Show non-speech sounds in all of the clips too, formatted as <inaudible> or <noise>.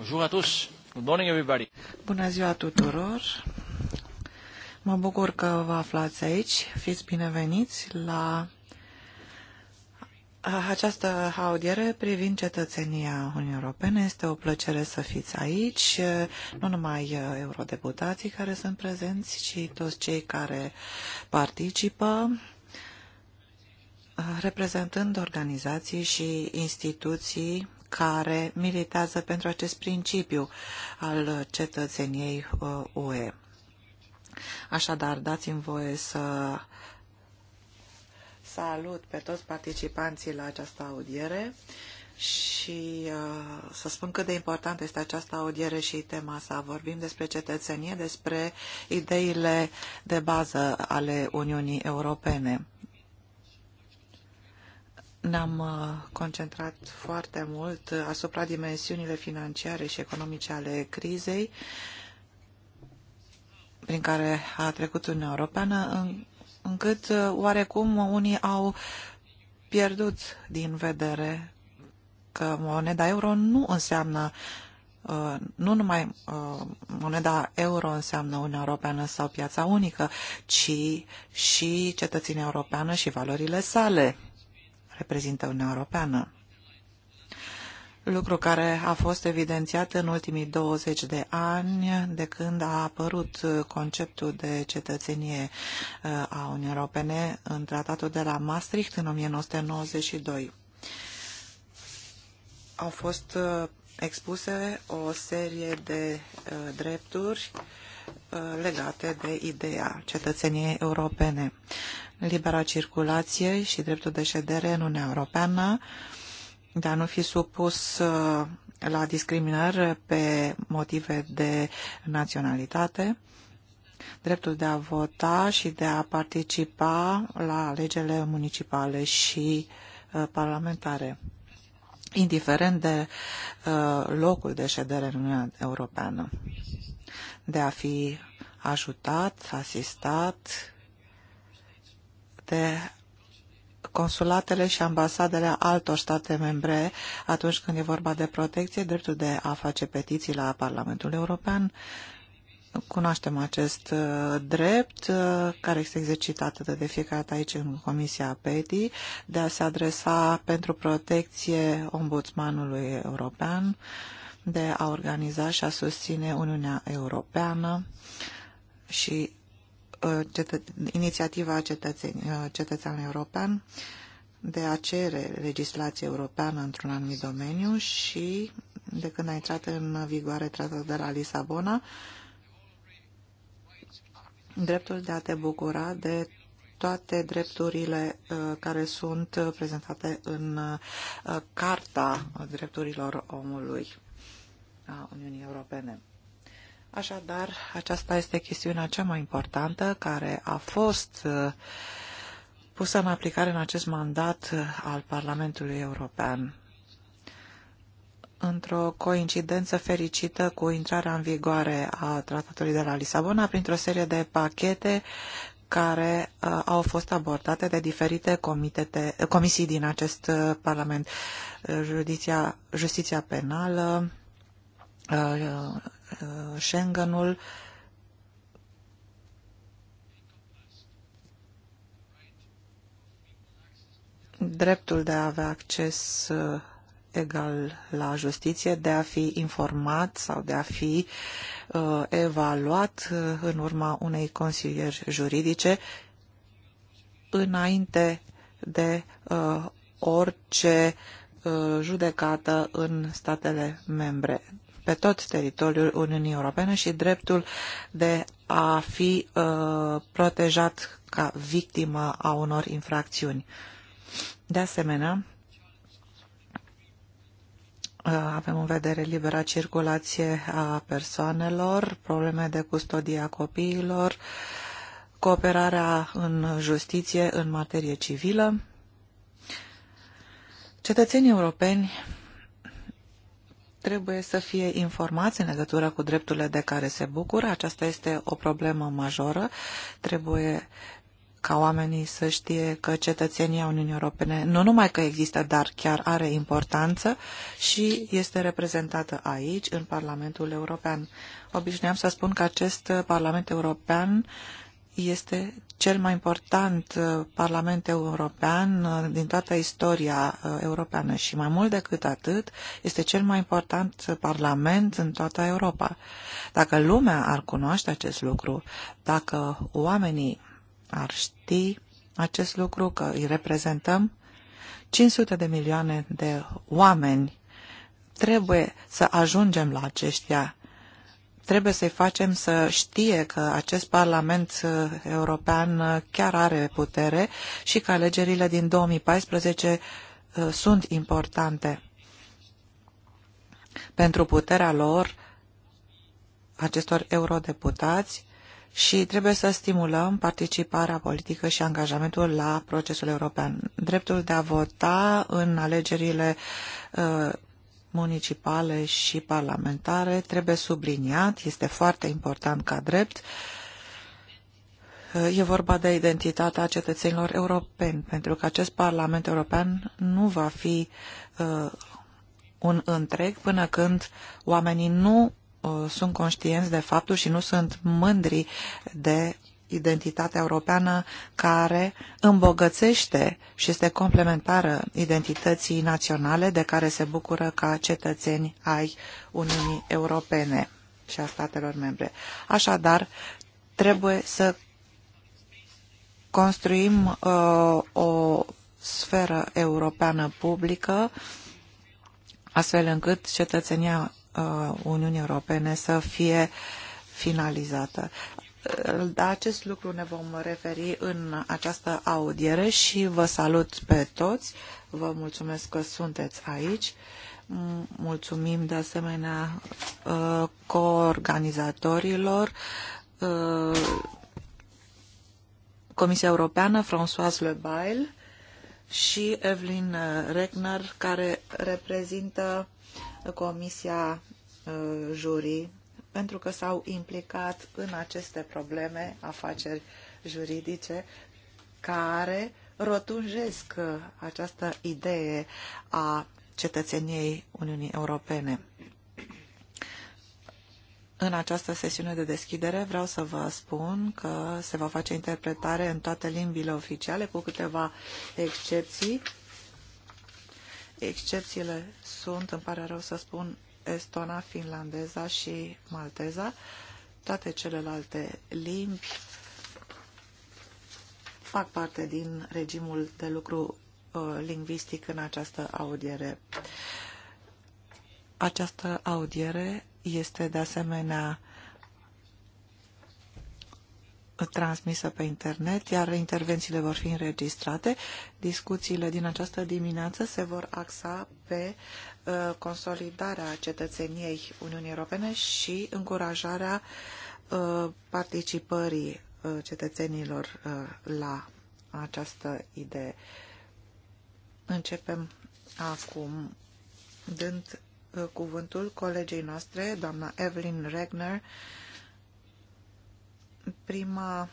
Bonjour à tous. Good morning, everybody. Bună ziua tuturor. Mă bucur că vă aflați aici. Fiți bineveniți la această audiere privind cetățenia Uniunii Europene. Este o plăcere să fiți aici, nu numai eurodeputații care sunt prezenți, ci toți cei care participă reprezentând organizații și instituții care militează pentru acest principiu al cetățeniei UE. Uh, Așadar, dați-mi voie să salut pe toți participanții la această audiere și uh, să spun cât de importantă este această audiere și tema sa. Vorbim despre cetățenie, despre ideile de bază ale Uniunii Europene. Ne-am uh, concentrat foarte mult uh, asupra dimensiunile financiare și economice ale crizei prin care a trecut Uniunea Europeană, încât uh, oarecum unii au pierdut din vedere că moneda euro nu înseamnă nu numai moneda euro înseamnă Uniunea Europeană sau piața unică, ci și cetățenia europeană și valorile sale reprezintă Uniunea Europeană. Lucru care a fost evidențiat în ultimii 20 de ani de când a apărut conceptul de cetățenie uh, a Uniunii Europene în tratatul de la Maastricht în 1992. Au fost uh, expuse o serie de uh, drepturi uh, Uh, legate de ideea cetățeniei europene. Libera circulație și dreptul de ședere în Uniunea Europeană, de a nu fi supus uh, la discriminări pe motive de naționalitate, dreptul de a vota și de a participa la alegerile municipale și uh, parlamentare, indiferent de locul de ședere în Uniunea Europeană de a fi ajutat, asistat de consulatele și ambasadele altor state membre atunci când e vorba de protecție, dreptul de a face petiții la Parlamentul European. Cunoaștem acest uh, drept uh, care este exercitat de, de fiecare dată aici în Comisia PETI de a se adresa pentru protecție ombudsmanului european. Uh, de a organiza și a susține Uniunea Europeană și uh, inițiativa uh, cetățean european de a cere legislație europeană într-un anumit domeniu și de când a intrat în vigoare tratatul de la Lisabona, dreptul de a te bucura de toate drepturile uh, care sunt prezentate în Carta Drepturilor Omului a Uniunii Europene. Așadar, aceasta este chestiunea cea mai importantă care a fost uh, pusă în aplicare în acest mandat uh, al Parlamentului European. Într-o coincidență fericită cu intrarea în vigoare a Tratatului de la Lisabona, printr-o serie de pachete care uh, au fost abordate de diferite comitete, comisii din acest uh, Parlament. Uh, judiția, justiția penală, Uh, Schengenul dreptul de a avea acces uh, egal la justiție, de a fi informat sau de a fi uh, evaluat uh, în urma unei consilieri juridice înainte de uh, orice uh, judecată în statele membre pe tot teritoriul Uniunii Europene și dreptul de a fi uh, protejat ca victimă a unor infracțiuni. De asemenea, uh, avem în vedere libera circulație a persoanelor, probleme de custodie a copiilor, cooperarea în justiție în materie civilă. Cetățenii europeni trebuie să fie informați în legătură cu drepturile de care se bucură. Aceasta este o problemă majoră. Trebuie ca oamenii să știe că cetățenia Uniunii Europene nu numai că există, dar chiar are importanță și este reprezentată aici, în Parlamentul European. Obișnuiam să spun că acest Parlament European este cel mai important uh, Parlament european uh, din toată istoria uh, europeană și mai mult decât atât este cel mai important Parlament în toată Europa. Dacă lumea ar cunoaște acest lucru, dacă oamenii ar ști acest lucru, că îi reprezentăm, 500 de milioane de oameni trebuie să ajungem la aceștia trebuie să-i facem să știe că acest Parlament uh, European uh, chiar are putere și că alegerile din 2014 uh, sunt importante. Pentru puterea lor, acestor eurodeputați, și trebuie să stimulăm participarea politică și angajamentul la procesul european. Dreptul de a vota în alegerile municipale și parlamentare trebuie subliniat, este foarte important ca drept. E vorba de identitatea cetățenilor europeni, pentru că acest Parlament European nu va fi uh, un întreg până când oamenii nu uh, sunt conștienți de faptul și nu sunt mândri de identitatea europeană care îmbogățește și este complementară identității naționale de care se bucură ca cetățeni ai Uniunii Europene și a statelor membre. Așadar, trebuie să construim uh, o sferă europeană publică astfel încât cetățenia uh, Uniunii Europene să fie finalizată la da, acest lucru ne vom referi în această audiere și vă salut pe toți. Vă mulțumesc că sunteți aici. Mulțumim de asemenea ă, coorganizatorilor ă, Comisia Europeană, François Le Bail și Evelyn Regner, care reprezintă Comisia ă, Jurii pentru că s-au implicat în aceste probleme, afaceri juridice, care rotunjesc uh, această idee a cetățeniei Uniunii Europene. În această sesiune de deschidere vreau să vă spun că se va face interpretare în toate limbile oficiale, cu câteva excepții. Excepțiile sunt, îmi pare rău să spun, estona, finlandeza și malteza. Toate celelalte limbi fac parte din regimul de lucru uh, lingvistic în această audiere. Această audiere este de asemenea transmisă pe internet, iar intervențiile vor fi înregistrate. Discuțiile din această dimineață se vor axa pe Uh, consolidarea cetățeniei Uniunii Europene și încurajarea uh, participării uh, cetățenilor la această idee. Începem acum dând cuvântul colegei noastre, doamna Evelyn Regner, prima,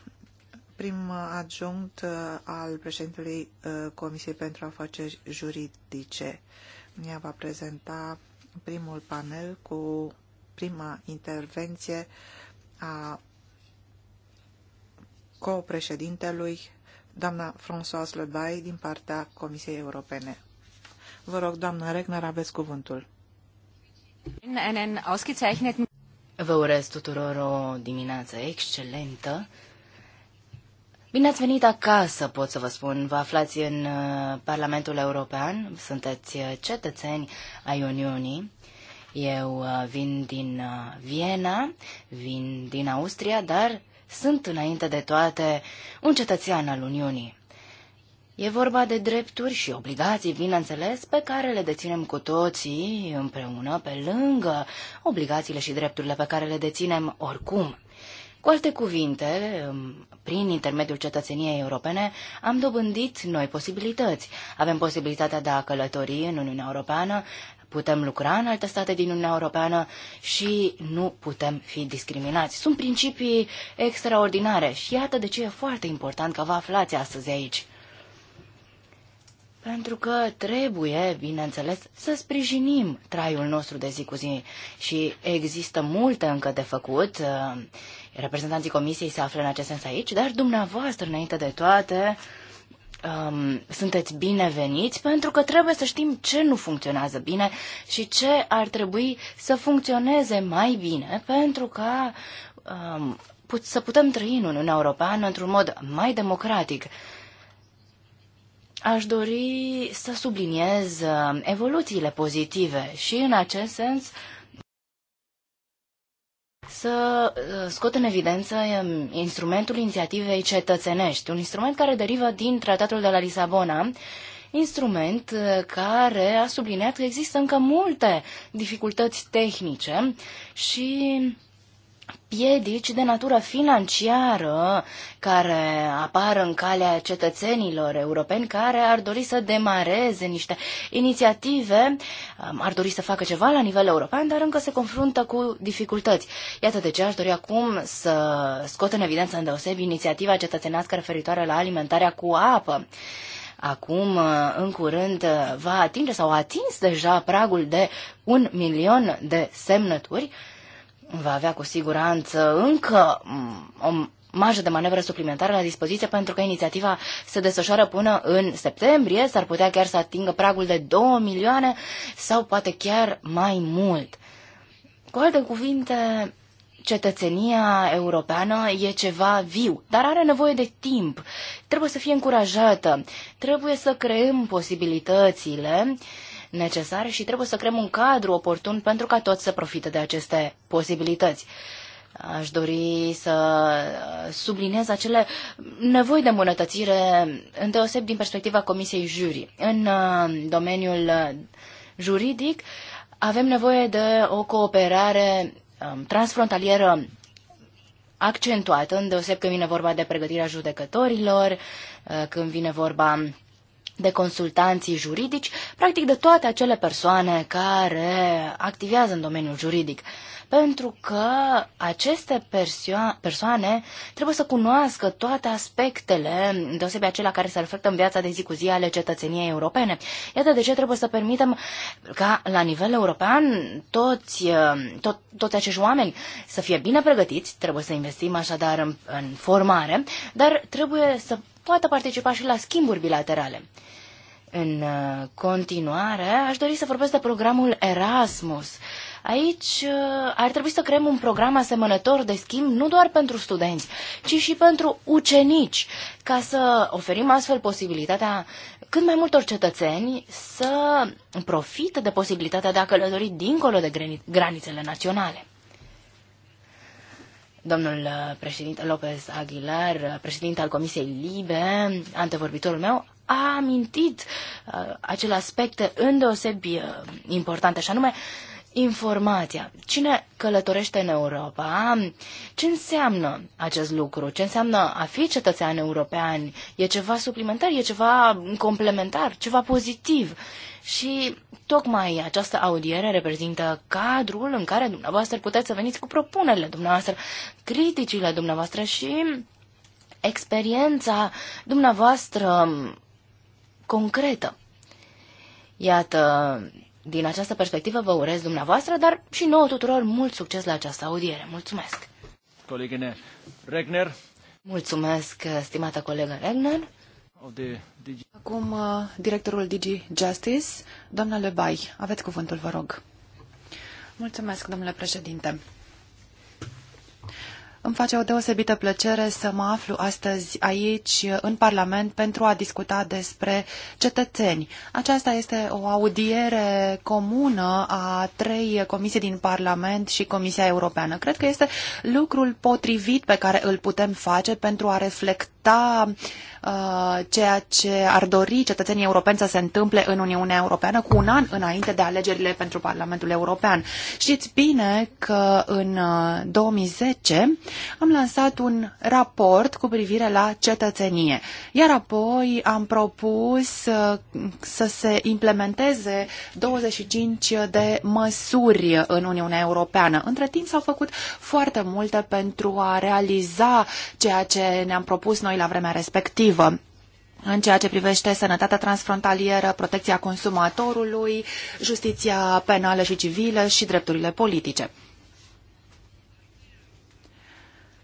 prim adjunct al președintelui Comisiei pentru Afaceri Juridice. Uh, ne va prezenta primul panel cu prima intervenție a co-președintelui, doamna François Lebai, din partea Comisiei Europene. Vă rog, doamna Regner, aveți cuvântul. Vă urez tuturor o dimineață excelentă. Bine ați venit acasă, pot să vă spun. Vă aflați în uh, Parlamentul European, sunteți uh, cetățeni ai Uniunii. Eu uh, vin din Viena, vin din Austria, dar sunt înainte de toate un cetățean al Uniunii. E vorba de drepturi și obligații, bineînțeles, pe care le deținem cu toții împreună, pe lângă obligațiile și drepturile pe care le deținem oricum. Cu alte cuvinte, um, prin intermediul cetățeniei europene, am dobândit noi posibilități. Avem posibilitatea de a călători în Uniunea Europeană, putem lucra în alte state din Uniunea Europeană și nu putem fi discriminați. Sunt principii extraordinare și iată de ce e foarte important că vă aflați astăzi aici. Pentru că trebuie, bineînțeles, să sprijinim traiul nostru de zi cu zi și există multe încă de făcut. Uh, Reprezentanții comisiei se află în acest sens aici, dar dumneavoastră, înainte de toate, um, sunteți bineveniți pentru că trebuie să știm ce nu funcționează bine și ce ar trebui să funcționeze mai bine pentru ca um, put- să putem trăi în Uniunea Europeană într-un mod mai democratic. Aș dori să subliniez uh, evoluțiile pozitive și în acest sens uh, să uh, scot în evidență um, instrumentul inițiativei cetățenești, un instrument care derivă din Tratatul de la Lisabona, instrument uh, care a subliniat că există încă multe dificultăți tehnice și piedici de natură financiară care apar în calea cetățenilor europeni care ar dori să demareze niște inițiative, um, ar dori să facă ceva la nivel european, dar încă se confruntă cu dificultăți. Iată de ce aș dori acum să scot în evidență îndeosebi inițiativa cetățenească referitoare la alimentarea cu apă acum, uh, în curând, uh, va atinge sau a atins deja pragul de un milion de semnături va avea cu siguranță încă mm, o marjă de manevră suplimentară la dispoziție pentru că inițiativa se desfășoară până în septembrie, s-ar putea chiar să atingă pragul de 2 milioane sau poate chiar mai mult. Cu alte cuvinte, cetățenia europeană e ceva viu, dar are nevoie de timp. Trebuie să fie încurajată, trebuie să creăm posibilitățile uh, necesare și trebuie să creăm un cadru oportun pentru ca toți să profite de aceste posibilități. Aș dori să subliniez acele nevoi de îmbunătățire, îndeoseb din perspectiva Comisiei Juri. În uh, domeniul uh, juridic avem nevoie de o cooperare um, transfrontalieră accentuată, îndeoseb când vine vorba de pregătirea judecătorilor, uh, când vine vorba de consultanții juridici, practic de toate acele persoane care activează în domeniul juridic. Pentru că aceste persoane trebuie să cunoască toate aspectele, deosebi acelea care se reflectă în viața de zi cu zi ale cetățeniei europene. Iată de ce trebuie să permitem ca la nivel european toți, uh, tot, toți acești oameni să fie bine pregătiți, trebuie să investim așadar în, în formare, dar trebuie să poată participa și la schimburi bilaterale. În uh, continuare, aș dori să vorbesc de programul Erasmus. Aici uh, ar trebui să creăm un program asemănător de schimb nu doar pentru studenți, ci și pentru ucenici, ca să oferim astfel posibilitatea cât mai multor cetățeni să profite de posibilitatea de a călători dincolo de granițele naționale domnul uh, președinte Lopez Aguilar, uh, președinte al Comisiei Libe, antevorbitorul meu, a amintit uh, aspect aspecte îndeosebi uh, importante, și anume informația. Cine călătorește în Europa? Ce înseamnă acest lucru? Ce înseamnă a fi cetățean european? E ceva suplimentar? E ceva complementar? Ceva pozitiv? Uh, și tocmai această audiere reprezintă cadrul în care dumneavoastră puteți să veniți cu propunerile dumneavoastră, criticile dumneavoastră și experiența dumneavoastră concretă. Iată, din această perspectivă vă urez dumneavoastră, dar și nouă tuturor mult succes la această audiere. Mulțumesc! Colegine Regner. Mulțumesc, stimată colegă Regner. Acum, uh, directorul DG Justice, doamna Lebai, aveți cuvântul, vă rog. Mulțumesc, domnule președinte. Îmi face o deosebită plăcere să mă aflu astăzi aici, în Parlament, pentru a discuta despre cetățeni. Aceasta este o audiere comună a trei comisii din Parlament și Comisia Europeană. Cred că este lucrul potrivit pe care îl putem face pentru a reflecta Uh, ceea ce ar dori cetățenii europeni să se întâmple în Uniunea Europeană cu un an înainte de alegerile pentru Parlamentul European. Știți bine că în 2010 uh, am lansat un raport cu privire la cetățenie, iar apoi am propus uh, să se implementeze 25 de măsuri în Uniunea Europeană. Între timp s-au făcut foarte multe pentru a realiza ceea ce ne-am propus noi la vremea respectivă pozitivă în ceea ce privește sănătatea transfrontalieră, protecția consumatorului, justiția penală și civilă și drepturile politice.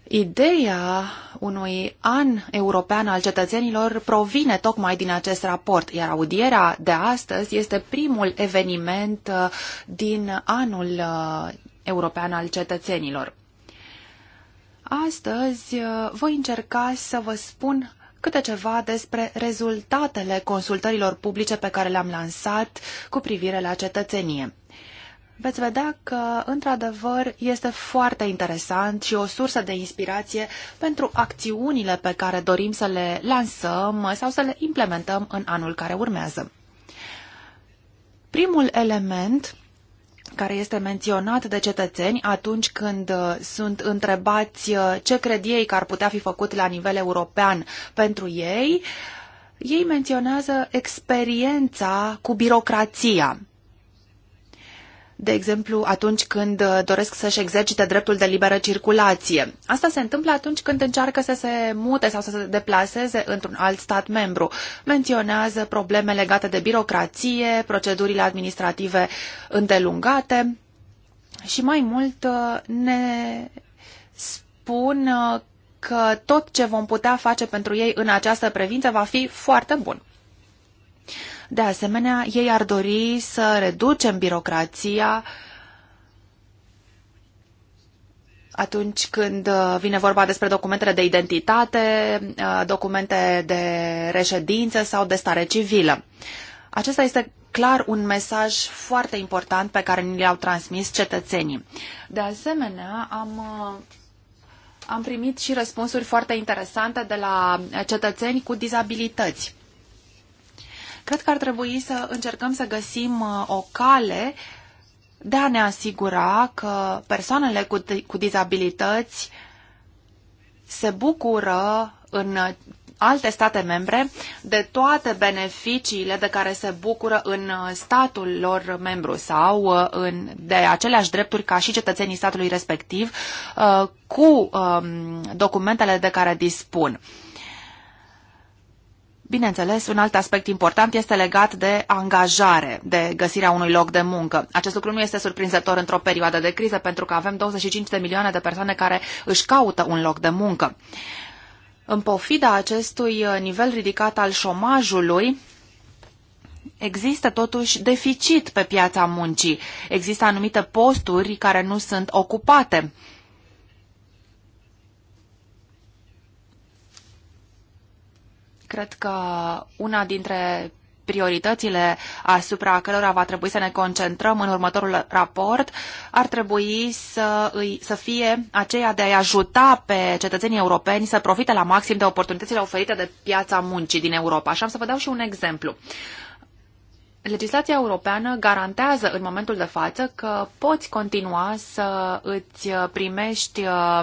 Ideea unui an european al cetățenilor provine tocmai din acest raport, iar audierea de astăzi este primul eveniment uh, din anul uh, european al cetățenilor. Astăzi uh, voi încerca să vă spun câte ceva despre rezultatele consultărilor publice pe care le-am lansat cu privire la cetățenie. Veți vedea că, într-adevăr, este foarte interesant și o sursă de inspirație pentru acțiunile pe care dorim să le lansăm sau să le implementăm în anul care urmează. Primul element care este menționat de cetățeni atunci când uh, sunt întrebați uh, ce cred ei că ar putea fi făcut la nivel european pentru ei, ei menționează experiența cu birocrația de exemplu, atunci când uh, doresc să-și exercite dreptul de liberă circulație. Asta se întâmplă atunci când încearcă să se mute sau să se deplaseze într-un alt stat membru. Menționează probleme legate de birocrație, procedurile administrative îndelungate și mai mult uh, ne spun uh, că tot ce vom putea face pentru ei în această privință va fi foarte bun. De asemenea, ei ar dori să reducem birocrația atunci când uh, vine vorba despre documentele de identitate, uh, documente de reședință sau de stare civilă. Acesta este clar un mesaj foarte important pe care ni l-au transmis cetățenii. De asemenea, am, uh, am primit și răspunsuri foarte interesante de la cetățeni cu dizabilități. Cred că ar trebui să încercăm să găsim uh, o cale de a ne asigura că persoanele cu, cu dizabilități se bucură în alte state membre de toate beneficiile de care se bucură în uh, statul lor membru sau uh, în, de aceleași drepturi ca și cetățenii statului respectiv cu um, documentele de care dispun. Bineînțeles, un alt aspect important este legat de angajare, de găsirea unui loc de muncă. Acest lucru nu este surprinzător într-o perioadă de criză, pentru că avem 25 de milioane de persoane care își caută un loc de muncă. În pofida acestui nivel ridicat al șomajului, Există totuși deficit pe piața muncii. Există anumite posturi care nu sunt ocupate Cred că una dintre prioritățile asupra cărora va trebui să ne concentrăm în următorul raport ar trebui să, îi, să fie aceea de a ajuta pe cetățenii europeni să profite la maxim de oportunitățile oferite de piața muncii din Europa. Așa am să vă dau și un exemplu legislația europeană garantează în momentul de față că poți continua să îți primești uh,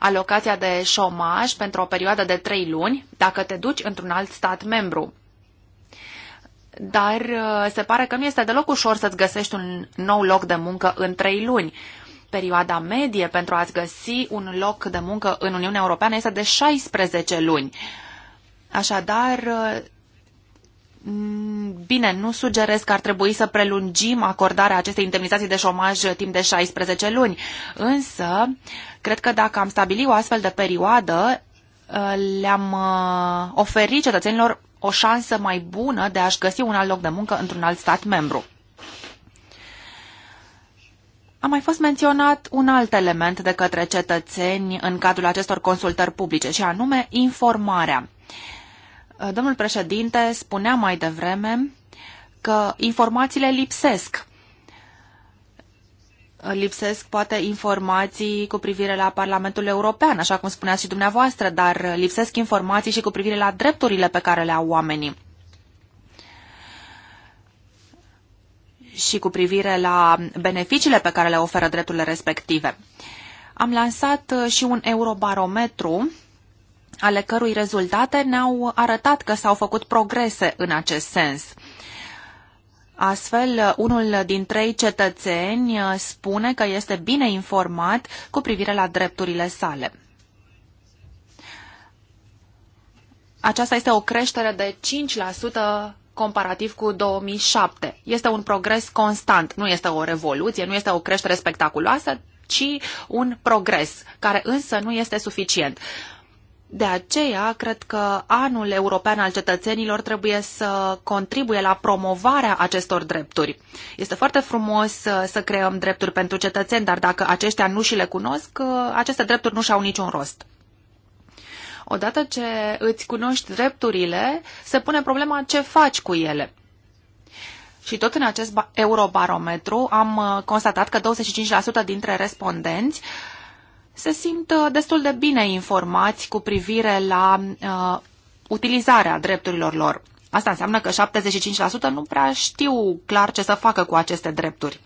alocația de șomaj pentru o perioadă de trei luni dacă te duci într-un alt stat membru. Dar uh, se pare că nu este deloc ușor să-ți găsești un nou loc de muncă în trei luni. Perioada medie pentru a-ți găsi un loc de muncă în Uniunea Europeană este de 16 luni. Așadar, uh, Mm, bine, nu sugerez că ar trebui să prelungim acordarea acestei indemnizații de șomaj timp de 16 luni, însă cred că dacă am stabilit o astfel de perioadă, uh, le-am uh, oferit cetățenilor o șansă mai bună de a-și găsi un alt loc de muncă într-un alt stat membru. A mai fost menționat un alt element de către cetățeni în cadrul acestor consultări publice, și anume informarea. Uh, Uh, domnul președinte spunea mai devreme că informațiile lipsesc. Uh, lipsesc poate informații cu privire la Parlamentul European, așa cum spuneați și dumneavoastră, dar uh, lipsesc informații și cu privire la drepturile pe care le au oamenii. și cu privire la beneficiile pe care le oferă drepturile respective. Am lansat și un eurobarometru ale cărui rezultate ne-au arătat că s-au făcut progrese în acest sens. Astfel, unul din trei cetățeni uh, spune că este bine informat cu privire la drepturile sale. Aceasta este o creștere de 5% comparativ cu 2007. Este un progres constant, nu este o revoluție, nu este o creștere spectaculoasă, ci un progres, care însă nu este suficient. De aceea, cred că anul european al cetățenilor trebuie să contribuie la promovarea acestor drepturi. Este foarte frumos uh, să creăm drepturi pentru cetățeni, dar dacă aceștia nu și le cunosc, uh, aceste drepturi nu și-au niciun rost. Odată ce îți cunoști drepturile, se pune problema ce faci cu ele. Și tot în acest eurobarometru am uh, constatat că 25% dintre respondenți uh, se simt uh, destul de bine informați cu privire la uh, utilizarea drepturilor lor. Asta înseamnă că 75% nu prea știu clar ce să facă cu aceste drepturi.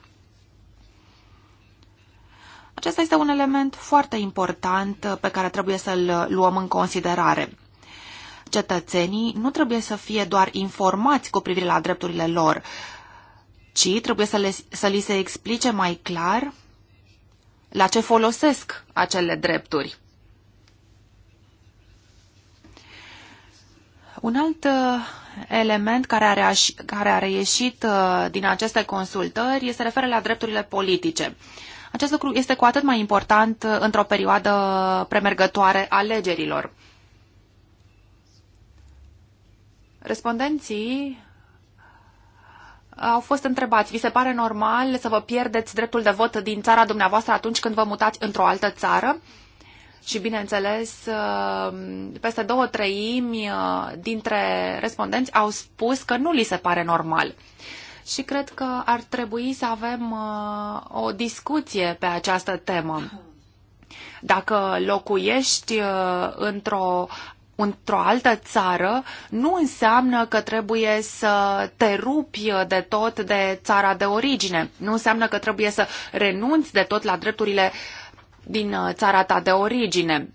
Acesta este un element foarte important uh, pe care trebuie să-l uh, luăm în considerare. Cetățenii nu trebuie să fie doar informați cu privire la drepturile lor, ci trebuie să, le, să li se explice mai clar la ce folosesc acele drepturi. Un alt uh, element care a, reaș- care a reieșit uh, din aceste consultări se referă la drepturile politice. Acest lucru este cu atât mai important uh, într-o perioadă premergătoare a alegerilor. Respondenții au fost întrebați, vi se pare normal să vă pierdeți dreptul de vot din țara dumneavoastră atunci când vă mutați într-o altă țară? Și, bineînțeles, uh, peste două treimi uh, dintre respondenți au spus că nu li se pare normal. Și cred că ar trebui să avem uh, o discuție pe această temă. Dacă locuiești într-o într-o altă țară nu înseamnă că trebuie să te rupi de tot de țara de origine. Nu înseamnă că trebuie să renunți de tot la drepturile din uh, țara ta de origine.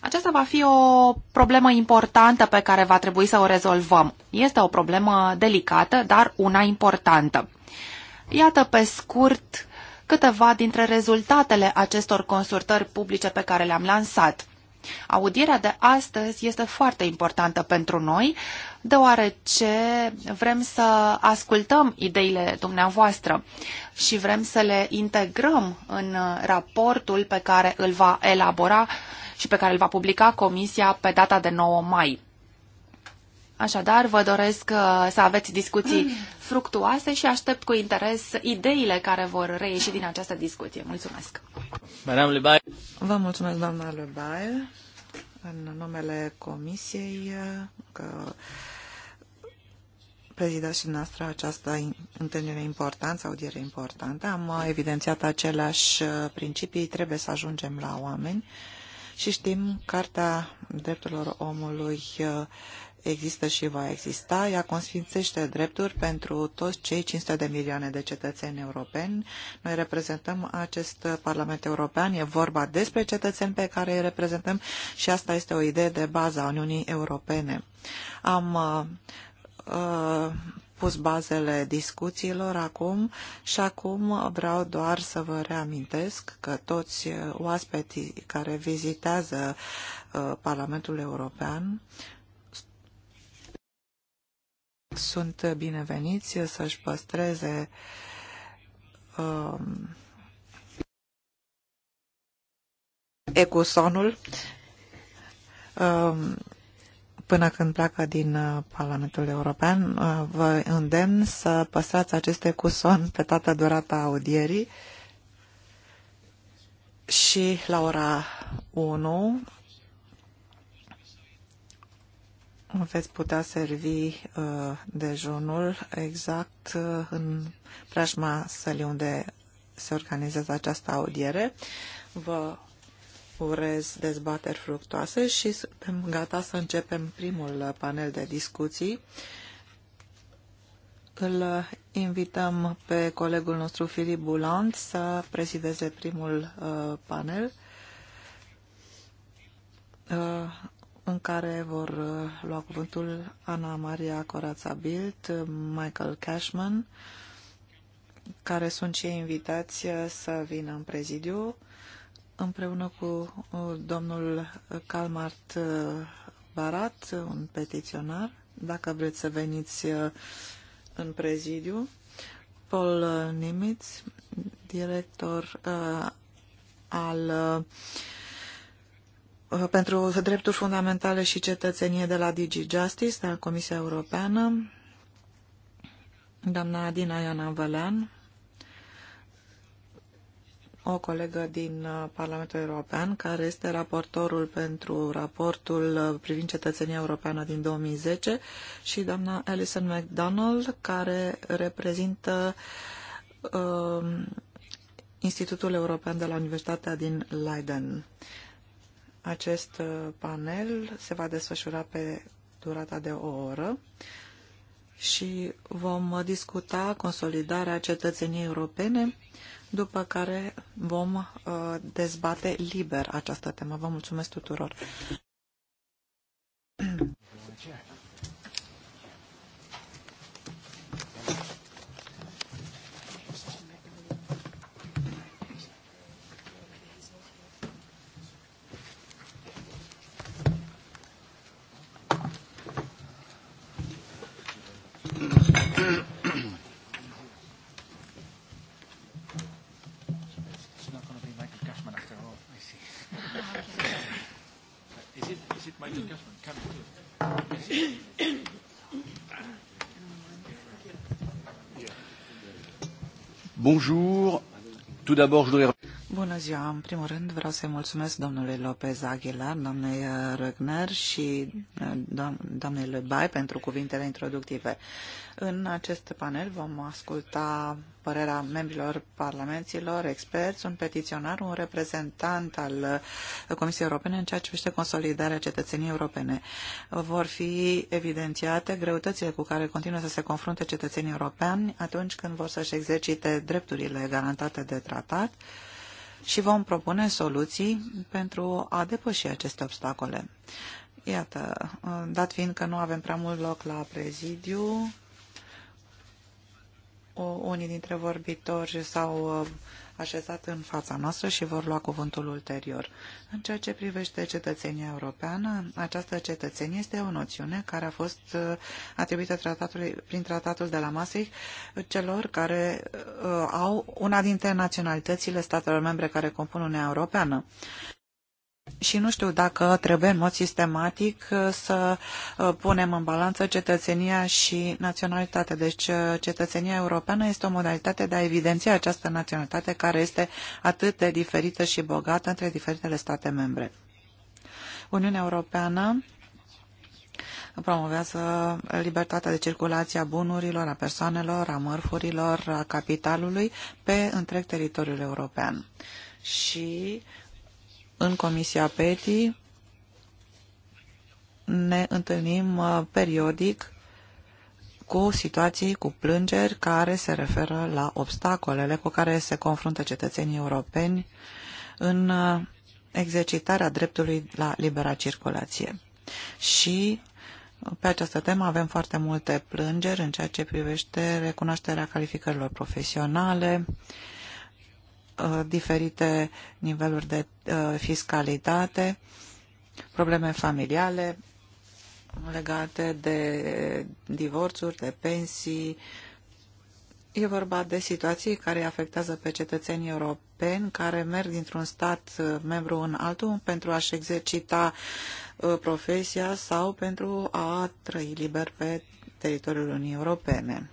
Aceasta va fi o problemă importantă pe care va trebui să o rezolvăm. Este o problemă delicată, dar una importantă. Iată pe scurt câteva dintre rezultatele acestor consultări publice pe care le-am lansat. Audierea de astăzi este foarte importantă pentru noi, deoarece vrem să ascultăm ideile dumneavoastră și vrem să le integrăm în raportul pe care îl va elabora și pe care îl va publica Comisia pe data de 9 mai. Așadar, vă doresc uh, să aveți discuții fructuoase și aștept cu interes ideile care vor reieși din această discuție. Mulțumesc! Vă mulțumesc, doamna Lebaie, în numele Comisiei, uh, că prezidați și noastră această întâlnire importantă, audiere importantă. Am uh, evidențiat aceleași principii, trebuie să ajungem la oameni și știm Cartea Drepturilor Omului există și va exista. Ea consfințește drepturi pentru toți cei 500 de milioane de cetățeni europeni. Noi reprezentăm acest Parlament European, e vorba despre cetățeni pe care îi reprezentăm și asta este o idee de bază a Uniunii Europene. Am uh, uh, pus bazele discuțiilor acum și acum vreau doar să vă reamintesc că toți uh, oaspeții care vizitează uh, Parlamentul European sunt bineveniți să-și păstreze uh, um, ecusonul uh, um, până când pleacă din uh, Parlamentul European. Uh, vă îndemn să păstrați acest ecuson pe toată durata audierii și la ora 1 veți putea servi uh, dejunul exact uh, în preajma sălii unde se organizează această audiere. Vă urez dezbateri fructoase și suntem gata să începem primul panel de discuții. Îl invităm pe colegul nostru Filip Buland să prezideze primul uh, panel. Uh, în care vor uh, lua cuvântul Ana Maria Corața Bild, uh, Michael Cashman, care sunt cei invitați uh, să vină în prezidiu, împreună cu domnul Calmart Barat, un petiționar, dacă vreți să veniți în prezidiu, Paul Nimitz, director al uh, Uh, pentru drepturi fundamentale și cetățenie de la Digi Justice, de la Comisia Europeană, doamna Adina Iana Vălean, o colegă din uh, Parlamentul European, care este raportorul pentru raportul uh, privind cetățenia europeană din 2010, și doamna Alison MacDonald, care reprezintă uh, Institutul European de la Universitatea din Leiden. Uh, acest uh, panel se va desfășura pe durata de o oră și vom discuta consolidarea cetățeniei europene, după care vom uh, dezbate liber această temă. Vă mulțumesc tuturor! Bonjour. Tout d'abord, je voudrais Bună ziua! În primul rând vreau să-i mulțumesc domnului Lopez Aguilar, doamnei uh, Răgner și uh, doamnei Lebai pentru cuvintele introductive. În acest panel vom asculta părerea membrilor parlamenților, experți, un petiționar, un reprezentant al uh, Comisiei Europene în ceea ce privește consolidarea cetățeniei europene. Vor fi evidențiate greutățile cu care continuă să se confrunte cetățenii europeni atunci când vor să-și exercite drepturile garantate de tratat, și vom propune soluții pentru a depăși aceste obstacole. Iată, dat fiind că nu avem prea mult loc la prezidiu, unii dintre vorbitori s-au așezat în fața noastră și vor lua cuvântul ulterior. În ceea ce privește cetățenia europeană, această cetățenie este o noțiune care a fost uh, atribuită tratatului, prin tratatul de la Maastricht celor care uh, au una dintre naționalitățile statelor membre care compun Uniunea Europeană. Și nu știu dacă trebuie în mod sistematic uh, să uh, punem în balanță cetățenia și naționalitatea. Deci uh, cetățenia europeană este o modalitate de a evidenția această naționalitate care este atât de diferită și bogată între diferitele state membre. Uniunea Europeană promovează libertatea de circulație a bunurilor, a persoanelor, a mărfurilor, a capitalului pe întreg teritoriul european. Și uh, în Comisia PETI ne întâlnim uh, periodic cu situații, cu plângeri care se referă la obstacolele cu care se confruntă cetățenii europeni în uh, exercitarea dreptului la libera circulație. Și uh, pe această temă avem foarte multe plângeri în ceea ce privește recunoașterea calificărilor profesionale, uh, Uh, diferite niveluri de uh, fiscalitate, probleme familiale legate de divorțuri, de pensii. E vorba de situații care afectează pe cetățenii europeni care merg dintr-un stat uh, membru în altul pentru a-și exercita profesia sau pentru a trăi liber pe teritoriul Uniunii Europene.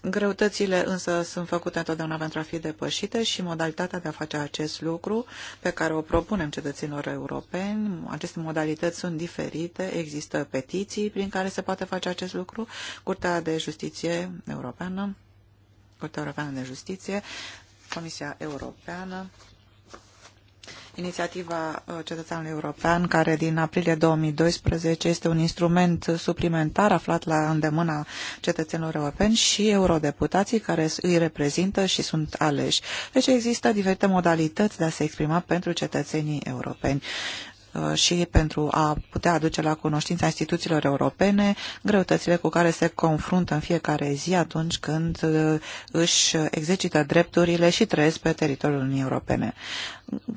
Greutățile însă sunt făcute întotdeauna pentru a fi depășite și modalitatea de a face acest lucru pe care o propunem cetățenilor europeni, aceste modalități sunt diferite, există petiții prin care se poate face acest lucru, Curtea de Justiție Europeană, Curtea Europeană de Justiție, Comisia Europeană inițiativa uh, cetățeanului european, care din aprilie 2012 este un instrument suplimentar aflat la îndemâna cetățenilor europeni și eurodeputații care îi reprezintă și sunt aleși. Deci există diferite modalități de a se exprima pentru cetățenii europeni. Uh, și pentru a putea aduce la cunoștința instituțiilor europene greutățile cu care se confruntă în fiecare zi atunci când uh, își exercită drepturile și trăiesc pe teritoriul Uniunii Europene.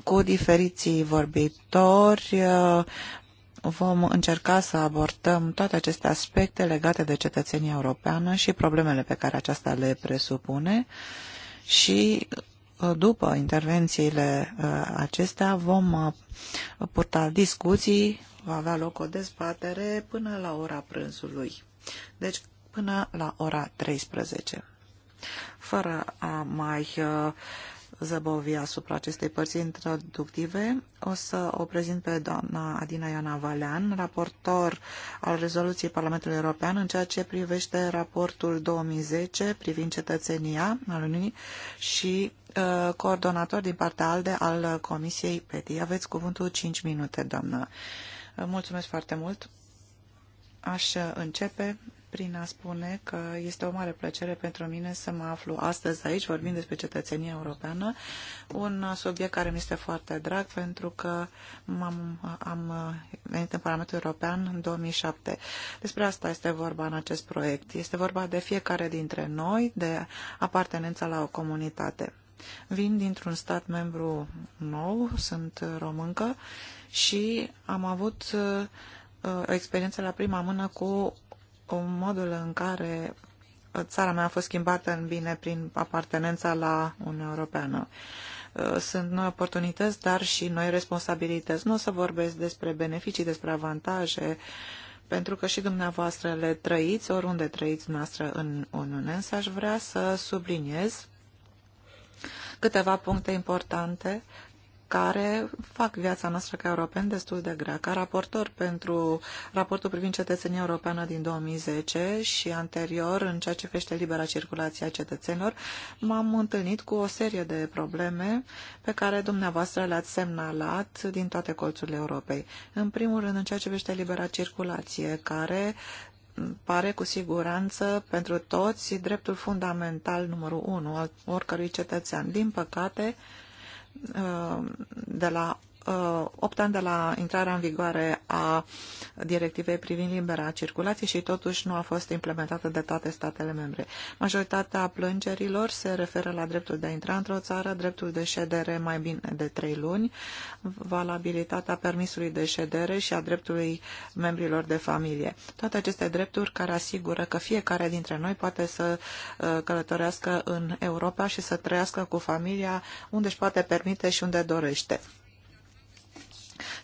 Cu diferiții vorbitori uh, vom încerca să abordăm toate aceste aspecte legate de cetățenia europeană și problemele pe care aceasta le presupune și după intervențiile uh, acestea vom uh, purta discuții, va avea loc o dezbatere până la ora prânzului. Deci până la ora 13. Fără a mai uh, zăbovi asupra acestei părți introductive. O să o prezint pe doamna Adina Iana Valean, raportor al rezoluției Parlamentului European în ceea ce privește raportul 2010 privind cetățenia al Uniunii și uh, coordonator din partea ALDE al Comisiei PETI. Aveți cuvântul 5 minute, doamnă. Mulțumesc foarte mult. Aș începe prin a spune că este o mare plăcere pentru mine să mă aflu astăzi aici, vorbind despre cetățenia europeană, un subiect care mi este foarte drag pentru că am am venit în Parlamentul European în 2007. Despre asta este vorba în acest proiect. Este vorba de fiecare dintre noi, de apartenența la o comunitate. Vin dintr-un stat membru nou, sunt româncă și am avut uh, o experiență la prima mână cu modul în care țara mea a fost schimbată în bine prin apartenența la Uniunea Europeană. Uh, sunt noi oportunități, dar și noi responsabilități. Nu o să vorbesc despre beneficii, despre avantaje, pentru că și dumneavoastră le trăiți, oriunde trăiți noastră în Uniune, însă aș vrea să subliniez câteva puncte importante care fac viața noastră ca europeni destul de grea. Ca raportor pentru raportul privind cetățenia europeană din 2010 și anterior în ceea ce privește libera circulație a cetățenilor, m-am întâlnit cu o serie de probleme pe care dumneavoastră le-ați semnalat din toate colțurile Europei. În primul rând, în ceea ce privește libera circulație, care pare cu siguranță pentru toți dreptul fundamental numărul unu al oricărui cetățean. Din păcate, Uh, de la 8 uh, ani de la intrarea în vigoare a directivei privind libera circulație și totuși nu a fost implementată de toate statele membre. Majoritatea plângerilor se referă la dreptul de a intra într-o țară, dreptul de ședere mai bine de 3 luni, valabilitatea permisului de ședere și a dreptului membrilor de familie. Toate aceste drepturi care asigură că fiecare dintre noi poate să uh, călătorească în Europa și să trăiască cu familia unde își poate permite și unde dorește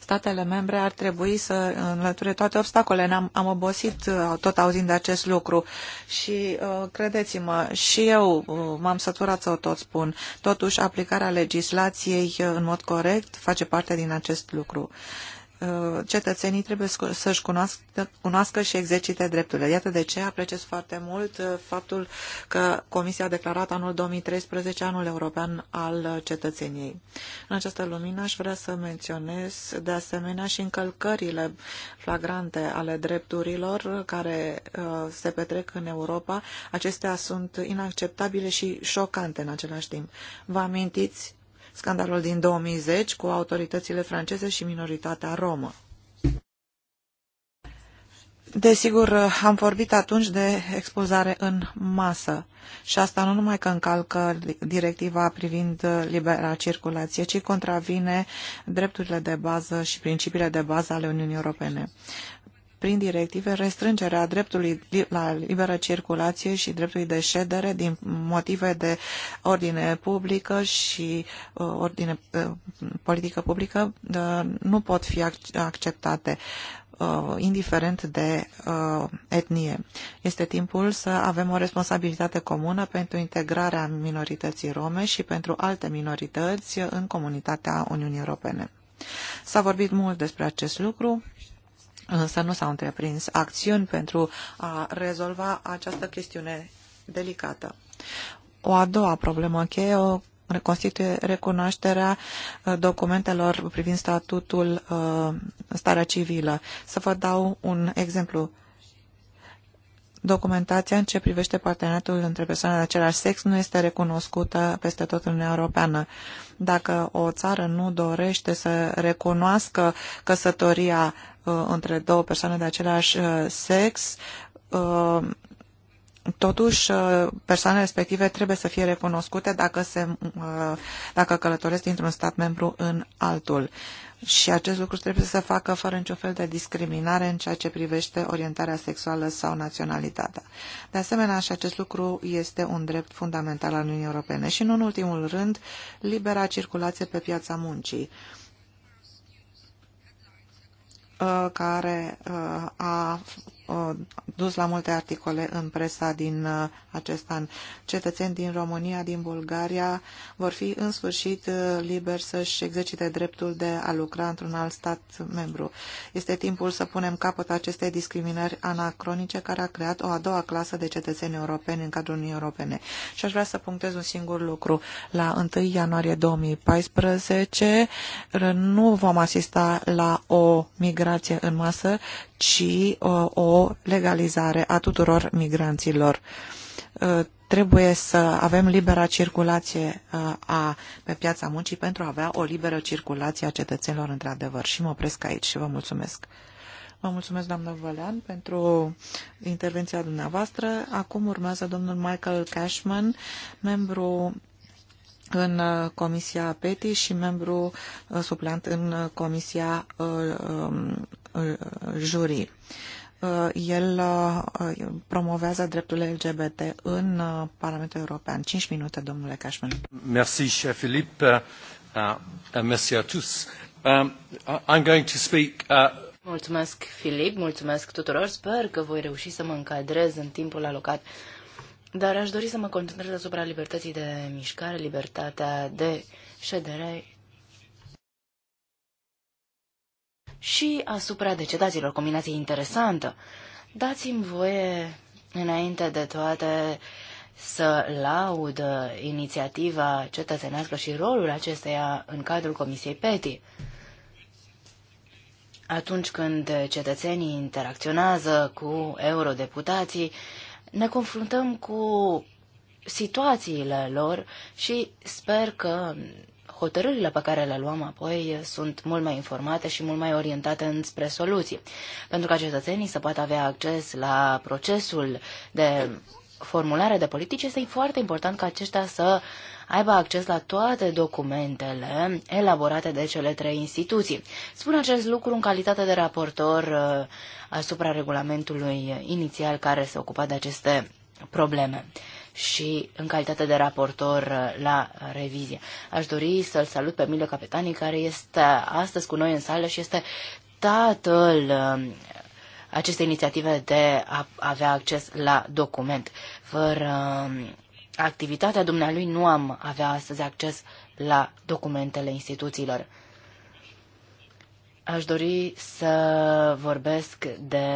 statele membre ar trebui să înlăture toate obstacolele. Am, am obosit uh, tot auzind de acest lucru și uh, credeți-mă, și eu uh, m-am săturat să o tot spun. Totuși, aplicarea legislației în mod corect face parte din acest lucru. Uh, cetățenii trebuie să-și cunoască, cunoască și exercite drepturile. Iată de ce apreciez foarte mult uh, faptul că Comisia a declarat anul 2013 anul european al cetățeniei. În această lumină aș vrea să menționez de asemenea și încălcările flagrante ale drepturilor care uh, se petrec în Europa. Acestea sunt inacceptabile și șocante în același timp. Vă amintiți scandalul din 2010 cu autoritățile franceze și minoritatea romă. Desigur, am vorbit atunci de expulzare în masă și asta nu numai că încalcă directiva privind libera circulație, ci contravine drepturile de bază și principiile de bază ale Uniunii Europene prin directive restrângerea dreptului la liberă circulație și dreptului de ședere din motive de ordine publică și uh, ordine uh, politică publică uh, nu pot fi acceptate indiferent de etnie. Este timpul să avem o responsabilitate comună pentru integrarea minorității rome și pentru alte minorități în comunitatea Uniunii Europene. S-a vorbit mult despre acest lucru însă nu s-au întreprins acțiuni pentru a rezolva această chestiune delicată. O a doua problemă cheie o constituie recunoașterea uh, documentelor privind statutul uh, starea civilă. Să vă dau un exemplu. Documentația în ce privește parteneriatul între persoane de același sex nu este recunoscută peste tot în Uniunea Europeană. Uh, dacă o țară nu dorește să recunoască căsătoria uh, între două persoane de același uh, sex, uh, totuși persoanele respective trebuie să fie recunoscute dacă, se, dacă călătoresc dintr-un stat membru în altul și acest lucru trebuie să se facă fără niciun fel de discriminare în ceea ce privește orientarea sexuală sau naționalitatea. De asemenea, și acest lucru este un drept fundamental al Uniunii Europene și, nu în ultimul rând, libera circulație pe piața muncii uh, care uh, a Uh, dus la multe articole în presa din uh, acest an. Cetățeni din România, din Bulgaria vor fi în sfârșit uh, liberi să-și exercite dreptul de a lucra într-un alt stat membru. Este timpul să punem capăt acestei discriminări anacronice care a creat o a doua clasă de cetățeni europeni în cadrul Uniunii Europene. Și aș vrea să punctez un singur lucru. La 1 ianuarie 2014 nu vom asista la o migrație în masă, ci o legalizare a tuturor migranților. Uh, trebuie să avem libera circulație uh, a, pe piața muncii pentru a avea o liberă circulație a cetățenilor într-adevăr. Și mă opresc aici și vă mulțumesc. Vă mulțumesc, doamnă Vălean, pentru intervenția dumneavoastră. Acum urmează domnul Michael Cashman, membru în uh, Comisia PETI și membru suplant în Comisia um, Jurii. Uh, el uh, uh, promovează drepturile LGBT în Parlamentul European. 5 minute, domnule Cashman. Merci, cher Philippe. Uh, merci à tous. Um, I'm going to speak... Uh... Mulțumesc, Filip, mulțumesc tuturor. Sper că voi reuși să mă încadrez în timpul alocat. Dar aș dori să mă concentrez asupra libertății de mișcare, libertatea de ședere și asupra decedaților, combinație interesantă. Dați-mi voie, înainte de toate, să laud uh, inițiativa cetățenească și rolul acesteia în cadrul Comisiei PETI. Atunci când cetățenii interacționează cu eurodeputații, ne confruntăm cu situațiile lor și sper că hotărârile pe care le luăm apoi sunt mult mai informate și mult mai orientate înspre soluții. Pentru ca cetățenii să poată avea acces la procesul de formulare de politici, este foarte important ca aceștia să aibă acces la toate documentele elaborate de cele trei instituții. Spun acest lucru în calitate de raportor uh, asupra regulamentului inițial care se ocupa de aceste probleme și în calitate de raportor uh, la revizie. Aș dori să-l salut pe Milo Capetani, care este astăzi cu noi în sală și este tatăl um, aceste inițiative de a avea acces la document. Fără um, activitatea dumnealui nu am avea astăzi acces la documentele instituțiilor. Aș dori să vorbesc de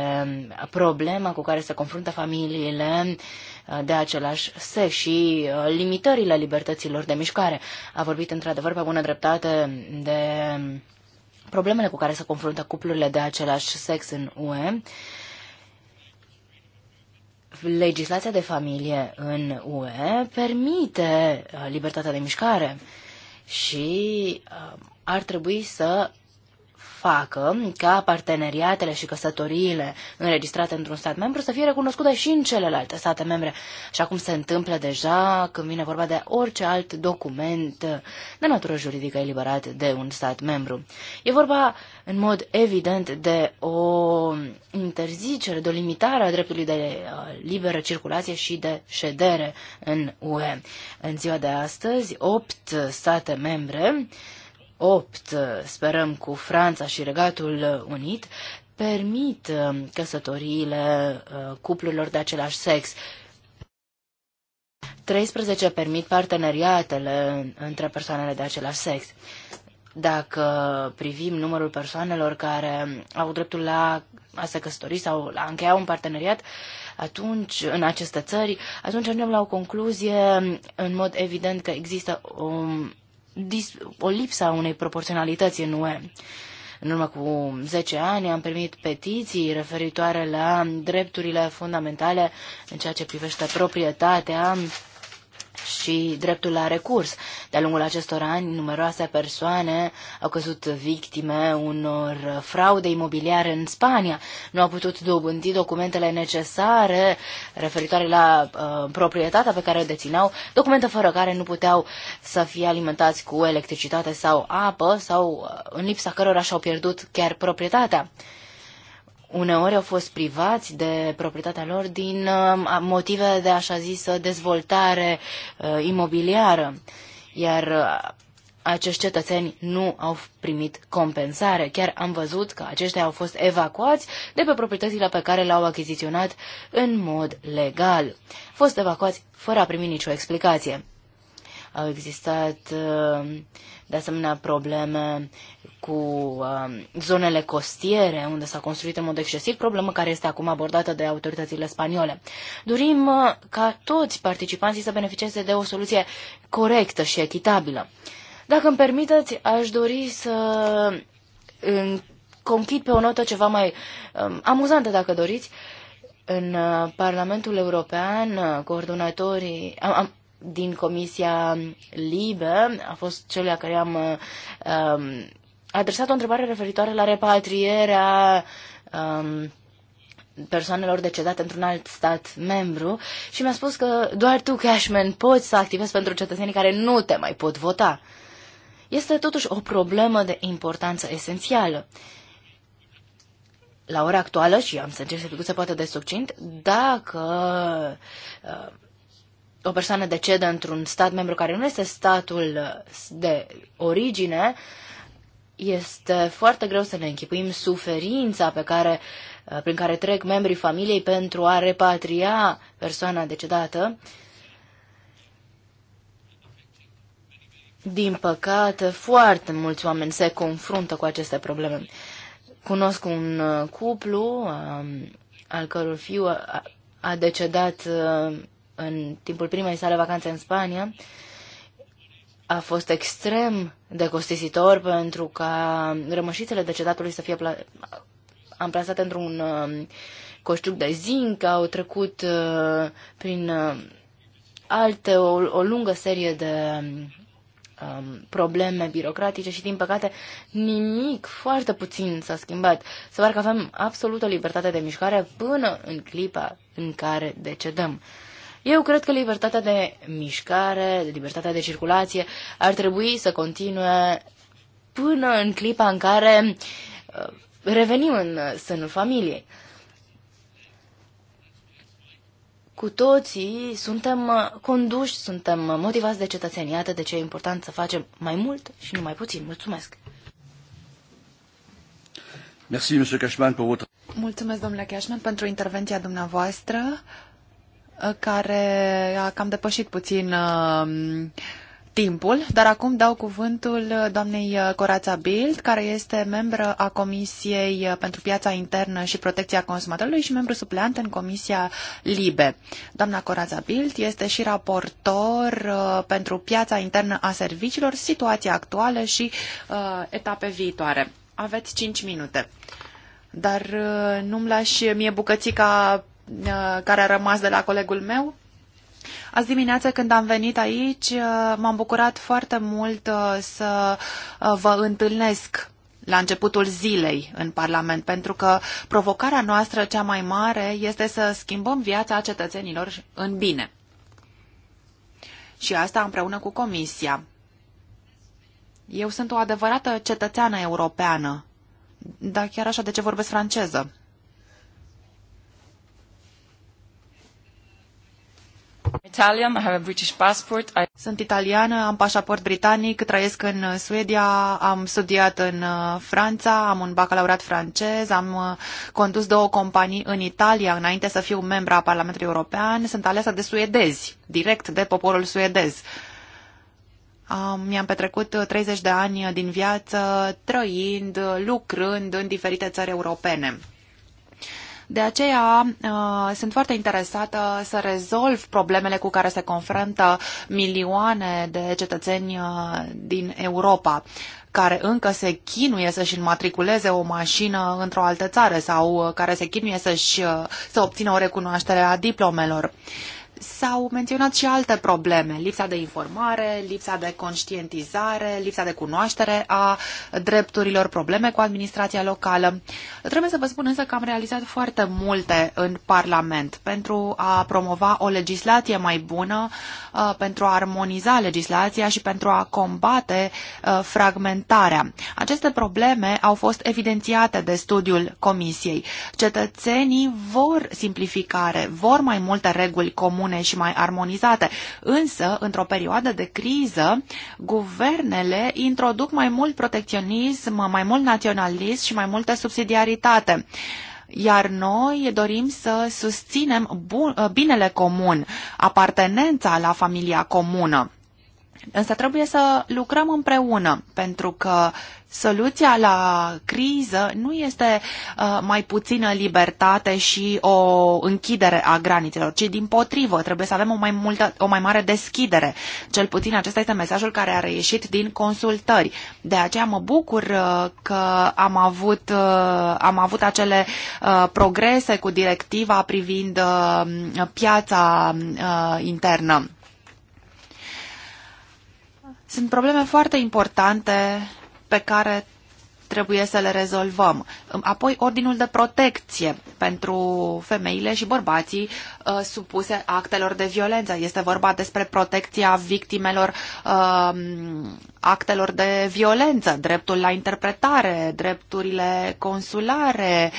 problema cu care se confruntă familiile uh, de același sex și uh, limitările libertăților de mișcare. A vorbit într-adevăr pe bună dreptate de problemele cu care se confruntă cuplurile de același sex în UE. Legislația de familie în UE permite uh, libertatea de mișcare și ar trebui să facă ca parteneriatele și căsătoriile înregistrate într-un stat membru să fie recunoscute și în celelalte state membre, așa cum se întâmplă deja când vine vorba de orice alt document de natură juridică eliberat de un stat membru. E vorba, în mod evident, de o interzicere, de o limitare a dreptului de uh, liberă circulație și de ședere în UE. În ziua de astăzi, opt state membre 8, sperăm, cu Franța și Regatul Unit, permit uh, căsătoriile uh, cuplurilor de același sex. 13 permit parteneriatele între persoanele de același sex. Dacă privim numărul persoanelor care au dreptul la a se căsători sau la a încheia un parteneriat, atunci, în aceste țări, atunci ajungem la o concluzie, în mod evident că există o o lipsă a unei proporționalități în UE. În urmă cu 10 ani am primit petiții referitoare la drepturile fundamentale în ceea ce privește proprietatea, și dreptul la recurs. De-a lungul acestor ani, numeroase persoane au căzut victime unor fraude imobiliare în Spania. Nu au putut dobândi documentele necesare referitoare la uh, proprietatea pe care o dețineau, documente fără care nu puteau să fie alimentați cu electricitate sau apă sau uh, în lipsa cărora și-au pierdut chiar proprietatea uneori au fost privați de proprietatea lor din uh, motive de așa zisă dezvoltare uh, imobiliară, iar uh, acești cetățeni nu au primit compensare. Chiar am văzut că aceștia au fost evacuați de pe proprietățile pe care le-au achiziționat în mod legal. Au fost evacuați fără a primi nicio explicație. Au existat de asemenea probleme cu um, zonele costiere, unde s-a construit în mod excesiv, problemă care este acum abordată de autoritățile spaniole. Dorim uh, ca toți participanții să beneficieze de o soluție corectă și echitabilă. Dacă îmi permiteți, aș dori să conchid pe o notă ceva mai um, amuzantă, dacă doriți. În uh, Parlamentul European, uh, coordonatorii, am, am, din Comisia Libe, a fost celea care am uh, um, adresat o întrebare referitoare la repatrierea um, persoanelor decedate într-un alt stat membru și mi-a spus că doar tu, Cashman, poți să activezi pentru cetățenii care nu te mai pot vota. Este totuși o problemă de importanță esențială. La ora actuală, și am să încerc să fiu se poate de succint, dacă uh, o persoană decede într-un stat membru care nu este statul de origine, este foarte greu să ne închipuim suferința pe care, uh, prin care trec membrii familiei pentru a repatria persoana decedată. Din păcate, foarte mulți oameni se confruntă cu aceste probleme. Cunosc un uh, cuplu um, al căror fiu a decedat uh, în timpul primei sale vacanțe în Spania a fost extrem de costisitor pentru ca rămășițele decedatului să fie amplasate într-un uh, coșciuc de zinc, au trecut uh, prin uh, alte, o, o lungă serie de um, probleme birocratice și, din păcate, nimic, foarte puțin s-a schimbat. Se pare că avem absolută libertate de mișcare până în clipa în care decedăm. Eu cred că libertatea de mișcare, libertatea de circulație ar trebui să continue până în clipa în care uh, revenim în sânul familiei. Cu toții suntem uh, conduși, suntem uh, motivați de cetățenii. Iată de ce e important să facem mai mult și nu mai puțin. Mulțumesc! Merci, Mulțumesc, domnule Cashman, pentru intervenția dumneavoastră care a cam depășit puțin um, timpul, dar acum dau cuvântul doamnei uh, Corața Bild, care este membră a Comisiei uh, pentru Piața Internă și Protecția Consumatorului și membru supleant în Comisia LIBE. Doamna Corața Bild este și raportor uh, pentru Piața Internă a Serviciilor, situația actuală și uh, etape viitoare. Aveți 5 minute. Dar uh, nu-mi lași mie bucățica Uh, care a rămas de la colegul meu. Azi dimineață când am venit aici, uh, m-am bucurat foarte mult uh, să vă întâlnesc la începutul zilei în Parlament, pentru că provocarea noastră cea mai mare este să schimbăm viața cetățenilor în bine. Și asta împreună cu Comisia. Eu sunt o adevărată cetățeană europeană. Da, chiar așa, de ce vorbesc franceză? Italian, I have a British passport. I... Sunt italiană, am pașaport britanic, trăiesc în uh, Suedia, am studiat în uh, Franța, am un bacalaureat francez, am uh, condus două companii în Italia înainte să fiu membra a Parlamentului European. Sunt aleasă de suedezi, direct de poporul suedez. Mi-am petrecut 30 de ani din viață trăind, lucrând în diferite țări europene. De aceea uh, sunt foarte interesată să rezolv problemele cu care se confruntă milioane de cetățeni uh, din Europa care încă se chinuie să-și înmatriculeze o mașină într-o altă țară sau uh, care se chinuie să-și, să obțină o recunoaștere a diplomelor s-au menționat și alte probleme, lipsa de informare, lipsa de conștientizare, lipsa de cunoaștere a drepturilor, probleme cu administrația locală. Trebuie să vă spun însă că am realizat foarte multe în Parlament pentru a promova o legislație mai bună, uh, pentru a armoniza legislația și pentru a combate uh, fragmentarea. Aceste probleme au fost evidențiate de studiul Comisiei. Cetățenii vor simplificare, vor mai multe reguli comune comune și mai armonizate. Însă, într-o perioadă de criză, guvernele introduc mai mult protecționism, mai mult naționalism și mai multă subsidiaritate iar noi dorim să susținem bun, binele comun, apartenența la familia comună. Însă trebuie să lucrăm împreună, pentru că soluția la criză nu este uh, mai puțină libertate și o închidere a granițelor, ci din potrivă, trebuie să avem o mai, multă, o mai mare deschidere. Cel puțin acesta este mesajul care a reieșit din consultări. De aceea mă bucur uh, că am avut, uh, am avut acele uh, progrese cu directiva privind uh, piața uh, internă sunt probleme foarte importante pe care trebuie să le rezolvăm. Apoi, ordinul de protecție pentru femeile și bărbații uh, supuse actelor de violență. Este vorba despre protecția victimelor uh, actelor de violență, dreptul la interpretare, drepturile consulare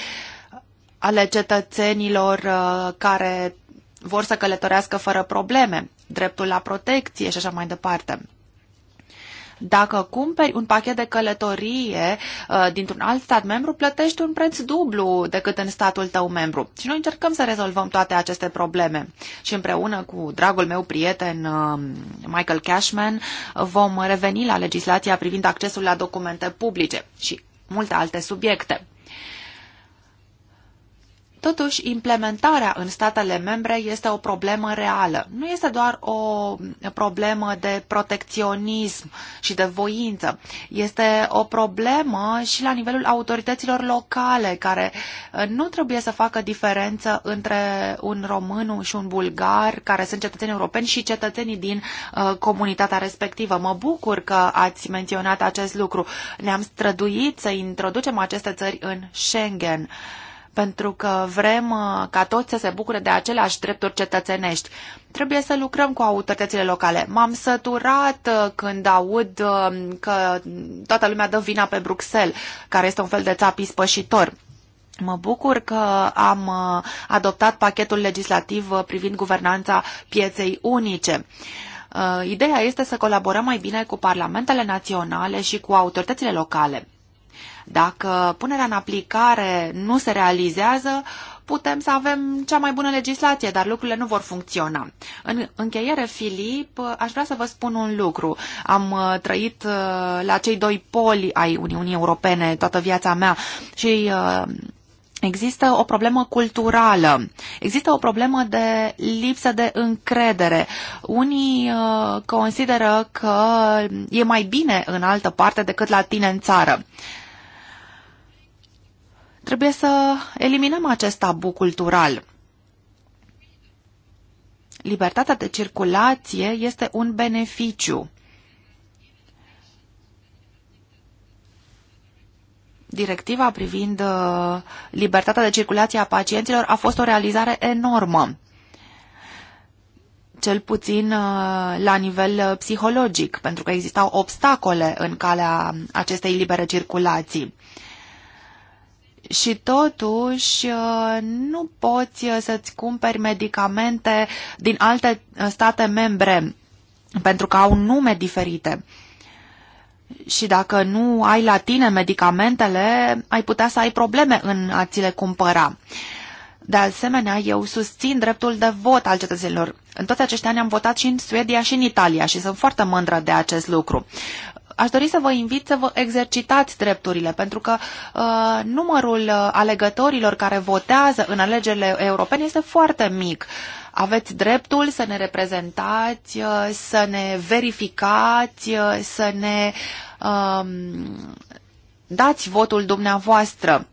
ale cetățenilor uh, care vor să călătorească fără probleme, dreptul la protecție și așa mai departe. Dacă cumperi un pachet de călătorie uh, dintr-un alt stat membru, plătești un preț dublu decât în statul tău membru. Și noi încercăm să rezolvăm toate aceste probleme. Și împreună cu dragul meu prieten uh, Michael Cashman vom reveni la legislația privind accesul la documente publice și multe alte subiecte. Totuși, implementarea în statele membre este o problemă reală. Nu este doar o problemă de protecționism și de voință. Este o problemă și la nivelul autorităților locale, care uh, nu trebuie să facă diferență între un român și un bulgar, care sunt cetățeni europeni și cetățenii din uh, comunitatea respectivă. Mă bucur că ați menționat acest lucru. Ne-am străduit să introducem aceste țări în Schengen. Uh, pentru că vrem uh, ca toți să se bucure de aceleași drepturi cetățenești. Trebuie să lucrăm cu autoritățile locale. M-am săturat uh, când aud uh, că toată lumea dă vina pe Bruxelles, care este un fel de țap ispășitor. Mă bucur că am adoptat pachetul legislativ privind guvernanța pieței unice. Ideea este să colaborăm mai bine cu parlamentele naționale și cu autoritățile locale. Dacă punerea în aplicare nu se realizează, putem să avem cea mai bună legislație, dar lucrurile nu vor funcționa. În încheiere, Filip, aș vrea să vă spun un lucru. Am uh, trăit uh, la cei doi poli ai Uniunii Europene toată viața mea și uh, Există o problemă culturală, există o problemă de lipsă de încredere. Unii consideră că e mai bine în altă parte decât la tine în țară. Trebuie să eliminăm acest tabu cultural. Libertatea de circulație este un beneficiu. Directiva privind uh, libertatea de circulație a pacienților a fost o realizare enormă, cel puțin uh, la nivel uh, psihologic, pentru că existau obstacole în calea acestei libere circulații și totuși uh, nu poți uh, să-ți cumperi medicamente din alte uh, state membre pentru că au nume diferite. Și dacă nu ai la tine medicamentele, ai putea să ai probleme în a-ți le cumpăra. De asemenea, eu susțin dreptul de vot al cetățenilor. În toți acești ani am votat și în Suedia și în Italia și sunt foarte mândră de acest lucru aș dori să vă invit să vă exercitați drepturile, pentru că uh, numărul uh, alegătorilor care votează în alegerile europene este foarte mic. Aveți dreptul să ne reprezentați, uh, să ne verificați, uh, să ne um, dați votul dumneavoastră.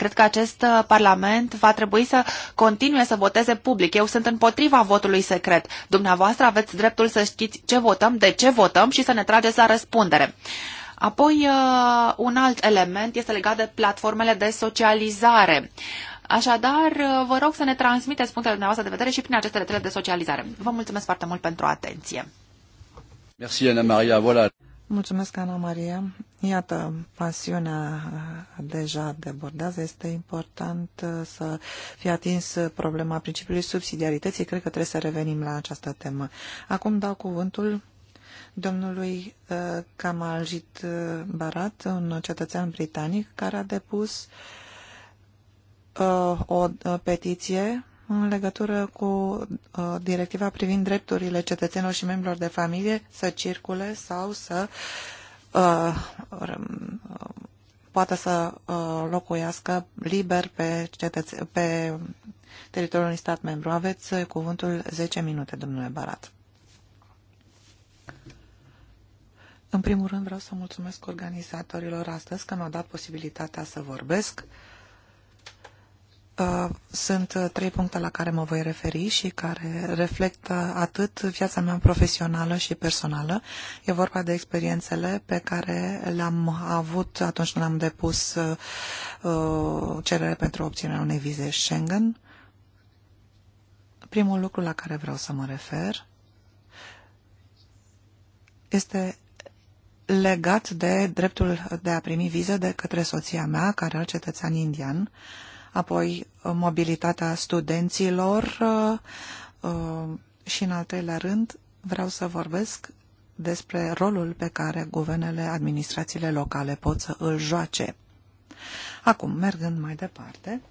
Cred că acest uh, Parlament va trebui să continue să voteze public. Eu sunt împotriva votului secret. Dumneavoastră aveți dreptul să știți ce votăm, de ce votăm și să ne trageți la răspundere. Apoi, uh, un alt element este legat de platformele de socializare. Așadar, uh, vă rog să ne transmiteți punctele dumneavoastră de vedere și prin aceste rețele de socializare. Vă mulțumesc foarte mult pentru atenție. Merci, Ana Maria. Voilà. Mulțumesc, Ana Maria. Iată, pasiunea uh, deja debordează. Este important uh, să fie atins problema principiului subsidiarității. Cred că trebuie să revenim la această temă. Acum dau cuvântul domnului uh, Kamaljit Barat, un cetățean britanic care a depus o petiție în legătură cu uh, directiva privind drepturile cetățenilor și membrilor de familie să circule sau să uh, uh, poată să uh, locuiască liber pe, cetăț- pe teritoriul unui stat membru. Aveți uh, cuvântul 10 minute, domnule Barat. În primul rând vreau să mulțumesc organizatorilor astăzi că mi-au dat posibilitatea să vorbesc. Uh, Uh, sunt uh, trei puncte la care mă voi referi și care reflectă atât viața mea profesională și personală. E vorba de experiențele pe care le-am avut atunci când am depus uh, cerere pentru obținerea unei vize Schengen. Primul lucru la care vreau să mă refer este legat de dreptul de a primi viză de către soția mea, care are cetățean indian. Uh, apoi uh, mobilitatea studenților uh, uh, și, în al treilea rând, vreau să vorbesc despre rolul pe care guvernele, administrațiile locale pot să îl joace. Acum, mergând mai departe,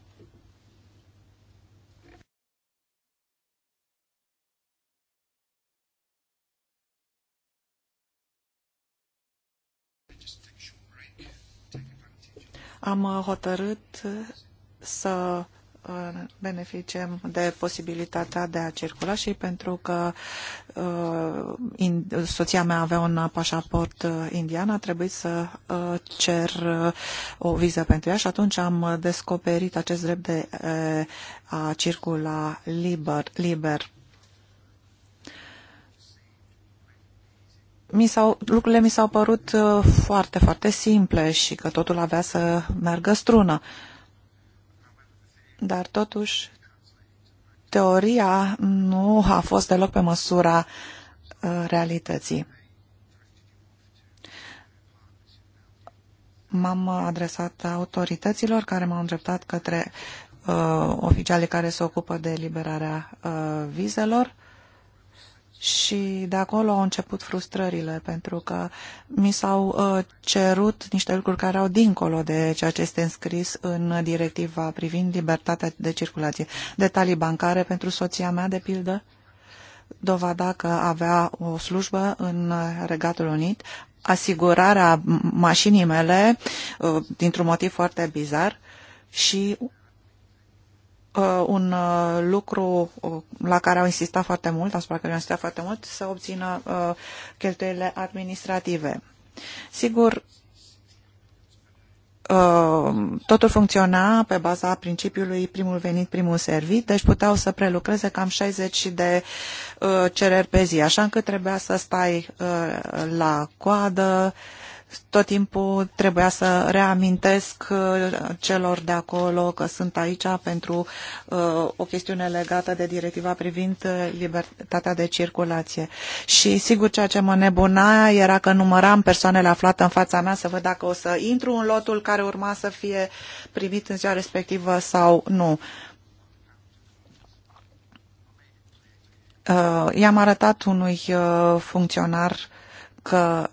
am hotărât să uh, beneficiem de posibilitatea de a circula și pentru că uh, in, soția mea avea un pașaport uh, indian, a trebuit să uh, cer uh, o viză pentru ea și atunci am descoperit acest drept de uh, a circula liber. liber. mi s-au, lucrurile mi s-au părut uh, foarte, foarte simple și că totul avea să meargă strună. Uh, dar totuși teoria nu a fost deloc pe măsura uh, realității. M-am adresat autorităților care m-au îndreptat către uh, oficialii care se ocupă de eliberarea uh, vizelor. Și de acolo au început frustrările, pentru că mi s-au uh, cerut niște lucruri care au dincolo de ceea ce este înscris în directiva privind libertatea de circulație. Detalii bancare pentru soția mea, de pildă, dovada că avea o slujbă în Regatul Unit, asigurarea mașinii mele, uh, dintr-un motiv foarte bizar, și Uh, un uh, lucru uh, la care au insistat foarte mult, asupra care au insistat foarte mult, să obțină cheltuielile administrative. Sigur, totul funcționa pe baza principiului primul venit, primul servit, deci puteau să prelucreze cam 60 de cereri pe zi, așa încât trebuia să stai la coadă, tot timpul trebuia să reamintesc uh, celor de acolo că sunt aici pentru uh, o chestiune legată de directiva privind uh, libertatea de circulație. Și sigur ceea ce mă nebuna era că număram persoanele aflate în fața mea să văd dacă o să intru în lotul care urma să fie primit în ziua respectivă sau nu. i-am arătat unui funcționar că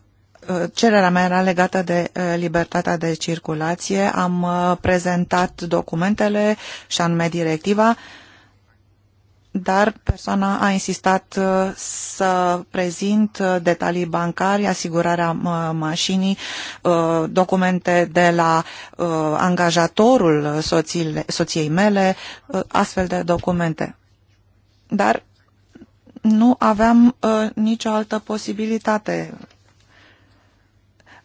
cererea mea era legată de uh, libertatea de circulație. Am uh, prezentat documentele și anume directiva, dar persoana a insistat uh, să prezint detalii bancare, asigurarea mașinii, documente de la angajatorul soției mele, astfel de documente. Dar nu aveam nicio altă posibilitate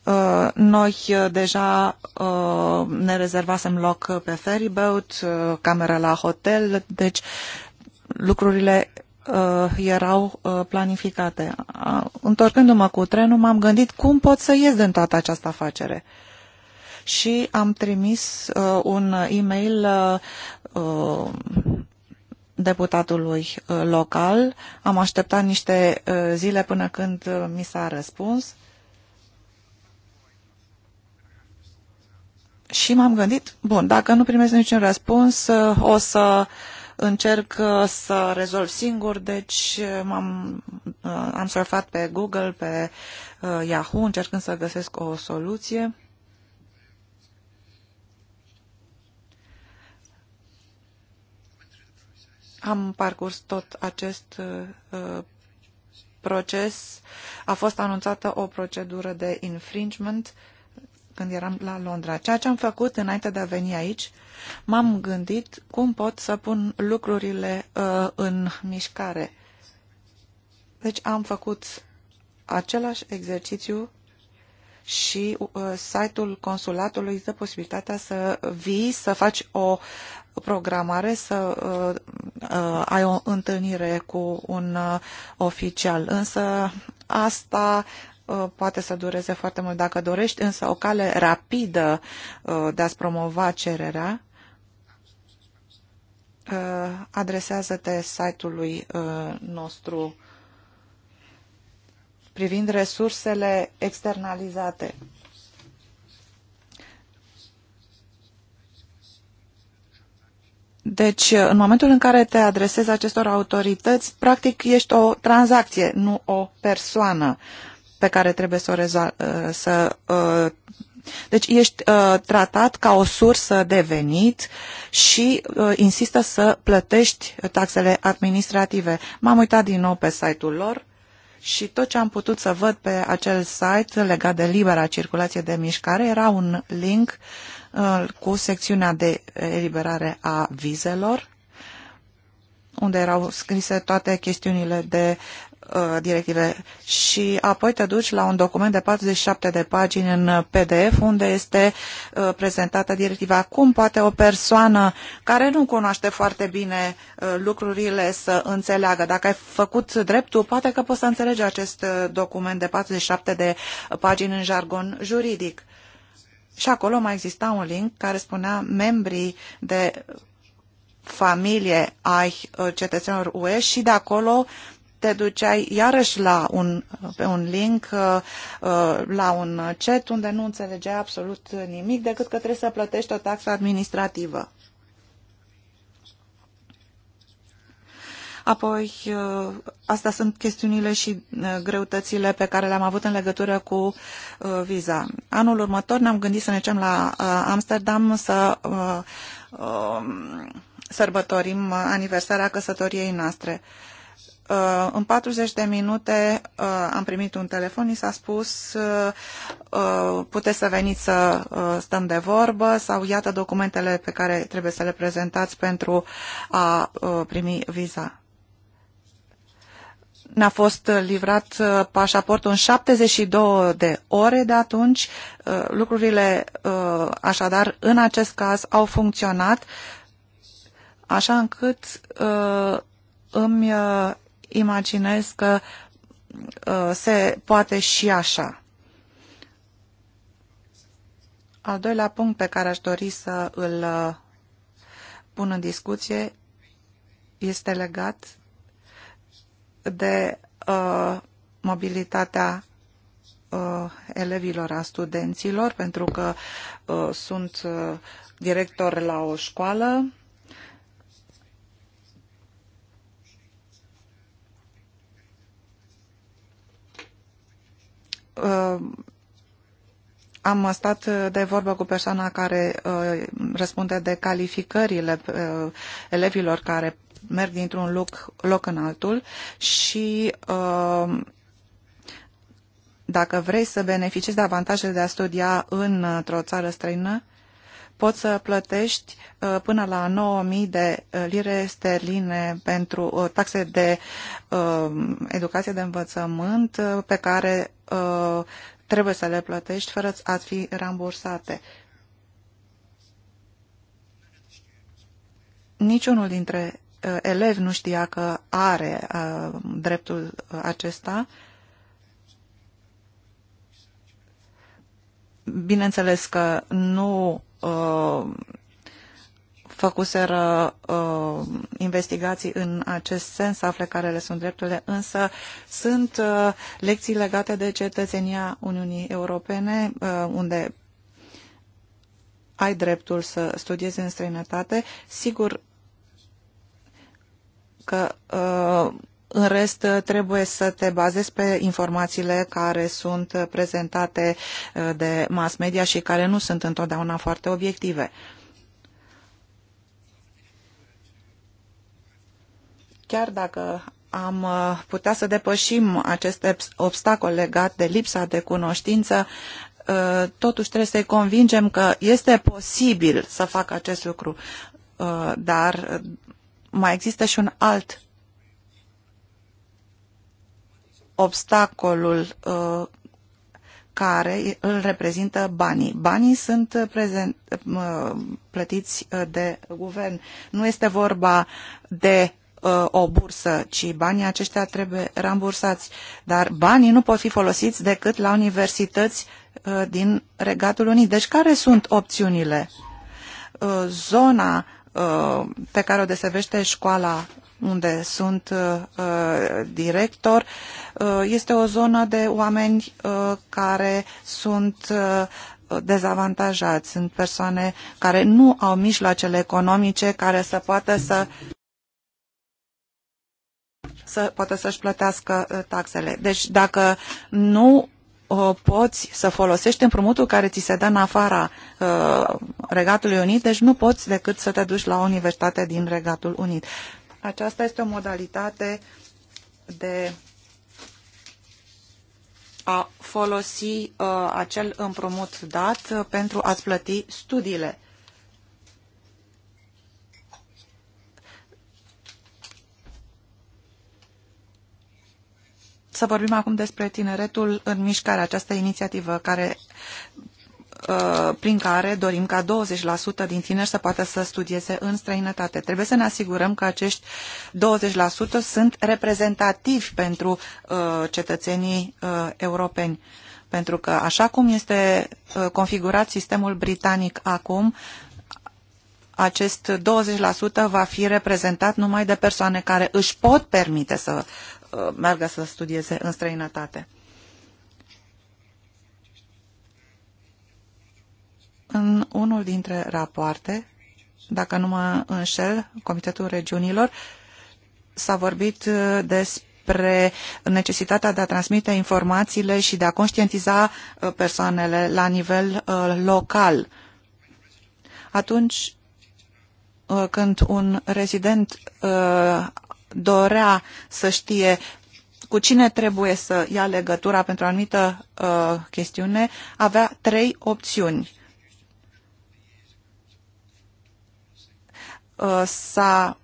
Uh, noi uh, deja uh, ne rezervasem loc pe ferryboat, camera la hotel, deci lucrurile erau planificate. Întorcându-mă cu trenul, m-am gândit cum pot să ies din toată această afacere. Și am trimis un e-mail deputatului local. Am așteptat niște zile până când mi s-a răspuns Și m-am gândit, bun, dacă nu primesc niciun răspuns, uh, o să încerc uh, să rezolv singur, deci uh, m-am, am surfat pe Google, pe Yahoo, încercând să găsesc o soluție. Am parcurs tot acest uh, proces. A fost anunțată o procedură de infringement uh, când eram la Londra. Ceea ce am făcut înainte de a veni aici, m-am gândit cum pot să pun lucrurile uh, în mișcare. Deci am făcut același exercițiu și uh, site-ul consulatului îți dă posibilitatea să vii, să faci o programare, să uh, uh, ai o întâlnire cu un uh, oficial. Însă asta Uh, poate să dureze foarte mult dacă dorești, însă o cale rapidă uh, de a-ți promova cererea uh, adresează-te site-ului nostru privind resursele externalizate. Deci, în momentul în care te adresezi acestor autorități, practic ești o tranzacție, nu o persoană pe care trebuie să o rezolv, uh, să uh, deci ești uh, tratat ca o sursă de venit și insistă să plătești taxele administrative. M-am uitat din nou pe site-ul lor și tot ce am putut să văd pe acel site legat de libera circulație de mișcare era un link cu secțiunea de eliberare a vizelor unde erau scrise toate chestiunile de uh, directive și apoi te duci la un document de 47 de pagini în PDF unde este uh, prezentată directiva. Cum poate o persoană care nu cunoaște foarte bine uh, lucrurile să înțeleagă? Dacă ai făcut dreptul, poate că poți să înțelegi acest uh, document de 47 de pagini în jargon juridic. Și acolo mai exista un link care spunea membrii de familie ai cetățenilor UE și de acolo te duceai iarăși la un, pe un link, uh, uh, la un chat unde nu înțelegeai absolut nimic decât că trebuie să plătești o taxă administrativă. Apoi, uh, asta sunt chestiunile și greutățile pe care le-am avut în legătură cu viza. Anul următor ne-am gândit să ne ducem la Amsterdam să um, sărbătorim aniversarea căsătoriei noastre. Uh, în 40 de minute uh, am primit un telefon, i s-a spus uh, puteți să veniți să stăm de vorbă sau iată documentele pe care trebuie să le prezentați pentru a primi viza ne-a fost livrat pașaportul în 72 de ore de atunci. Lucrurile, așadar, în acest caz au funcționat așa încât îmi imaginez că uh, se poate și așa. Al doilea punct pe care aș dori să îl uh, pun în discuție este legat de uh, mobilitatea uh, elevilor, a studenților, pentru că uh, sunt uh, director la o școală Uh, am stat de vorbă cu persoana care uh, răspunde de calificările uh, elevilor care merg dintr-un loc, loc în altul și dacă vrei să beneficiezi de avantajele de a studia într-o țară străină, poți să plătești uh, până la 9.000 de uh, lire sterline pentru uh, taxe de educație de învățământ pe care trebuie să le plătești fără a fi rambursate. Niciunul dintre elevi nu știa că are dreptul acesta bineînțeles că nu Uh, făcuseră uh, investigații în acest sens, afle care le sunt drepturile, însă sunt uh, lecții legate de cetățenia Uniunii Europene, uh, unde ai dreptul să studiezi în străinătate. Sigur că uh, în rest, trebuie să te bazezi pe informațiile care sunt prezentate uh, de mass media și care nu sunt întotdeauna foarte obiective. Chiar dacă am uh, putea să depășim acest obstacol legat de lipsa de cunoștință, uh, totuși trebuie să-i convingem că este posibil să facă acest lucru. Dar mai există și un alt obstacolul uh, care îl reprezintă banii. Banii sunt prezent, uh, plătiți uh, de guvern. Nu este vorba de uh, o bursă, ci banii aceștia trebuie rambursați. Dar banii nu pot fi folosiți decât la universități uh, din Regatul Unit. Deci care sunt opțiunile? Uh, zona Uh, pe care o deservește școala unde sunt uh, uh, director, uh, este o zonă de oameni uh, care sunt uh, dezavantajați, sunt persoane care nu au mijloacele economice care să poată să să poată să-și plătească taxele. Deci dacă nu poți să folosești împrumutul care ți se dă în afara uh, Regatului Unit, deci nu poți decât să te duci la o universitate din Regatul Unit. Aceasta este o modalitate de a folosi uh, acel împrumut dat uh, pentru a-ți plăti studiile. Să vorbim acum despre tineretul în mișcare, această inițiativă care uh, prin care dorim ca 20% din tineri să poată să studieze în străinătate. Trebuie să ne asigurăm că acești 20% sunt reprezentativi pentru uh, cetățenii uh, europeni. Pentru că așa cum este configurat sistemul britanic acum, acest 20% va fi reprezentat numai de persoane care își pot permite să meargă să studieze în străinătate. În unul dintre rapoarte, dacă nu mă înșel, Comitetul Regiunilor s-a vorbit uh, despre necesitatea de a transmite informațiile și de a conștientiza uh, persoanele la nivel uh, local. Atunci când un rezident dorea să știe cu cine trebuie să ia legătura pentru o anumită uh, chestiune, avea trei opțiuni. Uh, s-a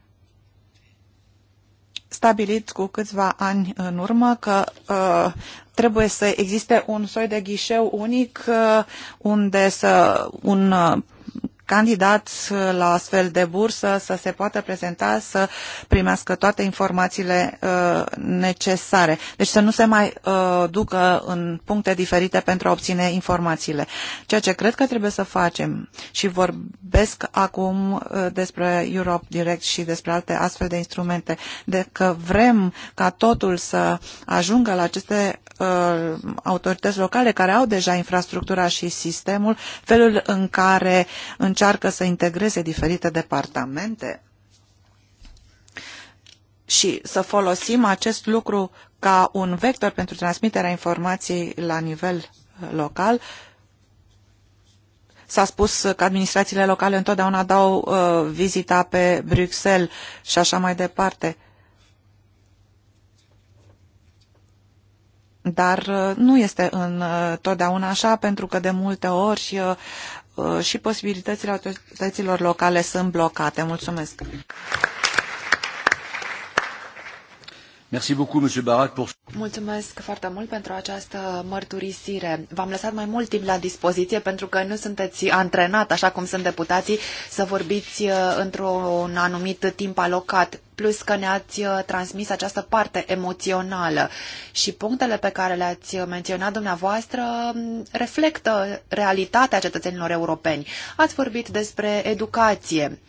stabilit cu câțiva ani în urmă că uh, trebuie să existe un soi de ghișeu unic uh, unde să un uh, candidat la astfel de bursă să se poată prezenta, să primească toate informațiile uh, necesare. Deci să nu se mai uh, ducă în puncte diferite pentru a obține informațiile. Ceea ce cred că trebuie să facem și vorbesc acum uh, despre Europe Direct și despre alte astfel de instrumente, de că vrem ca totul să ajungă la aceste uh, autorități locale care au deja infrastructura și sistemul, felul în care în încearcă să integreze diferite departamente și să folosim acest lucru ca un vector pentru transmiterea informației la nivel uh, local. S-a spus că administrațiile locale întotdeauna dau uh, vizita pe Bruxelles și așa mai departe. Dar uh, nu este întotdeauna uh, așa, pentru că de multe ori uh, Uh, și posibilitățile autorităților locale sunt blocate. Mulțumesc! Merci beaucoup, Monsieur Barak, pour... Mulțumesc foarte mult pentru această mărturisire. V-am lăsat mai mult timp la dispoziție pentru că nu sunteți antrenat, așa cum sunt deputații, să vorbiți uh, într-un anumit timp alocat. Plus că ne-ați uh, transmis această parte emoțională și punctele pe care le-ați menționat dumneavoastră um, reflectă realitatea cetățenilor europeni. Ați vorbit despre educație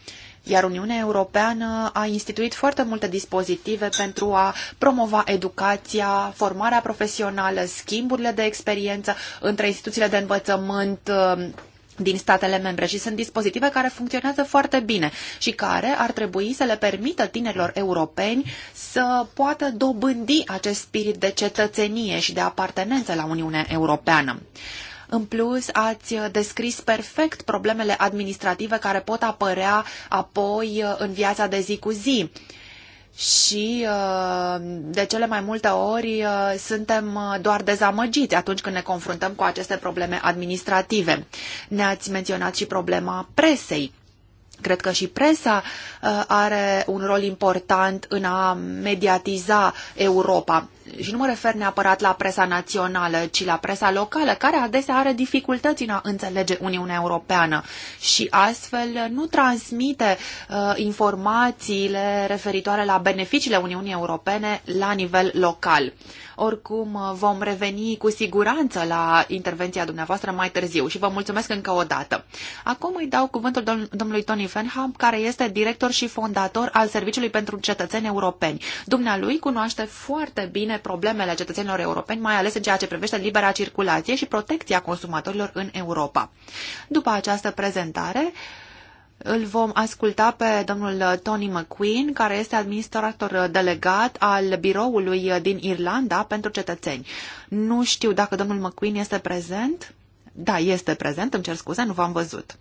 iar Uniunea Europeană a instituit foarte multe dispozitive pentru a promova educația, formarea profesională, schimburile de experiență între instituțiile de învățământ, um, din statele membre și sunt dispozitive care funcționează foarte bine și care ar trebui să le permită tinerilor europeni să poată dobândi acest spirit de cetățenie și de apartenență la Uniunea Europeană. În plus, ați descris perfect problemele administrative care pot apărea apoi uh, în viața de zi cu zi și uh, de cele mai multe ori uh, suntem doar dezamăgiți atunci când ne confruntăm cu aceste probleme administrative. Ne-ați menționat și problema presei. Cred că și presa are un rol important în a mediatiza Europa și nu mă refer neapărat la presa națională, ci la presa locală, care adesea are dificultăți în a înțelege Uniunea Europeană și astfel nu transmite uh, informațiile referitoare la beneficiile Uniunii Europene la nivel local. Oricum, uh, vom reveni cu siguranță la intervenția dumneavoastră mai târziu și vă mulțumesc încă o dată. Acum îi dau cuvântul domnului Tony Fenham, care este director și fondator al Serviciului pentru Cetățeni Europeni. Dumnealui cunoaște foarte bine problemele cetățenilor europeni, mai ales în ceea ce privește libera circulație și protecția consumatorilor în Europa. După această prezentare, îl vom asculta pe domnul uh, Tony McQueen, care este administrator uh, delegat al biroului uh, din Irlanda pentru cetățeni. Nu știu dacă domnul McQueen este prezent. Da, este prezent, îmi cer scuze, nu v-am văzut.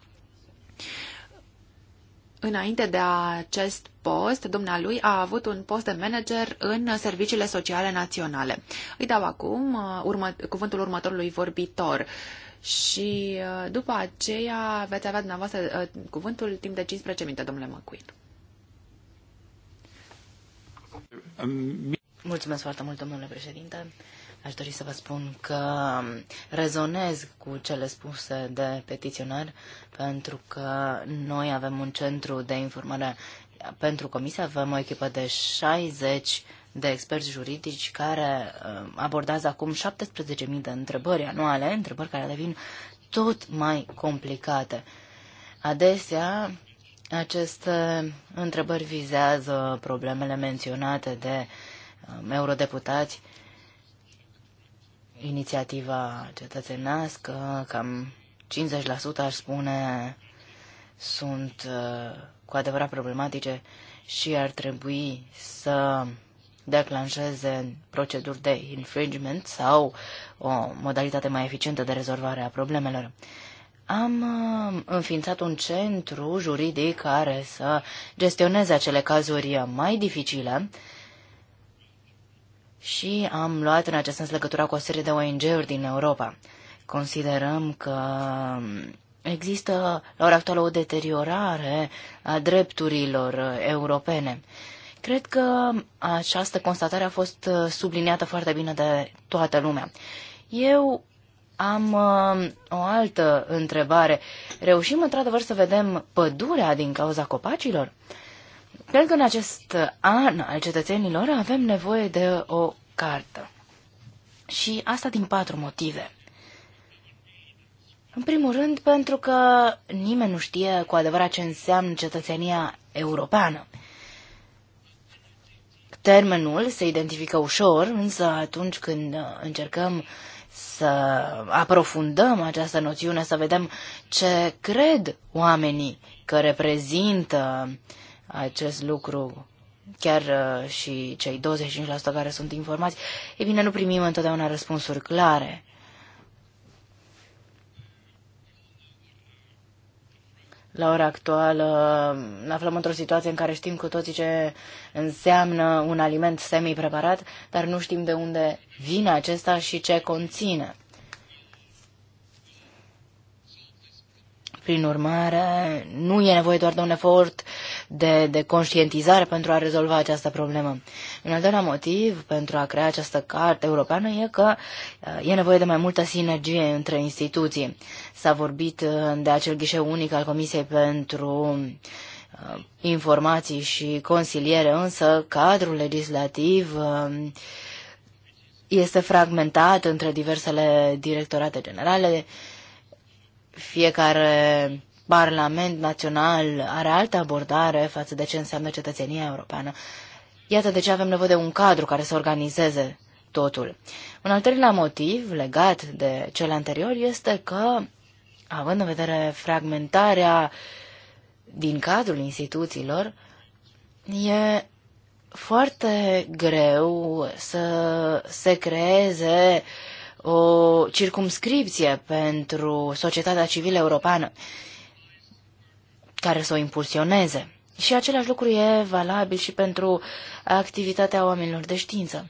Înainte de acest post, dumnealui a avut un post de manager în serviciile sociale naționale. Îi dau acum urmă, cuvântul următorului vorbitor. Uh, și uh, după aceea veți avea dumneavoastră uh, cuvântul timp de 15 minute, domnule Măcuin. Mulțumesc foarte mult, domnule președinte. Aș dori să vă spun că rezonez cu cele spuse de petiționar, pentru că noi avem un centru de informare pentru comisie, avem o echipă de 60 de experți juridici care uh, abordează acum 17.000 de întrebări anuale, întrebări care devin tot mai complicate. Adesea, aceste întrebări vizează problemele menționate de um, eurodeputați, inițiativa cetățenească, cam 50% aș spune sunt uh, cu adevărat problematice și ar trebui să declanșeze proceduri de infringement sau o modalitate mai eficientă de rezolvare a problemelor. Am uh, înființat un centru juridic care să gestioneze acele cazuri mai dificile și am luat în acest sens legătura cu o serie de ONG-uri din Europa. Considerăm că există la ora actuală o deteriorare a drepturilor europene Cred că această constatare a fost uh, subliniată foarte bine de toată lumea. Eu am uh, o altă întrebare. Reușim într-adevăr să vedem pădurea din cauza copacilor? Cred că în acest an al cetățenilor avem nevoie de o cartă. Și asta din patru motive. În primul rând, pentru că nimeni nu știe cu adevărat ce înseamnă cetățenia europeană. Termenul se identifică ușor, însă atunci când încercăm să aprofundăm această noțiune, să vedem ce cred oamenii că reprezintă acest lucru, chiar uh, și cei 25% care sunt informați, e bine, nu primim întotdeauna răspunsuri clare. La ora actuală ne aflăm într-o situație în care știm cu toții ce înseamnă un aliment semi-preparat, dar nu știm de unde vine acesta și ce conține. Prin urmare, nu e nevoie doar de un efort de, de conștientizare pentru a rezolva această problemă. Un al doilea motiv pentru a crea această carte europeană e că uh, e nevoie de mai multă sinergie între instituții. S-a vorbit uh, de acel ghișeu unic al Comisiei pentru uh, informații și consiliere, însă cadrul legislativ este fragmentat între diversele directorate generale, fiecare parlament național are altă abordare față de ce înseamnă cetățenia europeană. Iată de ce avem nevoie de un cadru care să organizeze totul. Un al treilea motiv legat de cel anterior este că, având în vedere fragmentarea din cadrul instituțiilor, e foarte greu să se creeze uh, o circumscripție pentru societatea civilă europeană care să o impulsioneze. Și același lucru e valabil și pentru activitatea oamenilor de știință.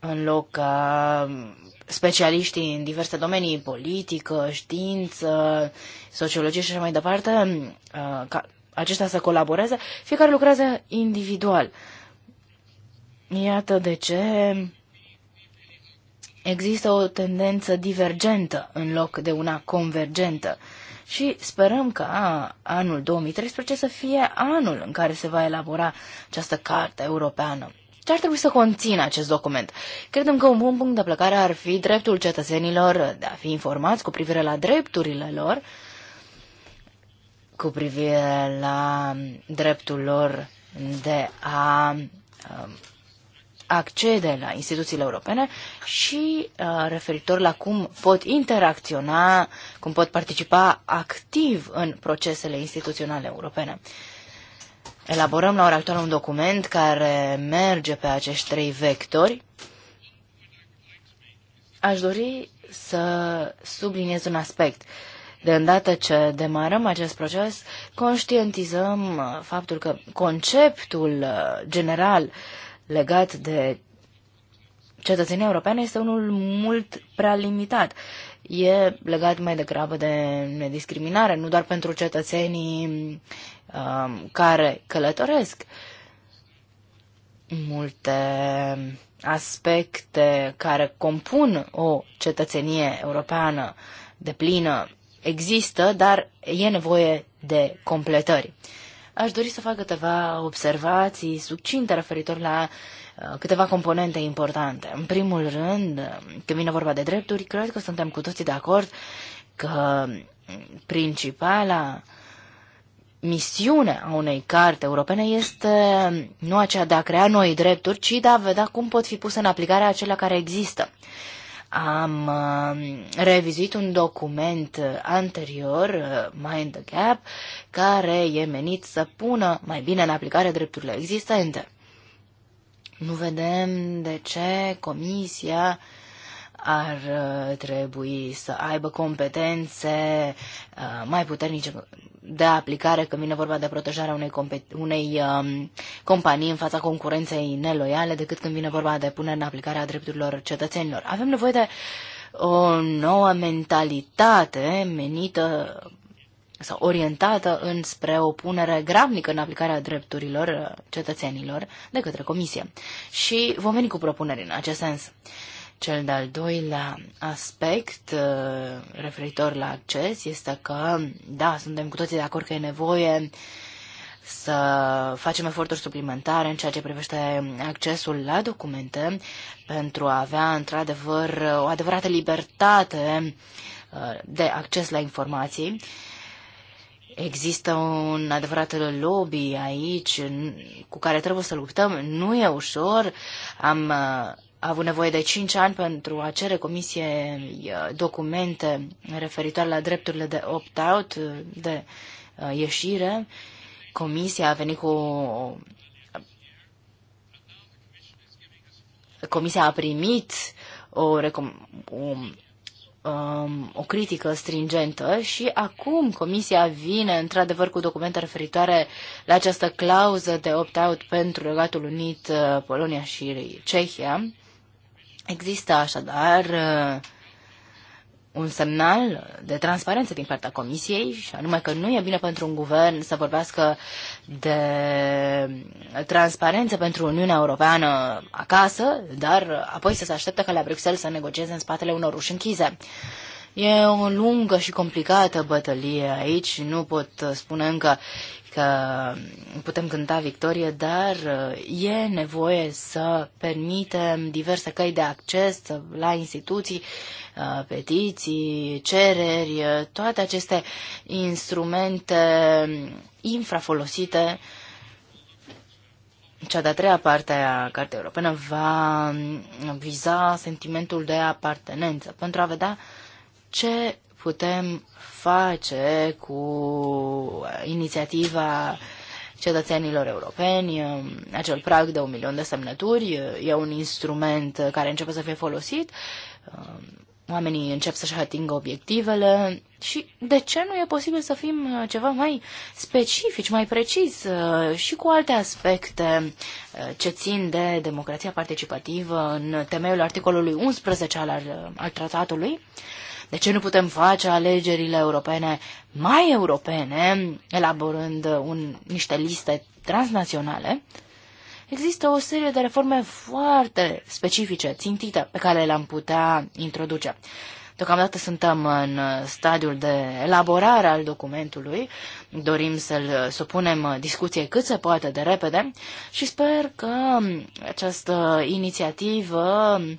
În loc ca specialiștii în diverse domenii, politică, știință, sociologie și așa mai departe, uh, ca aceștia să colaboreze, fiecare lucrează individual. Iată de ce există o tendență divergentă în loc de una convergentă și sperăm ca anul 2013 să fie anul în care se va elabora această carte europeană. Ce ar trebui să conțină acest document? Credem că un bun punct de plecare ar fi dreptul cetățenilor de a fi informați cu privire la drepturile lor, cu privire la dreptul lor de a um, accede la instituțiile europene și uh, referitor la cum pot interacționa, cum pot participa activ în procesele instituționale europene. Elaborăm la ora actuală un document care merge pe acești trei vectori. Aș dori să subliniez un aspect. De îndată ce demarăm acest proces, conștientizăm uh, faptul că conceptul uh, general legat de cetățenia europeană este unul mult prea limitat. E legat mai degrabă de nediscriminare, nu doar pentru cetățenii um, care călătoresc. Multe aspecte care compun o cetățenie europeană de plină există, dar e nevoie de completări. Aș dori să fac câteva observații succinte referitor la uh, câteva componente importante. În primul rând, uh, când vine vorba de drepturi, cred că suntem cu toții de acord că um, principala misiune a unei carte europene este um, nu aceea de a crea noi drepturi, ci de a vedea cum pot fi puse în aplicare acelea care există am uh, revizit un document uh, anterior, uh, Mind the Gap, care e menit să pună mai bine în aplicare drepturile existente. Nu vedem de ce Comisia uh, ar uh, trebui să aibă competențe uh, mai puternice de aplicare când vine vorba de protejarea unei, unei um, companii în fața concurenței neloiale decât când vine vorba de punerea în aplicare a drepturilor cetățenilor. Avem nevoie de o nouă mentalitate menită sau orientată înspre o punere gravnică în aplicarea drepturilor uh, cetățenilor de către Comisie. Și vom veni cu propuneri în acest sens. Cel de-al doilea aspect uh, referitor la acces este că, da, suntem cu toții de acord că e nevoie să facem eforturi suplimentare în ceea ce privește accesul la documente pentru a avea într-adevăr o adevărată libertate uh, de acces la informații. Există un adevărat lobby aici cu care trebuie să luptăm. Nu e ușor. Am uh, a avut nevoie de 5 ani pentru a cere comisiei uh, documente referitoare la drepturile de opt-out, uh, de uh, ieșire. Comisia a venit cu Comisia a primit o, recom... o, um, o critică stringentă și acum Comisia vine într-adevăr cu documente referitoare la această clauză de opt-out pentru Regatul Unit, Polonia și Cehia. Există așadar uh, un semnal de transparență din partea Comisiei și anume că nu e bine pentru un guvern să vorbească de transparență pentru Uniunea Europeană acasă, dar apoi să se aștepte ca la Bruxelles să negocieze în spatele unor uși închise. E o lungă și complicată bătălie aici, nu pot spune încă că putem cânta victorie, dar uh, e nevoie să permitem diverse căi de acces la instituții, uh, petiții, cereri, uh, toate aceste instrumente infrafolosite cea de-a treia parte a Cartei Europene va viza sentimentul de apartenență pentru a vedea ce putem face cu inițiativa cetățenilor europeni. Um, acel prag de un milion de semnături uh, e un instrument care începe să fie folosit. Um, oamenii încep să-și atingă obiectivele și de ce nu e posibil să fim uh, ceva mai specifici, mai precis uh, și cu alte aspecte ce țin de democrația participativă în temeiul articolului 11 al, al tratatului? De ce nu putem face alegerile europene mai europene, elaborând uh, un, niște liste transnaționale? Există o serie de reforme foarte specifice, țintite, pe care le-am putea introduce. Deocamdată suntem în uh, stadiul de elaborare al documentului, dorim să-l uh, supunem discuție cât se poate de repede și sper că um, această inițiativă um,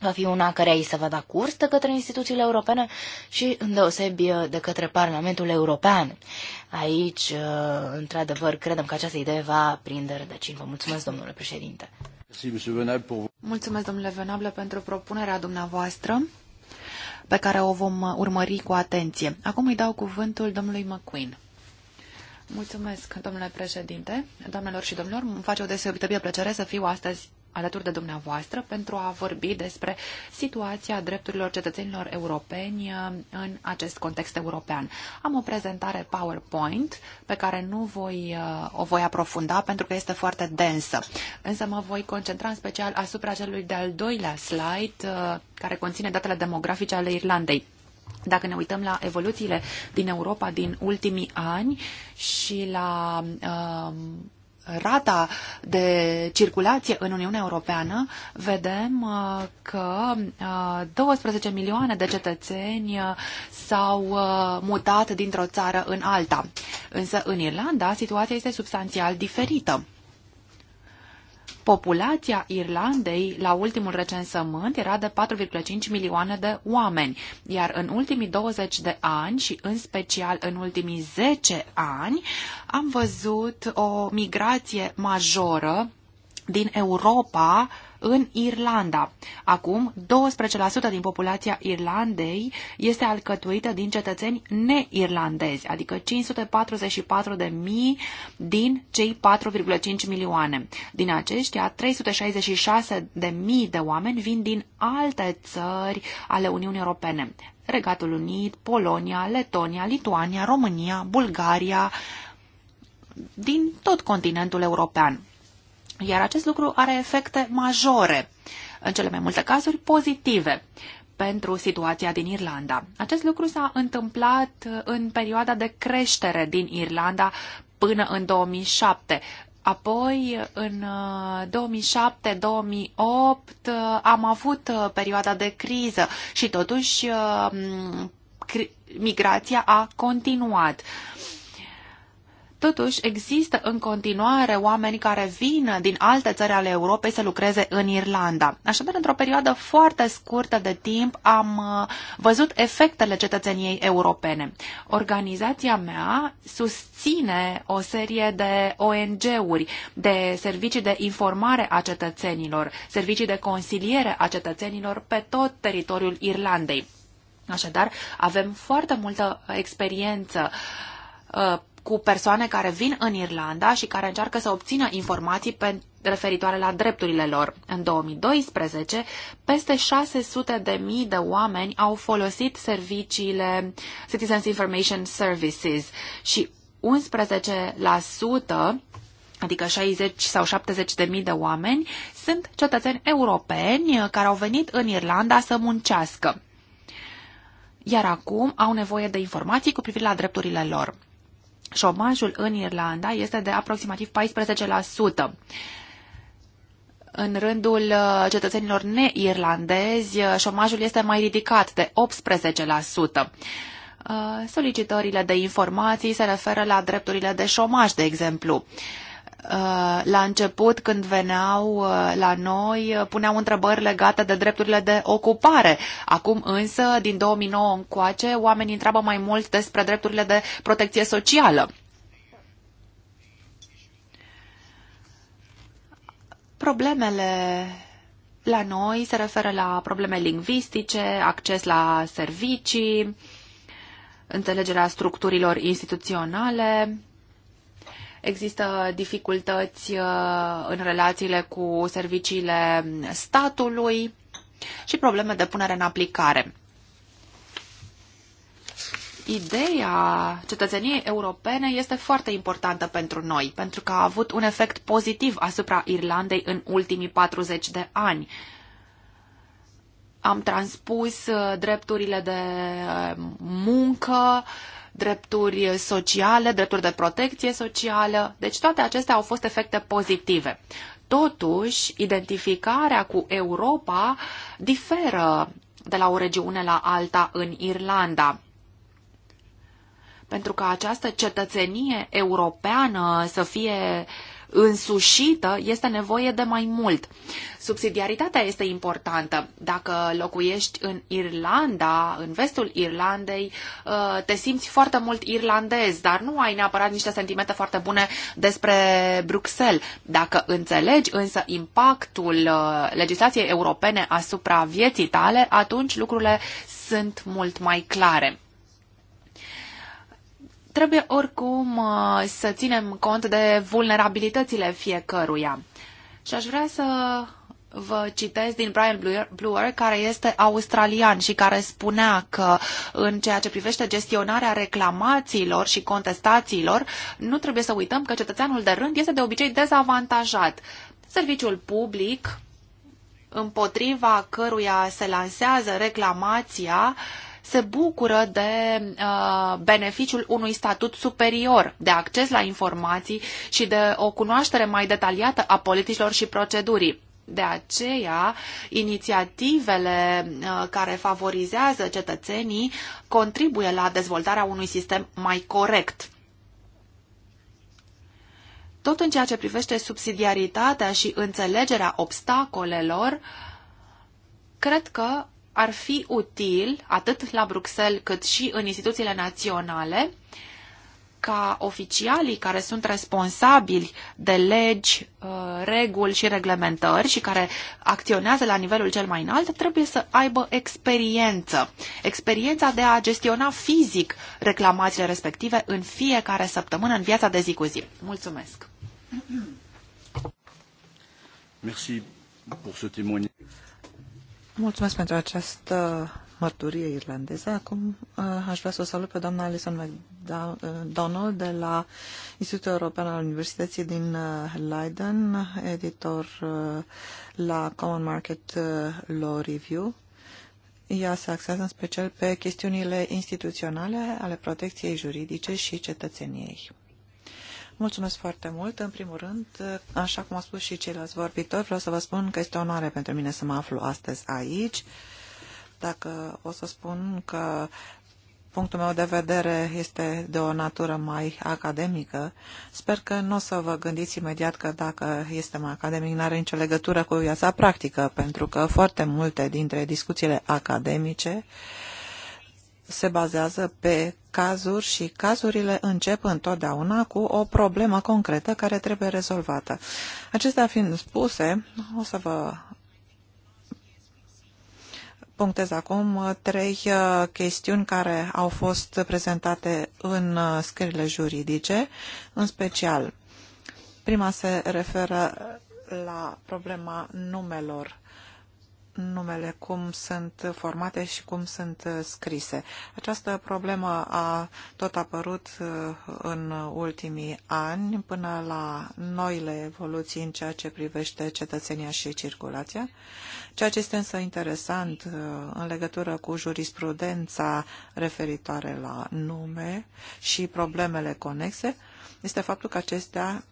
va fi una care îi se va da curs de către instituțiile europene și îndeosebi uh, de către Parlamentul European. Aici, uh, într-adevăr, credem că această idee va prinde rădăcini. Vă mulțumesc, domnule președinte. Mulțumesc, domnule Venable, pentru propunerea dumneavoastră pe care o vom uh, urmări cu atenție. Acum îi dau cuvântul domnului McQueen. Mulțumesc, domnule președinte, doamnelor și domnilor. Îmi face o deosebită plăcere să fiu astăzi alături de dumneavoastră pentru a vorbi despre situația drepturilor cetățenilor europeni uh, în acest context european. Am o prezentare PowerPoint pe care nu voi, uh, o voi aprofunda pentru că este foarte densă, însă mă voi concentra în special asupra celui de-al doilea slide uh, care conține datele demografice ale Irlandei dacă ne uităm la evoluțiile din Europa din ultimii ani și la uh, rata de circulație în Uniunea Europeană, vedem uh, că 12 uh, milioane de cetățeni uh, s-au mutat dintr-o țară în alta. Însă în Irlanda situația este substanțial diferită populația Irlandei la ultimul recensământ era de 4,5 milioane de oameni, iar în ultimii 20 de ani și în special în ultimii 10 ani am văzut o migrație majoră din Europa în Irlanda. Acum, 12% din populația Irlandei este alcătuită din cetățeni neirlandezi, adică 544.000 din cei 4,5 milioane. Din aceștia, 366.000 de oameni vin din alte țări ale Uniunii Europene. Regatul Unit, Polonia, Letonia, Lituania, România, Bulgaria, din tot continentul european. Iar acest lucru are efecte majore, în cele mai multe cazuri pozitive, pentru situația din Irlanda. Acest lucru s-a întâmplat în perioada de creștere din Irlanda până în 2007. Apoi, în 2007-2008, uh, uh, am avut uh, perioada de criză și totuși migrația a continuat. Uh, Totuși, există în continuare oameni care vin din alte țări ale Europei să lucreze în Irlanda. Așadar, într-o perioadă foarte scurtă de timp, am uh, văzut efectele cetățeniei europene. Organizația mea susține o serie de ONG-uri, de servicii de informare a cetățenilor, servicii de consiliere a cetățenilor pe tot teritoriul Irlandei. Așadar, avem foarte multă experiență uh, cu persoane care vin în Irlanda și care încearcă să obțină informații pe, referitoare la drepturile lor. În 2012, peste 600.000 de de oameni au folosit serviciile Citizens Information Services și 11%, adică 60 sau 70 de mii de oameni, sunt cetățeni europeni care au venit în Irlanda să muncească iar acum au nevoie de informații cu privire la drepturile lor șomajul în Irlanda este de aproximativ 14%. În rândul uh, cetățenilor neirlandezi, uh, șomajul este mai ridicat, de 18%. Uh, solicitările de informații se referă la drepturile de șomaj, de exemplu. Uh, la început, când veneau uh, la noi, uh, puneau întrebări legate de drepturile de ocupare. Acum însă, din 2009 încoace, oamenii întreabă mai mult despre drepturile de protecție socială. Problemele la noi se referă la probleme lingvistice, acces la servicii, înțelegerea structurilor instituționale, Există dificultăți uh, în relațiile cu serviciile statului și probleme de punere în aplicare. Ideea cetățeniei europene este foarte importantă pentru noi, pentru că a avut un efect pozitiv asupra Irlandei în ultimii 40 de ani am transpus uh, drepturile de uh, muncă drepturi sociale, drepturi de protecție socială. Deci toate acestea au fost efecte pozitive. Totuși, identificarea cu Europa diferă de la o regiune la alta în Irlanda. Pentru ca această cetățenie europeană să fie uh, însușită, este nevoie de mai mult. Subsidiaritatea este importantă. Dacă locuiești în Irlanda, în vestul Irlandei, ă, te simți foarte mult irlandez, dar nu ai neapărat niște sentimente foarte bune despre Bruxelles. Dacă înțelegi însă impactul ă, legislației europene asupra vieții tale, atunci lucrurile sunt mult mai clare. Trebuie oricum uh, să ținem cont de vulnerabilitățile fiecăruia. Și aș vrea să vă citesc din Brian Bluer, care este australian și care spunea că în ceea ce privește gestionarea reclamațiilor și contestațiilor, nu trebuie să uităm că cetățeanul de rând este de obicei dezavantajat. Serviciul public împotriva căruia se lansează reclamația uh, se bucură de uh, beneficiul unui statut superior, de acces la informații și de o cunoaștere mai detaliată a politicilor și procedurii. De aceea, inițiativele uh, care favorizează cetățenii contribuie la dezvoltarea unui sistem mai corect. Tot în ceea ce privește subsidiaritatea și înțelegerea obstacolelor, cred că ar fi util, atât la Bruxelles cât și în instituțiile naționale, ca oficialii care sunt responsabili de legi, uh, reguli și reglementări și care acționează la nivelul cel mai înalt, trebuie să aibă experiență. Experiența de a gestiona fizic reclamațiile respective în fiecare săptămână, în viața de zi cu zi. Mulțumesc! Merci pour ce témoignage. Mulțumesc pentru această mărturie irlandeză. Acum uh, aș vrea să o salut pe doamna Alison McDonald de la Institutul European al Universității din uh, Leiden, editor uh, la Common Market Law Review. Ea se axează în special pe chestiunile instituționale ale protecției juridice și cetățeniei. Mulțumesc foarte mult. În primul rând, așa cum au spus și ceilalți vorbitori, vreau să vă spun că este o onoare pentru mine să mă aflu astăzi aici. Dacă o să spun că punctul meu de vedere este de o natură mai academică, sper că nu o să vă gândiți imediat că dacă este mai academic, nu are nicio legătură cu viața practică, pentru că foarte multe dintre discuțiile academice uh, se bazează pe cazuri și cazurile încep întotdeauna cu o problemă concretă care trebuie rezolvată. Acestea fiind spuse, o să vă punctez acum trei uh, chestiuni care au fost prezentate în uh, scările juridice, în special. Prima se referă la problema numelor numele, cum sunt formate și cum sunt uh, scrise. Această problemă a tot apărut uh, în ultimii ani până la noile evoluții în ceea ce privește cetățenia și circulația. Ceea ce este însă interesant uh, în legătură cu jurisprudența referitoare la nume și problemele conexe este faptul că acestea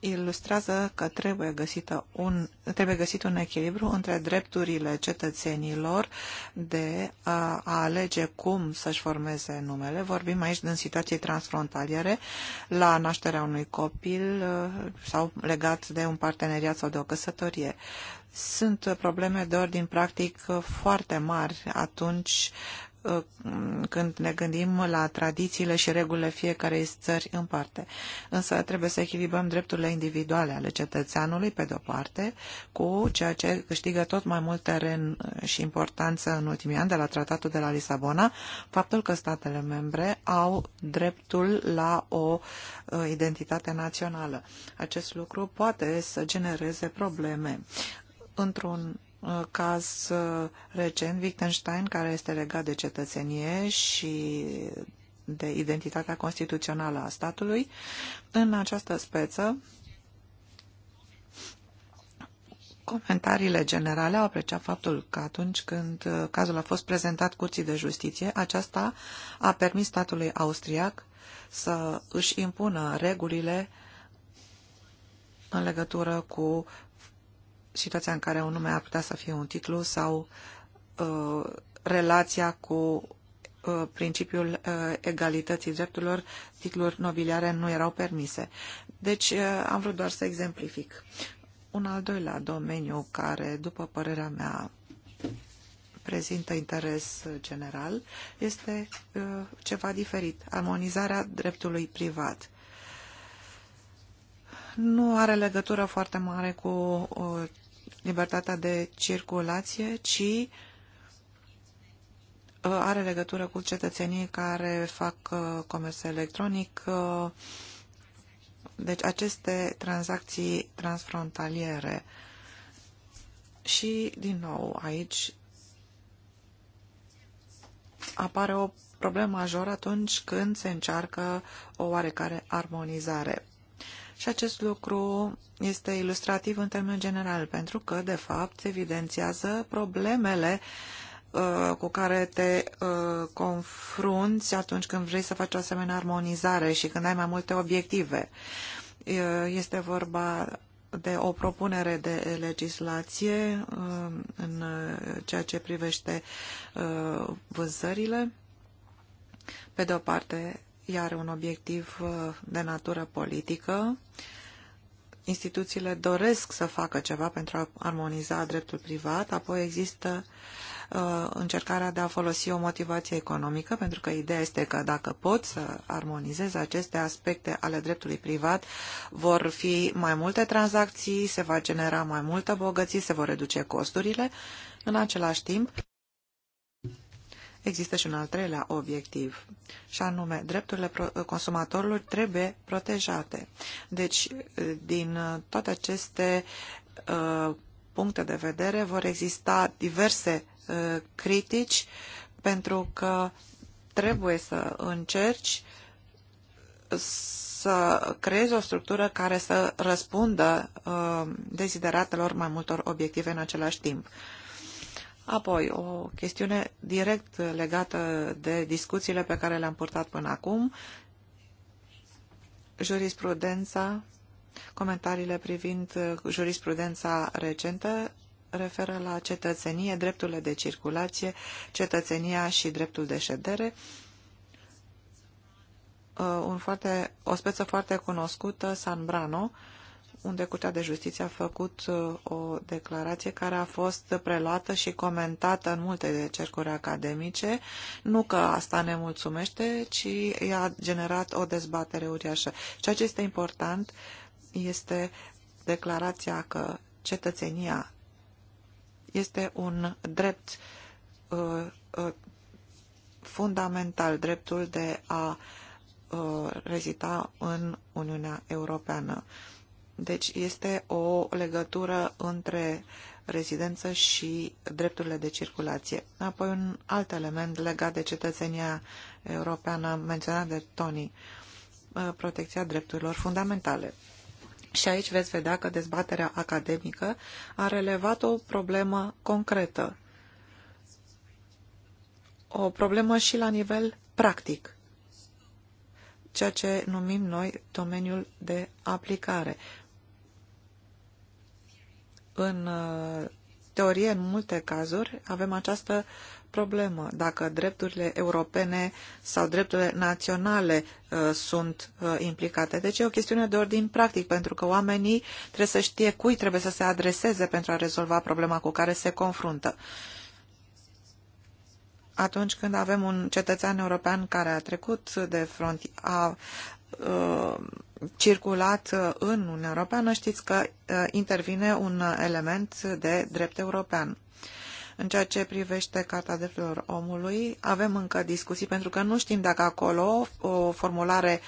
ilustrează că trebuie, găsită un, trebuie găsit un echilibru între drepturile cetățenilor de a, a alege cum să-și formeze numele. Vorbim aici din situații transfrontaliere, la nașterea unui copil uh, sau legat de un parteneriat sau de o căsătorie. Sunt probleme de ordin practic uh, foarte mari atunci Uh, când ne gândim la tradițiile și regulile fiecarei țări în parte. Însă trebuie să echilibrăm drepturile individuale ale cetățeanului, pe de-o parte, cu ceea ce câștigă tot mai mult teren și importanță în ultimii ani de la Tratatul de la Lisabona, faptul că statele membre au dreptul la o uh, identitate națională. Acest lucru poate să genereze probleme. Într-un Uh, caz uh, recent, Wittgenstein, care este legat de cetățenie și de identitatea constituțională a statului. În această speță, comentariile generale au apreciat faptul că atunci când uh, cazul a fost prezentat Curții de Justiție, aceasta a permis statului austriac să își impună regulile în legătură cu situația în care un nume ar putea să fie un titlu sau uh, relația cu uh, principiul uh, egalității drepturilor, titluri nobiliare nu erau permise. Deci uh, am vrut doar să exemplific. Un al doilea domeniu care, după părerea mea, prezintă interes general este uh, ceva diferit, armonizarea dreptului privat nu are legătură foarte mare cu uh, libertatea de circulație, ci uh, are legătură cu cetățenii care fac uh, comerț electronic, uh, deci aceste tranzacții transfrontaliere. Și, din nou, aici apare o problemă majoră atunci când se încearcă o oarecare armonizare. Și acest lucru este ilustrativ în termen general, pentru că, de fapt, evidențiază problemele uh, cu care te uh, confrunți atunci când vrei să faci o asemenea armonizare și când ai mai multe obiective. Uh, este vorba de o propunere de legislație uh, în uh, ceea ce privește uh, vânzările. Pe de o parte, iar un obiectiv uh, de natură politică. Instituțiile doresc să facă ceva pentru a armoniza dreptul privat, apoi există uh, încercarea de a folosi o motivație economică, pentru că ideea este că dacă pot să armonizeze aceste aspecte ale dreptului privat, vor fi mai multe tranzacții, se va genera mai multă bogăție, se vor reduce costurile. În același timp, Există și un al treilea obiectiv, și anume, drepturile consumatorilor trebuie protejate. Deci, din toate aceste uh, puncte de vedere vor exista diverse uh, critici pentru că trebuie să încerci să creezi o structură care să răspundă uh, dezideratelor mai multor obiective în același timp. Uh, Apoi, o chestiune direct legată de discuțiile pe care le-am purtat până acum, jurisprudența, comentariile privind jurisprudența recentă referă la cetățenie, drepturile de circulație, cetățenia și dreptul de ședere. Uh, un foarte, o speță foarte cunoscută, San Brano, unde Curtea de Justiție a făcut uh, o declarație care a fost preluată și comentată în multe cercuri academice. Nu că asta ne mulțumește, ci a generat o dezbatere uriașă. Ceea ce este important este declarația că cetățenia este un drept uh, uh, fundamental, dreptul de a uh, rezita în Uniunea Europeană. Uh, deci este o legătură între rezidență și drepturile de circulație. Apoi un alt element legat de cetățenia europeană menționat de Tony, uh, protecția drepturilor fundamentale. Și aici veți vedea că dezbaterea academică a relevat o problemă concretă. O problemă și la nivel practic ceea ce numim noi domeniul de aplicare. În uh, teorie, în multe cazuri, avem această problemă. Dacă drepturile europene sau drepturile naționale uh, sunt uh, implicate. Deci e o chestiune de ordin practic, pentru că oamenii trebuie să știe cui trebuie să se adreseze pentru a rezolva problema cu care se confruntă. Atunci când avem un cetățean european care a trecut de fronti a, uh, circulat uh, în Uniunea Europeană, știți că uh, intervine un uh, element de drept european. În ceea ce privește Carta Drepturilor Omului, avem încă discuții pentru că nu știm dacă acolo o formulare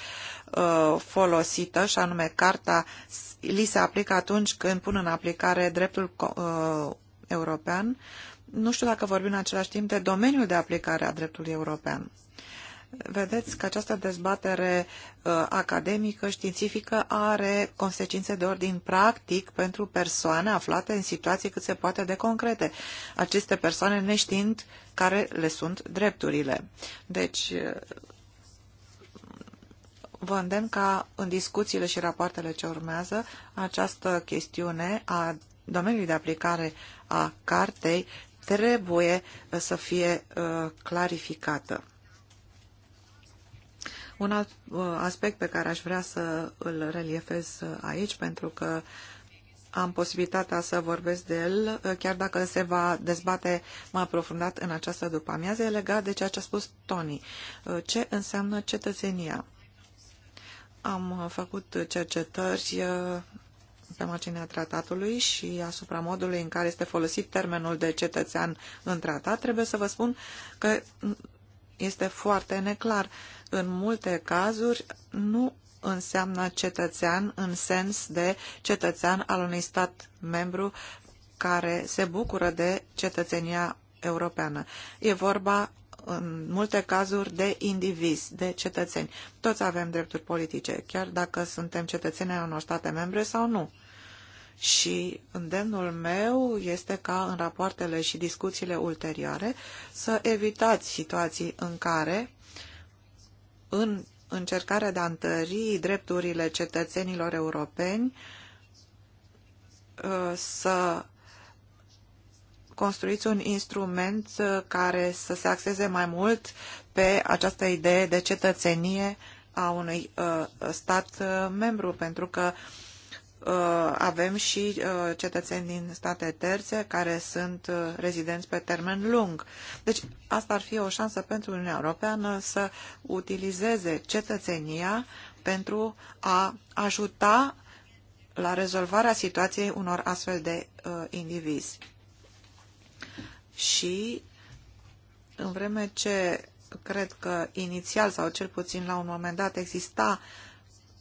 uh, folosită, și anume Carta, li se aplică atunci când pun în aplicare dreptul uh, european. Nu știu dacă vorbim în același timp de domeniul de aplicare a dreptului european. Vedeți că această dezbatere uh, academică, științifică, are consecințe de ordin practic pentru persoane aflate în situații cât se poate de concrete. Aceste persoane neștiind care le sunt drepturile. Deci, uh, vă îndemn ca în discuțiile și rapoartele ce urmează această chestiune a domeniului de aplicare a cartei trebuie să fie uh, clarificată. Un alt uh, aspect pe care aș vrea să îl reliefez uh, aici, pentru că am posibilitatea să vorbesc de el, uh, chiar dacă se va dezbate mai aprofundat în această după-amiază, e legat de ceea ce a spus Tony. Ce înseamnă cetățenia? Am făcut cercetări pe marginea tratatului și asupra modului în care este folosit termenul de cetățean în tratat, trebuie să vă spun că este foarte neclar. În multe cazuri nu înseamnă cetățean în sens de cetățean al unui stat membru care se bucură de cetățenia europeană. E vorba în multe cazuri de indivizi, de cetățeni. Toți avem drepturi politice, chiar dacă suntem cetățeni ai unor state membre sau nu și îndemnul meu este ca în rapoartele și discuțiile ulterioare să evitați situații în care în încercarea de a întări drepturile cetățenilor europeni uh, să construiți un instrument uh, care să se axeze mai mult pe această idee de cetățenie a unui uh, stat membru, pentru că uh, Uh, avem și uh, cetățeni din state terțe care sunt uh, rezidenți pe termen lung. Deci asta ar fi o șansă pentru Uniunea Europeană să utilizeze cetățenia pentru a ajuta la rezolvarea situației unor astfel de uh, indivizi. Și în vreme ce cred că inițial sau cel puțin la un moment dat exista uh,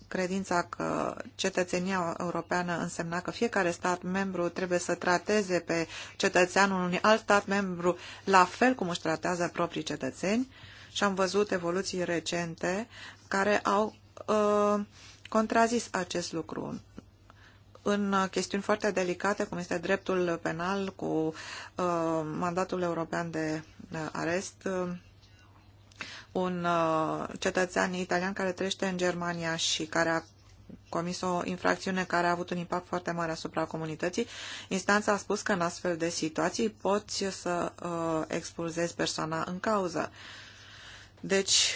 credința că cetățenia europeană însemna că fiecare stat membru trebuie să trateze pe cetățeanul unui alt stat membru la fel cum își tratează proprii cetățeni și am văzut evoluții recente care au uh, contrazis acest lucru în chestiuni foarte delicate, cum este dreptul penal cu uh, mandatul european de uh, arest, uh, un uh, cetățean italian care trăiește în Germania și care a comis o infracțiune care a avut un impact foarte mare asupra comunității, instanța a spus că în astfel de situații poți să uh, expulzezi persoana în cauză. Deci,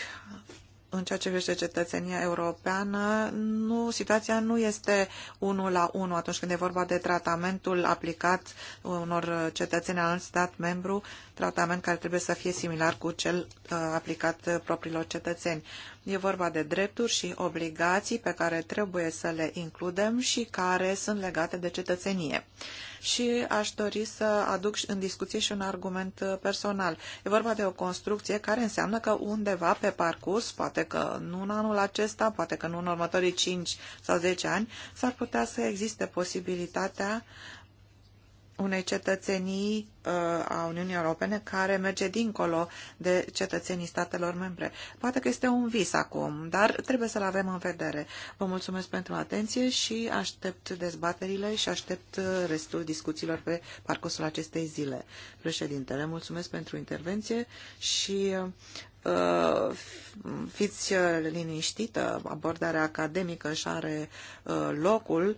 în ceea ce privește cetățenia europeană, nu, situația nu este unul la unul atunci când e vorba de tratamentul aplicat unor cetățeni al unui stat membru, tratament care trebuie să fie similar cu cel uh, aplicat uh, propriilor cetățeni. E vorba de drepturi și obligații pe care trebuie să le includem și care sunt legate de cetățenie. Și aș dori să aduc în discuție și un argument personal. E vorba de o construcție care înseamnă că undeva pe parcurs, poate că nu în anul acesta, poate că nu în următorii 5 sau 10 ani, s-ar putea să existe posibilitatea uh, unei cetățenii uh, a Uniunii Europene care merge dincolo de cetățenii statelor membre. Poate că este un vis acum, dar trebuie să-l avem în vedere. Vă mulțumesc pentru atenție și aștept dezbaterile și aștept uh, restul discuțiilor pe parcursul acestei zile. Președintele, mulțumesc pentru intervenție și Uh, uh fiți liniștită, abordarea academică și are locul.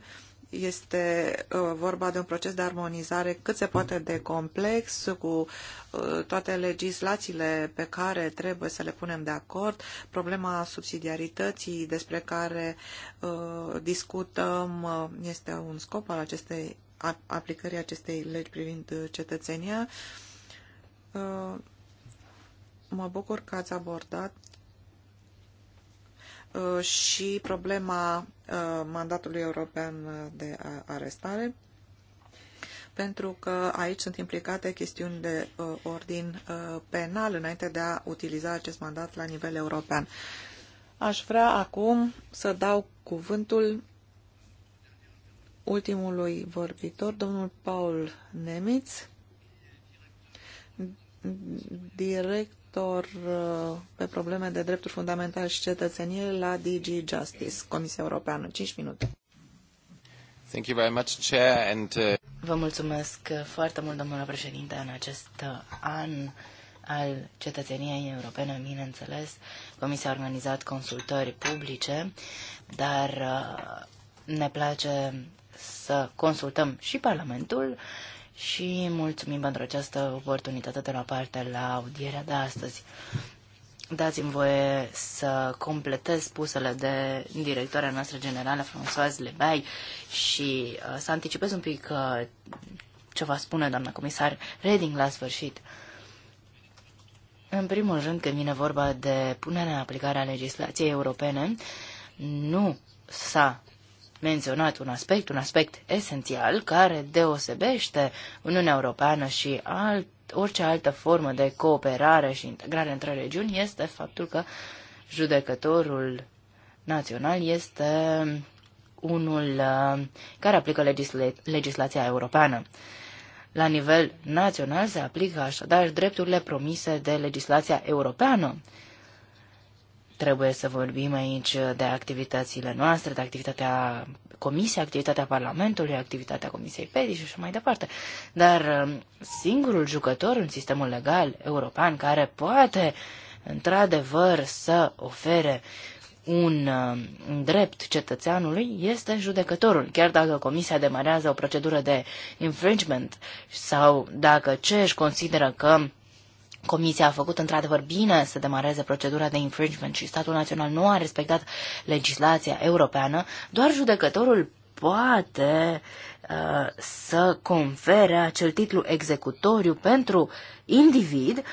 Este uh, vorba de un proces de armonizare cât se poate de complex cu uh, toate legislațiile pe care trebuie să le punem de acord, problema subsidiarității despre care uh, discutăm este un scop al acestei aplicării acestei legi privind cetățenia. Mă bucur că ați abordat Uh, și problema uh, mandatului european de arestare, pentru că aici sunt implicate chestiuni de uh, ordin penal înainte de a utiliza acest mandat la nivel european. Aș vrea acum să dau cuvântul ultimului vorbitor, domnul Paul Nemitz, direct raportor uh, pe probleme de drepturi fundamentale și cetățenie la DG Justice, Comisia Europeană. 5 minute. Thank you very much, Chair, and, uh... Vă mulțumesc foarte mult, domnule președinte, în acest an al cetățeniei europene, bineînțeles. Comisia a organizat consultări publice, dar uh, ne place să consultăm și Parlamentul și mulțumim pentru această oportunitate de la parte la audierea de astăzi. Dați-mi voie să completez spusele de directoarea noastră generală, Françoise Lebai, și uh, să anticipez un pic uh, ce va spune doamna comisar Reding la sfârșit. În primul rând, când vine vorba de punerea în aplicare a legislației europene, nu s-a menționat un aspect, un aspect esențial care deosebește Uniunea Europeană și alt, orice altă formă de cooperare și integrare între regiuni este faptul că judecătorul național este unul uh, care aplică legisla- legislația europeană. La nivel național se aplică așadar drepturile promise de legislația europeană Trebuie să vorbim aici de activitățile noastre, de activitatea Comisiei, activitatea Parlamentului, activitatea Comisiei PEDI și așa mai departe. Dar um, singurul jucător în sistemul legal european care poate într-adevăr să ofere um, un drept cetățeanului este judecătorul. Chiar dacă comisia demarează o procedură de infringement sau dacă își consideră că Comisia a făcut într-adevăr bine să demareze procedura de infringement și statul național nu a respectat legislația europeană, doar judecătorul poate uh, să confere acel titlu executoriu pentru individ,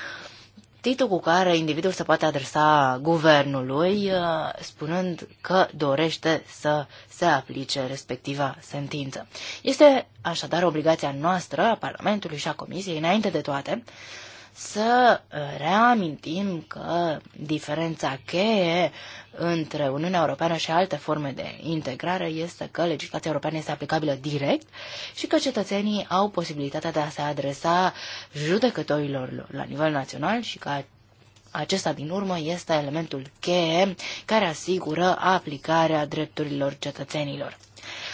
titlu cu care individul se poate adresa guvernului, uh, spunând că dorește să se aplice respectiva sentință. Este așadar obligația noastră a Parlamentului și a Comisiei, înainte de toate, să uh, reamintim că diferența cheie între Uniunea Europeană și alte forme de integrare este că legislația europeană este aplicabilă direct și că cetățenii au posibilitatea de a se adresa judecătorilor la nivel național și că acesta, din urmă, este elementul cheie care asigură aplicarea drepturilor cetățenilor.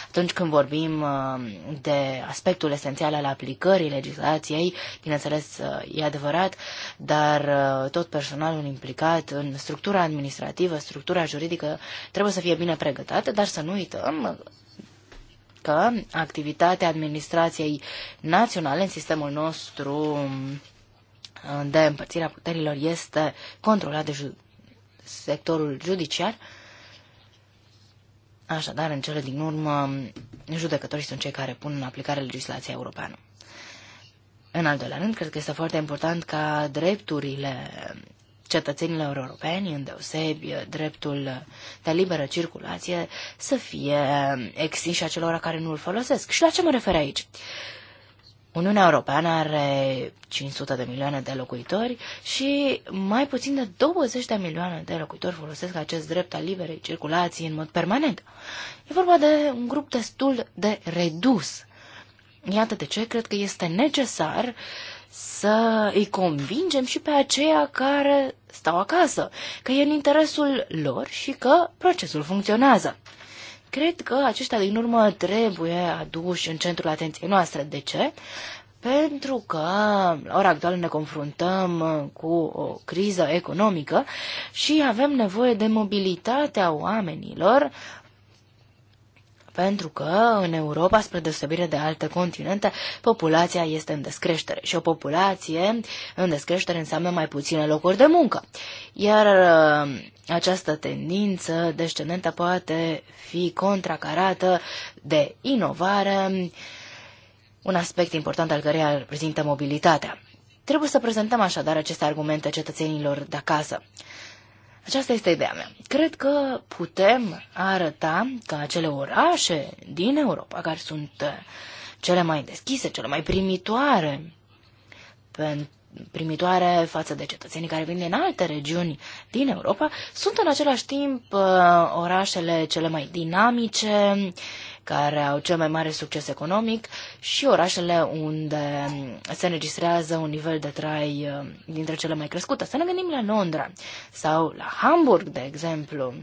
Atunci când vorbim uh, de aspectul esențial al aplicării legislației, bineînțeles uh, e adevărat, dar uh, tot personalul implicat în structura administrativă, structura juridică trebuie să fie bine pregătată, dar să nu uităm că activitatea administrației naționale în sistemul nostru um, de împărțirea puterilor este controlat de ju- sectorul judiciar Așadar, în cele din urmă, judecătorii sunt cei care pun în aplicare legislația europeană. În al doilea rând, cred că este foarte important ca drepturile cetățenilor europeni, îndeosebi dreptul de liberă circulație, să fie extinși acelora care nu îl folosesc. Și la ce mă refer aici? Uniunea Europeană are 500 de milioane de locuitori și mai puțin de 20 de milioane de locuitori folosesc acest drept al liberei circulații în mod permanent. E vorba de un grup destul de redus. Iată de ce cred că este necesar să îi convingem și pe aceia care stau acasă, că e în interesul lor și că procesul funcționează. Cred că aceștia din urmă trebuie aduși în centrul atenției noastre. De ce? Pentru că la ora actuală ne confruntăm uh, cu o criză economică și avem nevoie de mobilitatea oamenilor pentru că în Europa, spre deosebire de alte continente, populația este în descreștere și o populație în descreștere înseamnă mai puține locuri de muncă. Iar uh, această tendință descendentă poate fi contracarată de inovare, un aspect important al căreia reprezintă mobilitatea. Trebuie să prezentăm așadar aceste argumente cetățenilor de acasă. Aceasta este ideea mea. Cred că putem arăta că acele orașe din Europa, care sunt eh, cele mai deschise, cele mai primitoare, primitoare față de cetățenii care vin din alte regiuni din Europa, sunt în același timp eh, orașele cele mai dinamice, care au cel mai mare succes economic și orașele unde se înregistrează un nivel de trai uh, dintre cele mai crescute. Să ne gândim la Londra sau la Hamburg, de exemplu.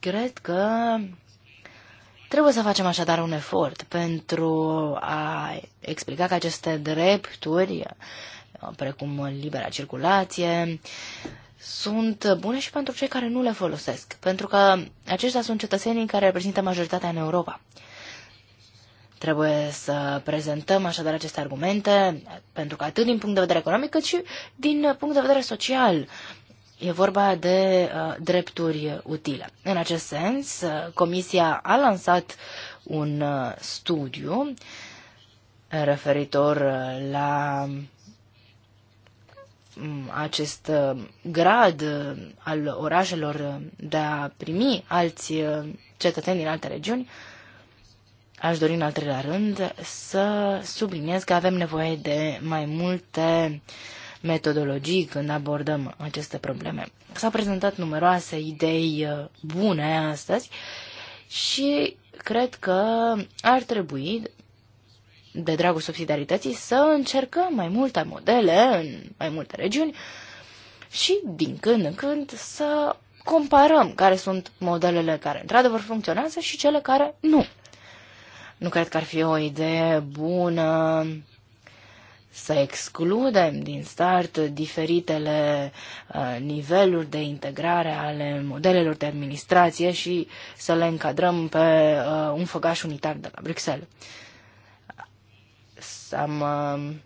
Cred că Trebuie să facem așadar un efort pentru a explica că aceste drepturi, precum libera circulație, sunt bune și pentru cei care nu le folosesc, pentru că aceștia sunt cetățenii care reprezintă majoritatea în Europa. Trebuie să prezentăm așadar aceste argumente, pentru că atât din punct de vedere economic, cât și din punct de vedere social. E vorba de uh, drepturi utile. În acest sens, uh, Comisia a lansat un uh, studiu referitor uh, la acest uh, grad uh, al orașelor uh, de a primi alți cetățeni din alte regiuni, aș dori în al treilea rând să subliniez că avem nevoie de mai multe metodologii când abordăm aceste probleme. S-au prezentat numeroase idei bune astăzi și cred că ar trebui de dragul subsidiarității, să încercăm mai multe modele în mai multe regiuni și din când în când să comparăm care sunt modelele care într-adevăr funcționează și cele care nu. Nu cred că ar fi o idee bună să excludem din start diferitele uh, niveluri de integrare ale modelelor de administrație și să le încadrăm pe uh, un făgaș unitar de la Bruxelles. Am um,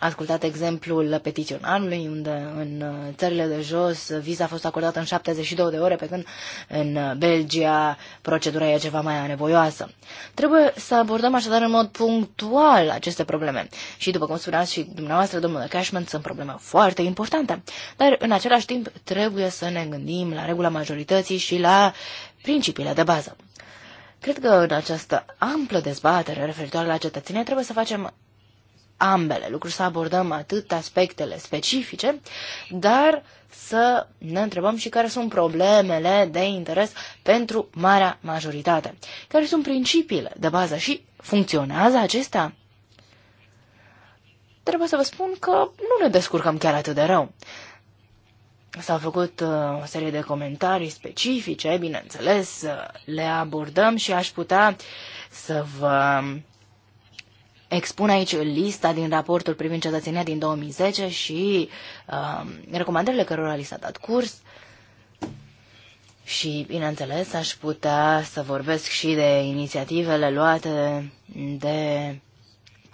ascultat exemplul petiționarului, unde în uh, țările de jos uh, viza a fost acordată în 72 de ore, pe când în uh, Belgia procedura e ceva mai anevoioasă. Trebuie să abordăm așadar în mod punctual aceste probleme. Și după cum spuneați și dumneavoastră, domnule Cashman, sunt probleme foarte importante. Dar în același timp trebuie să ne gândim la regula majorității și la principiile de bază. Cred că în această amplă dezbatere referitoare la cetățenie trebuie să facem ambele lucruri, să abordăm atât aspectele specifice, dar să ne întrebăm și care sunt problemele de interes pentru marea majoritate. Care sunt principiile de bază și funcționează acestea? Trebuie să vă spun că nu ne descurcăm chiar atât de rău. S-au făcut uh, o serie de comentarii specifice, bineînțeles, uh, le abordăm și aș putea să vă expun aici lista din raportul privind cetățenia din 2010 și uh, recomandările cărora li s-a dat curs. Și, bineînțeles, aș putea să vorbesc și de inițiativele luate de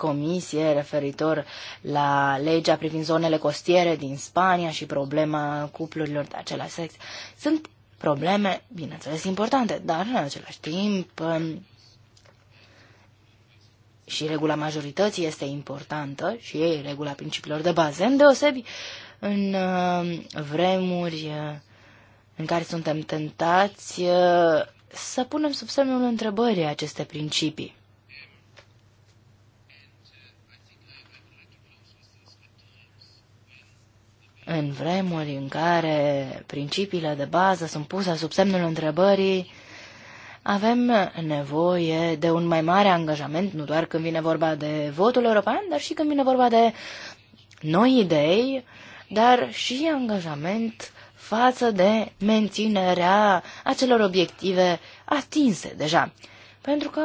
comisie referitor la legea privind zonele costiere din Spania și problema cuplurilor de același sex. Sunt probleme, bineînțeles, importante, dar în același timp um, și regula majorității este importantă și e regula principiilor de bază, îndeosebi în um, vremuri uh, în care suntem tentați uh, să punem sub semnul întrebării aceste principii. În vremuri în care principiile de bază sunt puse sub semnul întrebării, avem nevoie de un mai mare angajament, nu doar când vine vorba de votul european, dar și când vine vorba de noi idei, dar și angajament față de menținerea acelor obiective atinse deja. Pentru că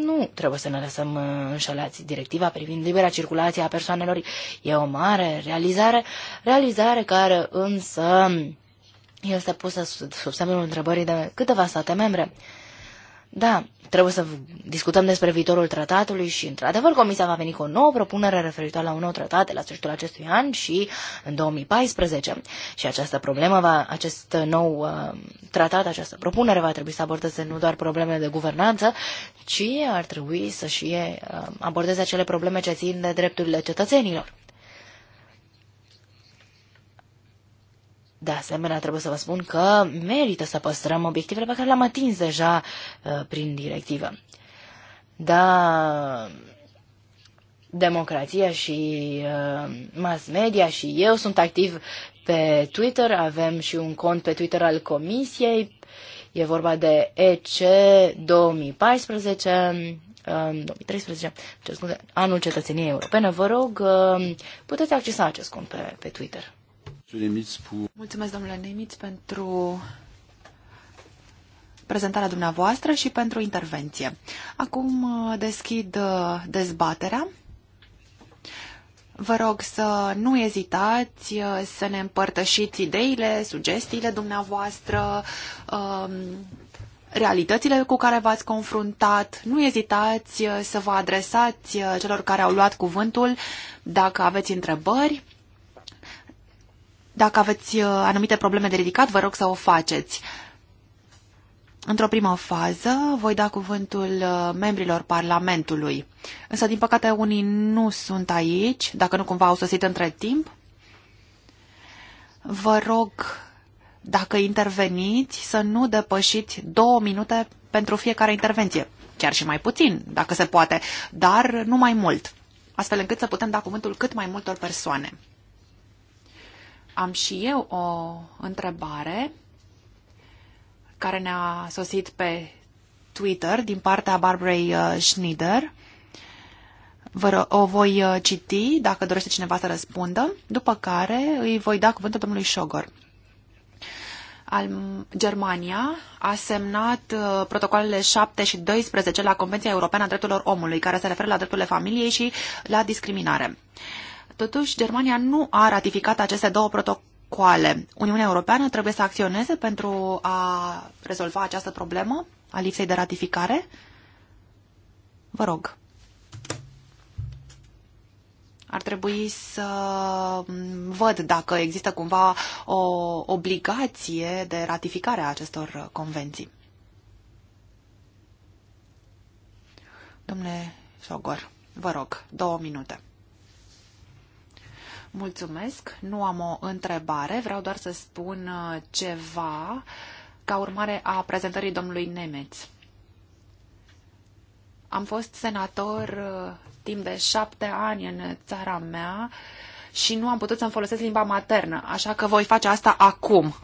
nu trebuie să ne lăsăm uh, înșelați. Directiva privind libera circulație a persoanelor e o mare realizare, realizare care însă este pusă sub semnul întrebării de câteva state membre. Da, trebuie să discutăm despre viitorul tratatului și, într-adevăr, Comisia va veni cu o nouă propunere referitoare la un nou tratat de la sfârșitul acestui an și în 2014. Și această problemă va, acest nou uh, tratat, această propunere va trebui să abordeze nu doar problemele de guvernanță, ci ar trebui să și uh, abordeze acele probleme ce țin de drepturile cetățenilor. De asemenea, trebuie să vă spun că merită să păstrăm obiectivele pe care le-am atins deja uh, prin directivă. Da, democrația și uh, mass media și eu sunt activ pe Twitter, avem și un cont pe Twitter al Comisiei, e vorba de EC 2014, 2013, ce scuze, anul cetățeniei europene, vă rog, um, puteți accesa acest cont pe, pe Twitter. Mulțumesc, domnule Nemitz, pentru prezentarea dumneavoastră și pentru intervenție. Acum uh, deschid uh, dezbaterea. Vă rog să nu ezitați uh, să ne împărtășiți ideile, sugestiile dumneavoastră, um, realitățile cu care v-ați confruntat. Nu ezitați să vă adresați celor care au luat cuvântul dacă aveți întrebări dacă aveți uh, anumite probleme de ridicat, vă rog să o faceți. Într-o primă fază voi da cuvântul uh, membrilor Parlamentului. Însă, din păcate, unii nu sunt aici, dacă nu cumva au sosit între timp. Vă rog, dacă interveniți, să nu depășiți două minute pentru fiecare intervenție. Chiar și mai puțin, dacă se poate, dar nu mai mult, astfel încât să putem da cuvântul cât mai multor persoane. Am și eu o întrebare care ne-a sosit pe Twitter din partea Barbrei uh, Schneider. Vă, o voi uh, citi dacă dorește cineva să răspundă, după care îi voi da cuvântul domnului Șogor. Al, Germania a semnat uh, protocoalele 7 și 12 la Convenția Europeană a Drepturilor Omului, care se referă la drepturile familiei și la discriminare. Uh, Totuși, Germania nu a ratificat aceste două protocoale. Uniunea Europeană trebuie să acționeze pentru a rezolva această problemă a lipsei de ratificare? Vă rog. Ar trebui să văd dacă există cumva o obligație de ratificare a acestor convenții. Domnule Sogor, vă rog, două minute. Mulțumesc, nu am o întrebare, vreau doar să spun uh, ceva ca urmare a prezentării domnului Nemeț. Am fost senator uh, timp de șapte ani în țara mea și nu am putut să-mi folosesc limba maternă, așa că voi face asta acum.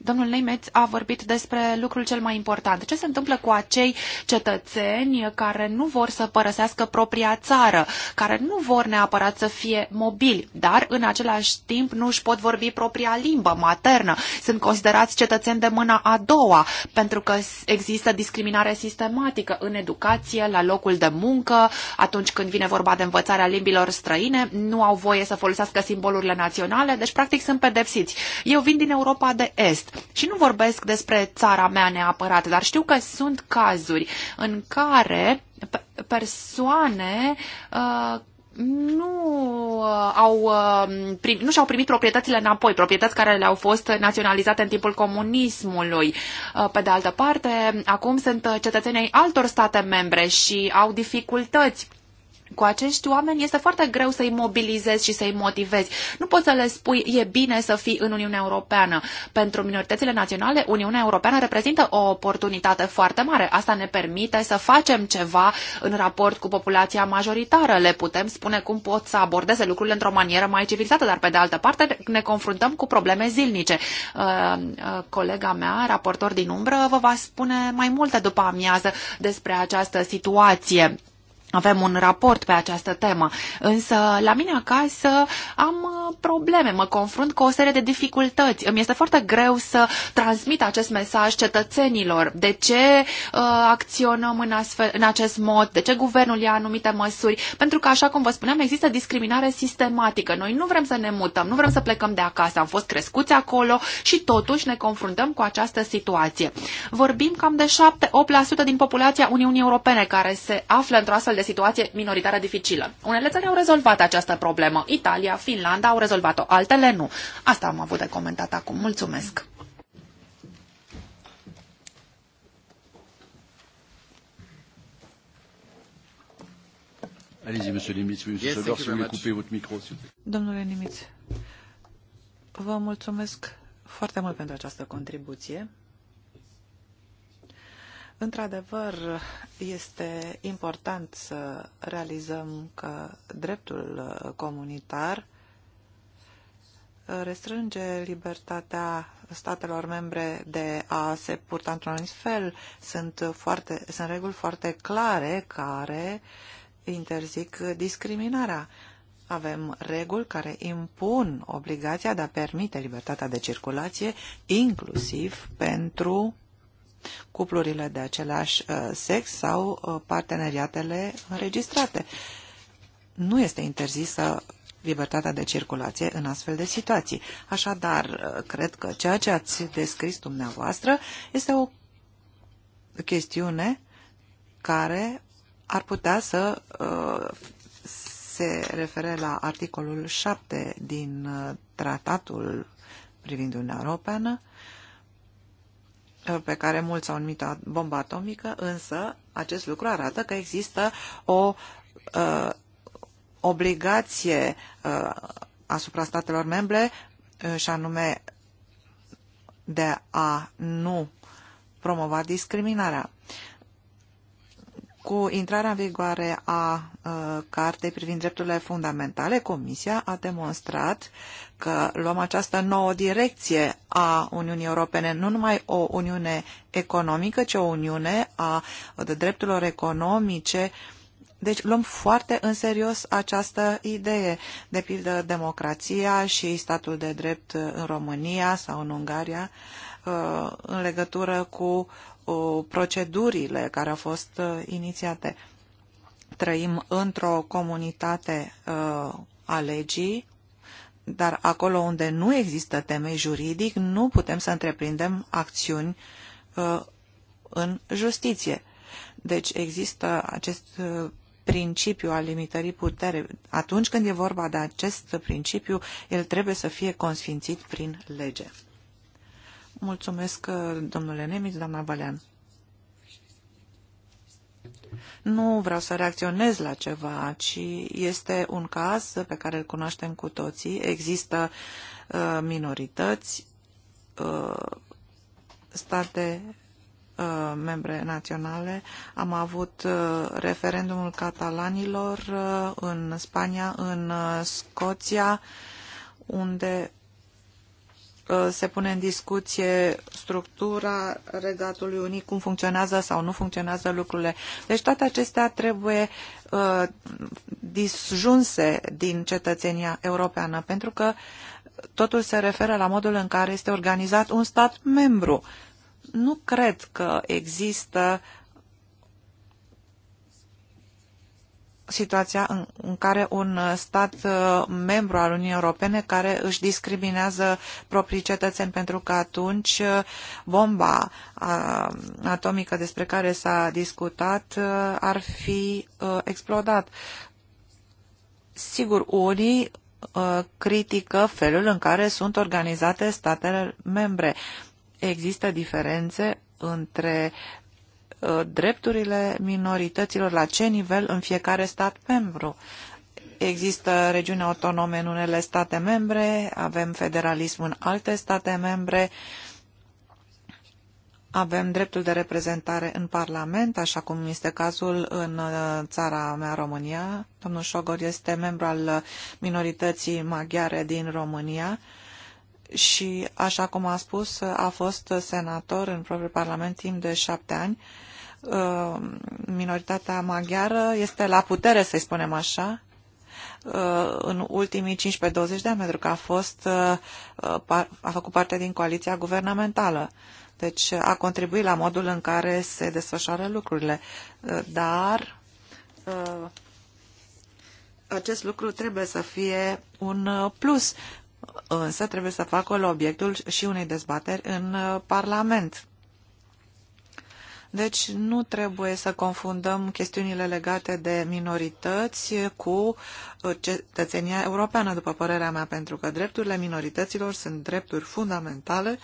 Domnul Neimeț a vorbit despre lucrul cel mai important. Ce se întâmplă cu acei cetățeni care nu vor să părăsească propria țară, care nu vor neapărat să fie mobili, dar în același timp nu își pot vorbi propria limbă maternă. Sunt considerați cetățeni de mâna a doua, pentru că există discriminare sistematică în educație, la locul de muncă, atunci când vine vorba de învățarea limbilor străine, nu au voie să folosească simbolurile naționale, deci practic sunt pedepsiți. Eu vin din Europa de Est și nu vorbesc despre țara mea neapărat, dar știu că sunt cazuri în care persoane uh, nu uh, au uh, prim, nu și-au primit proprietățile înapoi, proprietăți care le-au fost naționalizate în timpul comunismului. Uh, pe de altă parte, acum sunt cetățenii altor state membre și au dificultăți cu acești oameni este foarte greu să-i mobilizezi și să-i motivezi. Nu poți să le spui e bine să fii în Uniunea Europeană. Pentru minoritățile naționale, Uniunea Europeană reprezintă o oportunitate foarte mare. Asta ne permite să facem ceva în raport cu populația majoritară. Le putem spune cum pot să abordeze lucrurile într-o manieră mai civilizată, dar pe de altă parte ne confruntăm cu probleme zilnice. Uh, uh, colega mea, raportor din umbră, vă va spune mai multe după amiază despre această situație avem un raport pe această temă, însă la mine acasă am uh, probleme, mă confrunt cu o serie de dificultăți. Îmi este foarte greu să transmit acest mesaj cetățenilor. De ce uh, acționăm în, astfel, în acest mod? De ce guvernul ia anumite măsuri? Pentru că, așa cum vă spuneam, există discriminare sistematică. Noi nu vrem să ne mutăm, nu vrem să plecăm de acasă. Am fost crescuți acolo și totuși ne confruntăm cu această situație. Vorbim cam de 7-8% din populația Uniunii Europene care se află într-o astfel de situație minoritară dificilă. Unele țări au rezolvat această problemă. Italia, Finlanda au rezolvat-o, altele nu. Asta am avut de comentat acum. Mulțumesc! Allez-y, monsieur Nimitz, yes, si votre micro. Domnule Nimitz, vă mulțumesc foarte mult pentru această contribuție. Într-adevăr, este important să realizăm că dreptul uh, comunitar uh, restrânge libertatea statelor membre de a se purta într-un anumit fel. Sunt, foarte, sunt reguli foarte clare care interzic discriminarea. Avem reguli care impun obligația de a permite libertatea de circulație, inclusiv pentru cuplurile de același uh, sex sau uh, parteneriatele înregistrate. Nu este interzisă libertatea de circulație în astfel de situații. Așadar, uh, cred că ceea ce ați descris dumneavoastră este o chestiune care ar putea să se refere la articolul 7 din tratatul privind Uniunea Europeană, pe care mulți au numit bomba atomică, însă acest lucru arată că există o uh, obligație uh, asupra statelor membre uh, și anume de a nu promova discriminarea. Uh, cu intrarea în vigoare a uh, cartei privind drepturile fundamentale, Comisia a demonstrat că luăm această nouă direcție a Uniunii Europene, nu numai o Uniune economică, ci o Uniune a drepturilor economice. Deci luăm foarte în serios această idee, de pildă democrația și statul de drept în România sau în Ungaria, uh, în legătură cu procedurile care au fost uh, inițiate. Trăim într-o comunitate uh, a legii, dar acolo unde nu există temei juridic, nu putem să întreprindem acțiuni uh, în justiție. Deci există acest principiu al limitării puterii. Atunci când e vorba de acest principiu, el trebuie să fie consfințit prin lege. Mulțumesc, uh, domnule Nemitz, doamna Balean. Nu vreau să reacționez la ceva, ci este un caz pe care îl cunoaștem cu toții. Există uh, minorități, uh, state uh, membre naționale. Am avut uh, referendumul catalanilor uh, în Spania, în Scoția, unde Uh, se pune în discuție structura Regatului unic, cum funcționează sau nu funcționează lucrurile. Deci toate acestea trebuie uh, disjunse din cetățenia europeană, pentru că totul se referă la modul în care este organizat un stat membru. Nu cred că există situația în, în care un uh, stat uh, membru al Uniunii Europene care își discriminează proprii cetățeni pentru că atunci uh, bomba atomică despre care s-a discutat ar fi explodat. Sigur, unii critică felul în care sunt organizate statele membre. Există diferențe între Uh, drepturile minorităților la ce nivel în fiecare stat membru. Există regiuni autonome în unele state membre, avem federalism în alte state membre, avem dreptul de reprezentare în Parlament, așa cum este cazul în uh, țara mea, România. Domnul Șogor este membru al uh, minorității maghiare din România și, așa cum a spus, a fost senator în propriul Parlament timp de șapte ani Uh, minoritatea maghiară este la putere, să-i spunem așa, uh, în ultimii 15-20 de ani, pentru că a, fost, uh, a făcut parte din coaliția guvernamentală. Deci a contribuit la modul în care se desfășoară lucrurile. Dar acest lucru trebuie să fie un plus, însă trebuie să facă obiectul și unei dezbateri în Parlament. Deci nu trebuie să confundăm chestiunile legate de minorități cu uh, cetățenia europeană, după părerea mea, pentru că drepturile minorităților sunt drepturi fundamentale,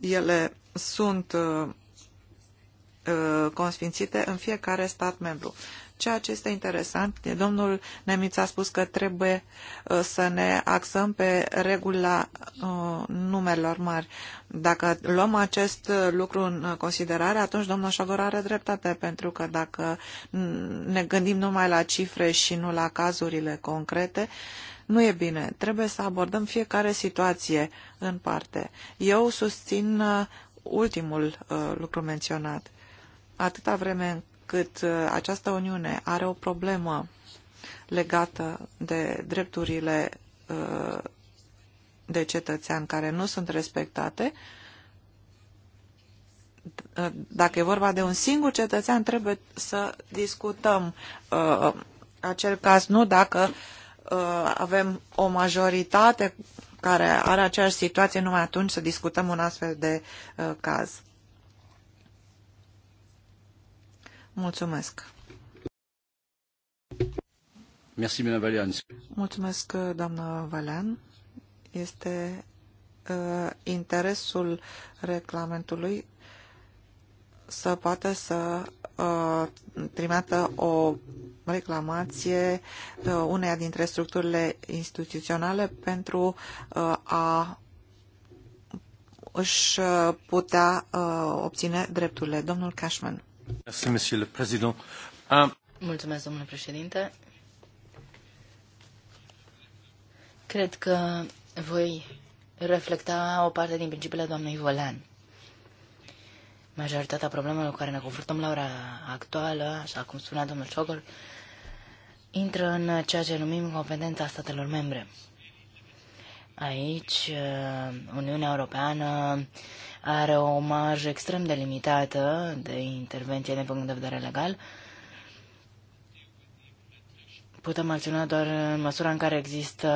ele sunt uh, uh, consfințite în fiecare stat membru. Ceea ce este interesant, domnul Nemiț a spus că trebuie uh, să ne axăm pe regula uh, numelor mari. Dacă luăm acest uh, lucru în considerare, atunci domnul Șogor are dreptate, pentru că dacă ne gândim numai la cifre și nu la cazurile concrete, nu e bine. Trebuie să abordăm fiecare situație în parte. Eu susțin ultimul lucru menționat. Atâta vreme cât uh, această Uniune are o problemă legată de drepturile uh, de cetățean care nu sunt respectate, uh, dacă e vorba de un singur cetățean, trebuie să discutăm acel caz, nu dacă avem o majoritate care are aceeași situație, numai atunci să discutăm un astfel de caz. Mulțumesc! Merci, Valean. Mulțumesc, doamnă Valean. Este uh, interesul reglamentului să poată să uh, trimită o reclamație uh, uneia dintre structurile instituționale pentru uh, a își putea uh, obține drepturile. Domnul Cashman. Euh, Mulțumesc, domnule președinte. Cred că voi reflecta o parte din principiile doamnei Volan. Majoritatea problemelor cu care ne confruntăm la ora actuală, așa cum spunea domnul Ciogol, intră în ceea ce numim competența statelor membre. Aici, uh, Uniunea Europeană are o marjă extrem de limitată de intervenție din punct de vedere legal. Putem acționa doar în măsura în care există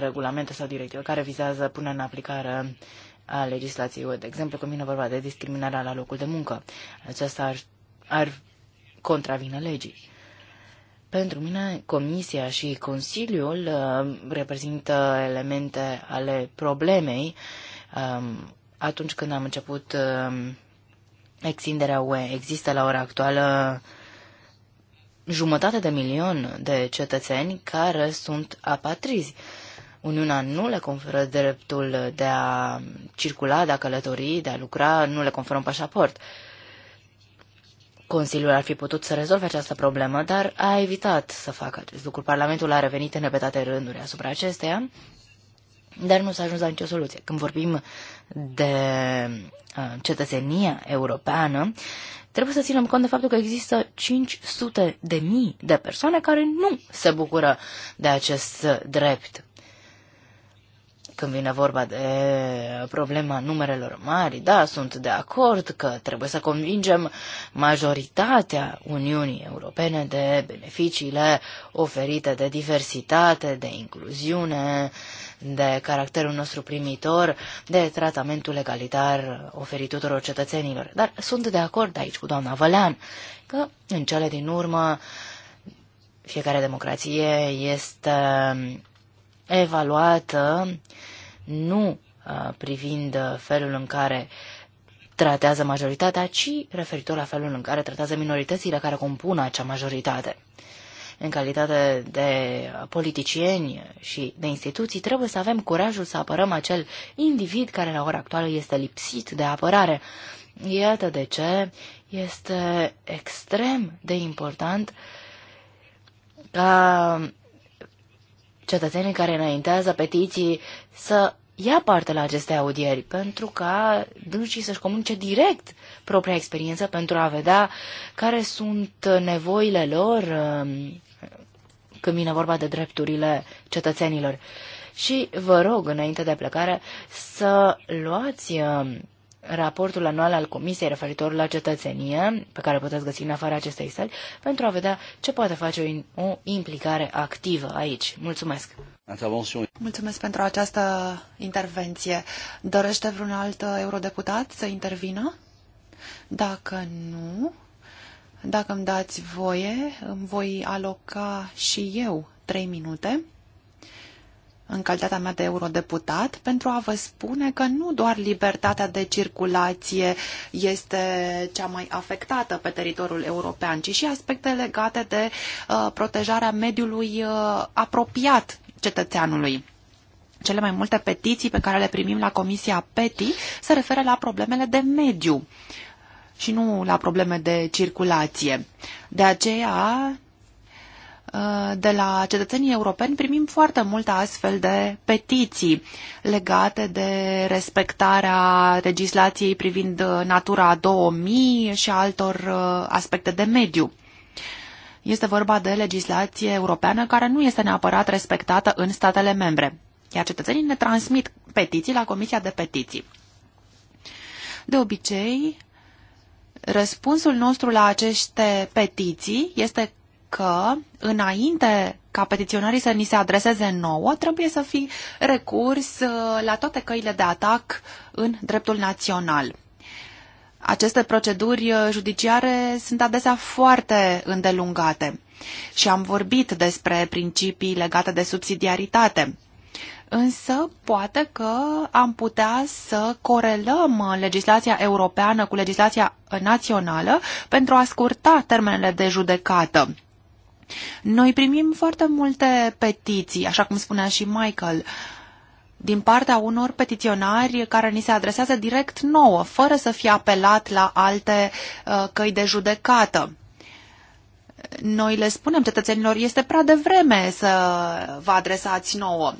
regulamente sau directive care vizează punerea în aplicare a legislației UE. De exemplu, când vine vorba de discriminarea la locul de muncă, aceasta ar, ar contravine legii. Pentru mine, Comisia și Consiliul uh, reprezintă elemente ale problemei um, atunci când am început um, extinderea UE. Există la ora actuală jumătate de milion de cetățeni care sunt apatrizi. Uniunea nu le conferă dreptul de a circula, de a călători, de a lucra, nu le conferă un pașaport. Uh, Consiliul ar fi putut să rezolve această problemă, dar a evitat să facă acest lucru. Parlamentul a revenit în repetate rânduri asupra acesteia, dar nu s-a ajuns la nicio soluție. Când vorbim de uh, cetățenia europeană, trebuie să ținem cont de faptul că există 500 de mii de persoane care nu se bucură de acest drept. Când vine vorba de problema numerelor mari, da, sunt de acord că trebuie să convingem majoritatea Uniunii Europene de beneficiile oferite de diversitate, de incluziune, de caracterul nostru primitor, de tratamentul egalitar oferit tuturor cetățenilor. Dar sunt de acord aici cu doamna Vălean că, în cele din urmă, fiecare democrație este evaluată nu uh, privind uh, felul în care tratează majoritatea, ci referitor la felul în care tratează minoritățile care compun acea majoritate. În calitate de politicieni și de instituții, trebuie să avem curajul să apărăm acel individ care la ora actuală este lipsit de apărare. Iată de ce este extrem de important ca cetățenii care înaintează petiții să ia parte la aceste audieri, pentru ca dânsii să-și comunice direct propria experiență pentru a vedea care sunt nevoile lor um, când vine vorba de drepturile cetățenilor. Și vă rog, înainte de plecare, să luați um, raportul anual al Comisiei referitor la cetățenie, pe care puteți găsi în afara acestei sali, pentru a vedea ce poate face o, o implicare activă aici. Mulțumesc! Mulțumesc pentru această intervenție. Dorește vreun alt uh, eurodeputat să intervină? Dacă nu, dacă îmi dați voie, îmi voi aloca și eu trei minute în calitatea mea de eurodeputat pentru a vă spune că nu doar libertatea de circulație este cea mai afectată pe teritoriul european, ci și aspecte legate de uh, protejarea mediului uh, apropiat cetățeanului. Cele mai multe petiții pe care le primim la Comisia PETI se referă la problemele de mediu și nu la probleme de circulație. De aceea Uh, de la cetățenii europeni primim foarte multe astfel de petiții legate de respectarea legislației privind uh, Natura 2000 și altor uh, aspecte de mediu. Este vorba de legislație europeană care nu este neapărat respectată în statele membre, iar cetățenii ne transmit petiții la Comisia de Petiții. De obicei, răspunsul nostru la aceste petiții este că înainte ca petiționarii să ni se adreseze nouă, trebuie să fi recurs uh, la toate căile de atac în dreptul național. Aceste proceduri uh, judiciare sunt adesea foarte îndelungate și am vorbit despre principii legate de subsidiaritate. Însă, poate că am putea să corelăm legislația europeană cu legislația națională pentru a scurta termenele de judecată noi primim foarte multe petiții, așa cum spunea și Michael, din partea unor petiționari care ni se adresează direct nouă, fără să fie apelat la alte uh, căi de judecată noi le spunem cetățenilor, este prea devreme să vă adresați nouă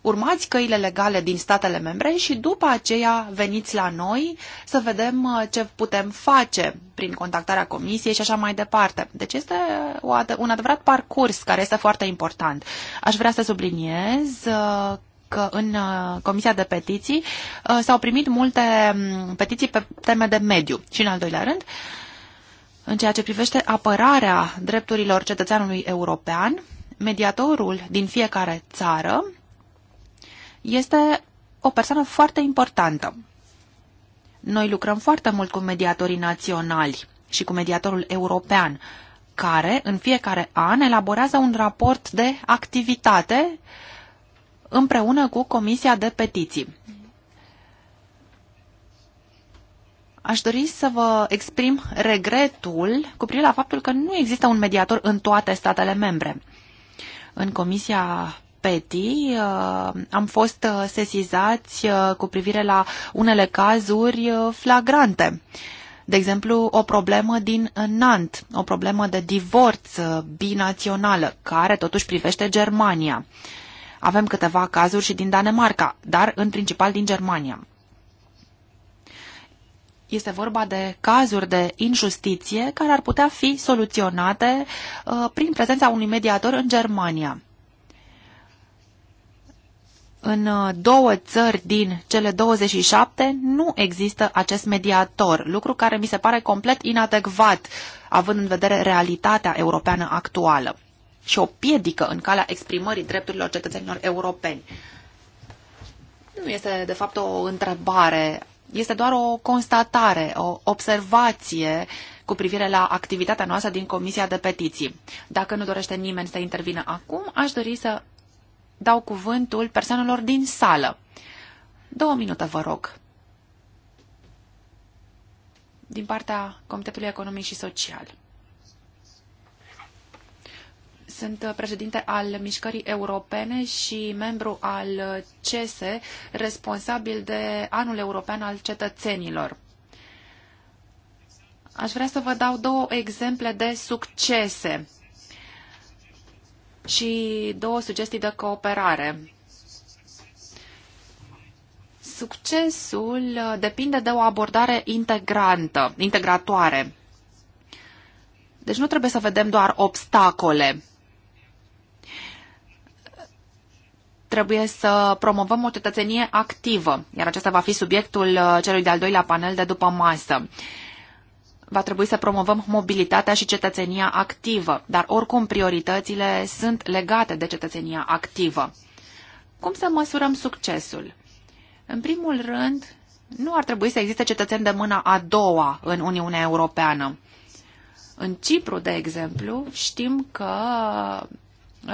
urmați căile legale din statele membre și după aceea veniți la noi să vedem uh, ce putem face prin contactarea comisiei și așa mai departe. Deci este uh, un adevărat parcurs care este foarte important. Aș vrea să subliniez uh, că în Comisia de Petiții s-au primit multe mm, petiții pe teme de mediu și în al doilea rând în ceea ce privește apărarea drepturilor cetățeanului european, mediatorul din fiecare țară este o persoană foarte importantă. Noi lucrăm foarte mult cu mediatorii naționali și cu mediatorul european, care în fiecare an elaborează un raport de activitate împreună cu Comisia de Petiții. Aș dori să vă exprim regretul cu privire la faptul că nu există un mediator în toate statele membre. În Comisia PETI uh, am fost uh, sesizați uh, cu privire la unele cazuri flagrante. De exemplu, o problemă din Nant, o problemă de divorț binațională, care totuși privește Germania. Avem câteva cazuri și din Danemarca, dar în principal din Germania. Este vorba de cazuri de injustiție care ar putea fi soluționate uh, prin prezența unui mediator în Germania în uh, două țări din cele 27 nu există acest mediator, lucru care mi se pare complet inadecvat, având în vedere realitatea europeană actuală și o piedică în calea exprimării drepturilor cetățenilor europeni. Nu este, de fapt, o întrebare, este doar o constatare, o observație cu privire la activitatea noastră din Comisia de Petiții. Dacă nu dorește nimeni să intervină acum, aș dori să dau cuvântul persoanelor din sală. Două minute, vă rog. Din partea Comitetului Economic și Social. Sunt președinte al Mișcării Europene și membru al CESE, responsabil de Anul European al Cetățenilor. Aș vrea să vă dau două exemple de succese și două sugestii de cooperare. Succesul depinde de o abordare integrantă, integratoare. Deci nu trebuie să vedem doar obstacole. Trebuie să promovăm o cetățenie activă, iar acesta va fi subiectul celui de-al doilea panel de după masă va trebui să promovăm mobilitatea și cetățenia activă, dar oricum prioritățile sunt legate de cetățenia activă. Cum să măsurăm succesul? În primul rând, nu ar trebui să existe cetățeni de mâna a doua în Uniunea Europeană. În Cipru, de exemplu, știm că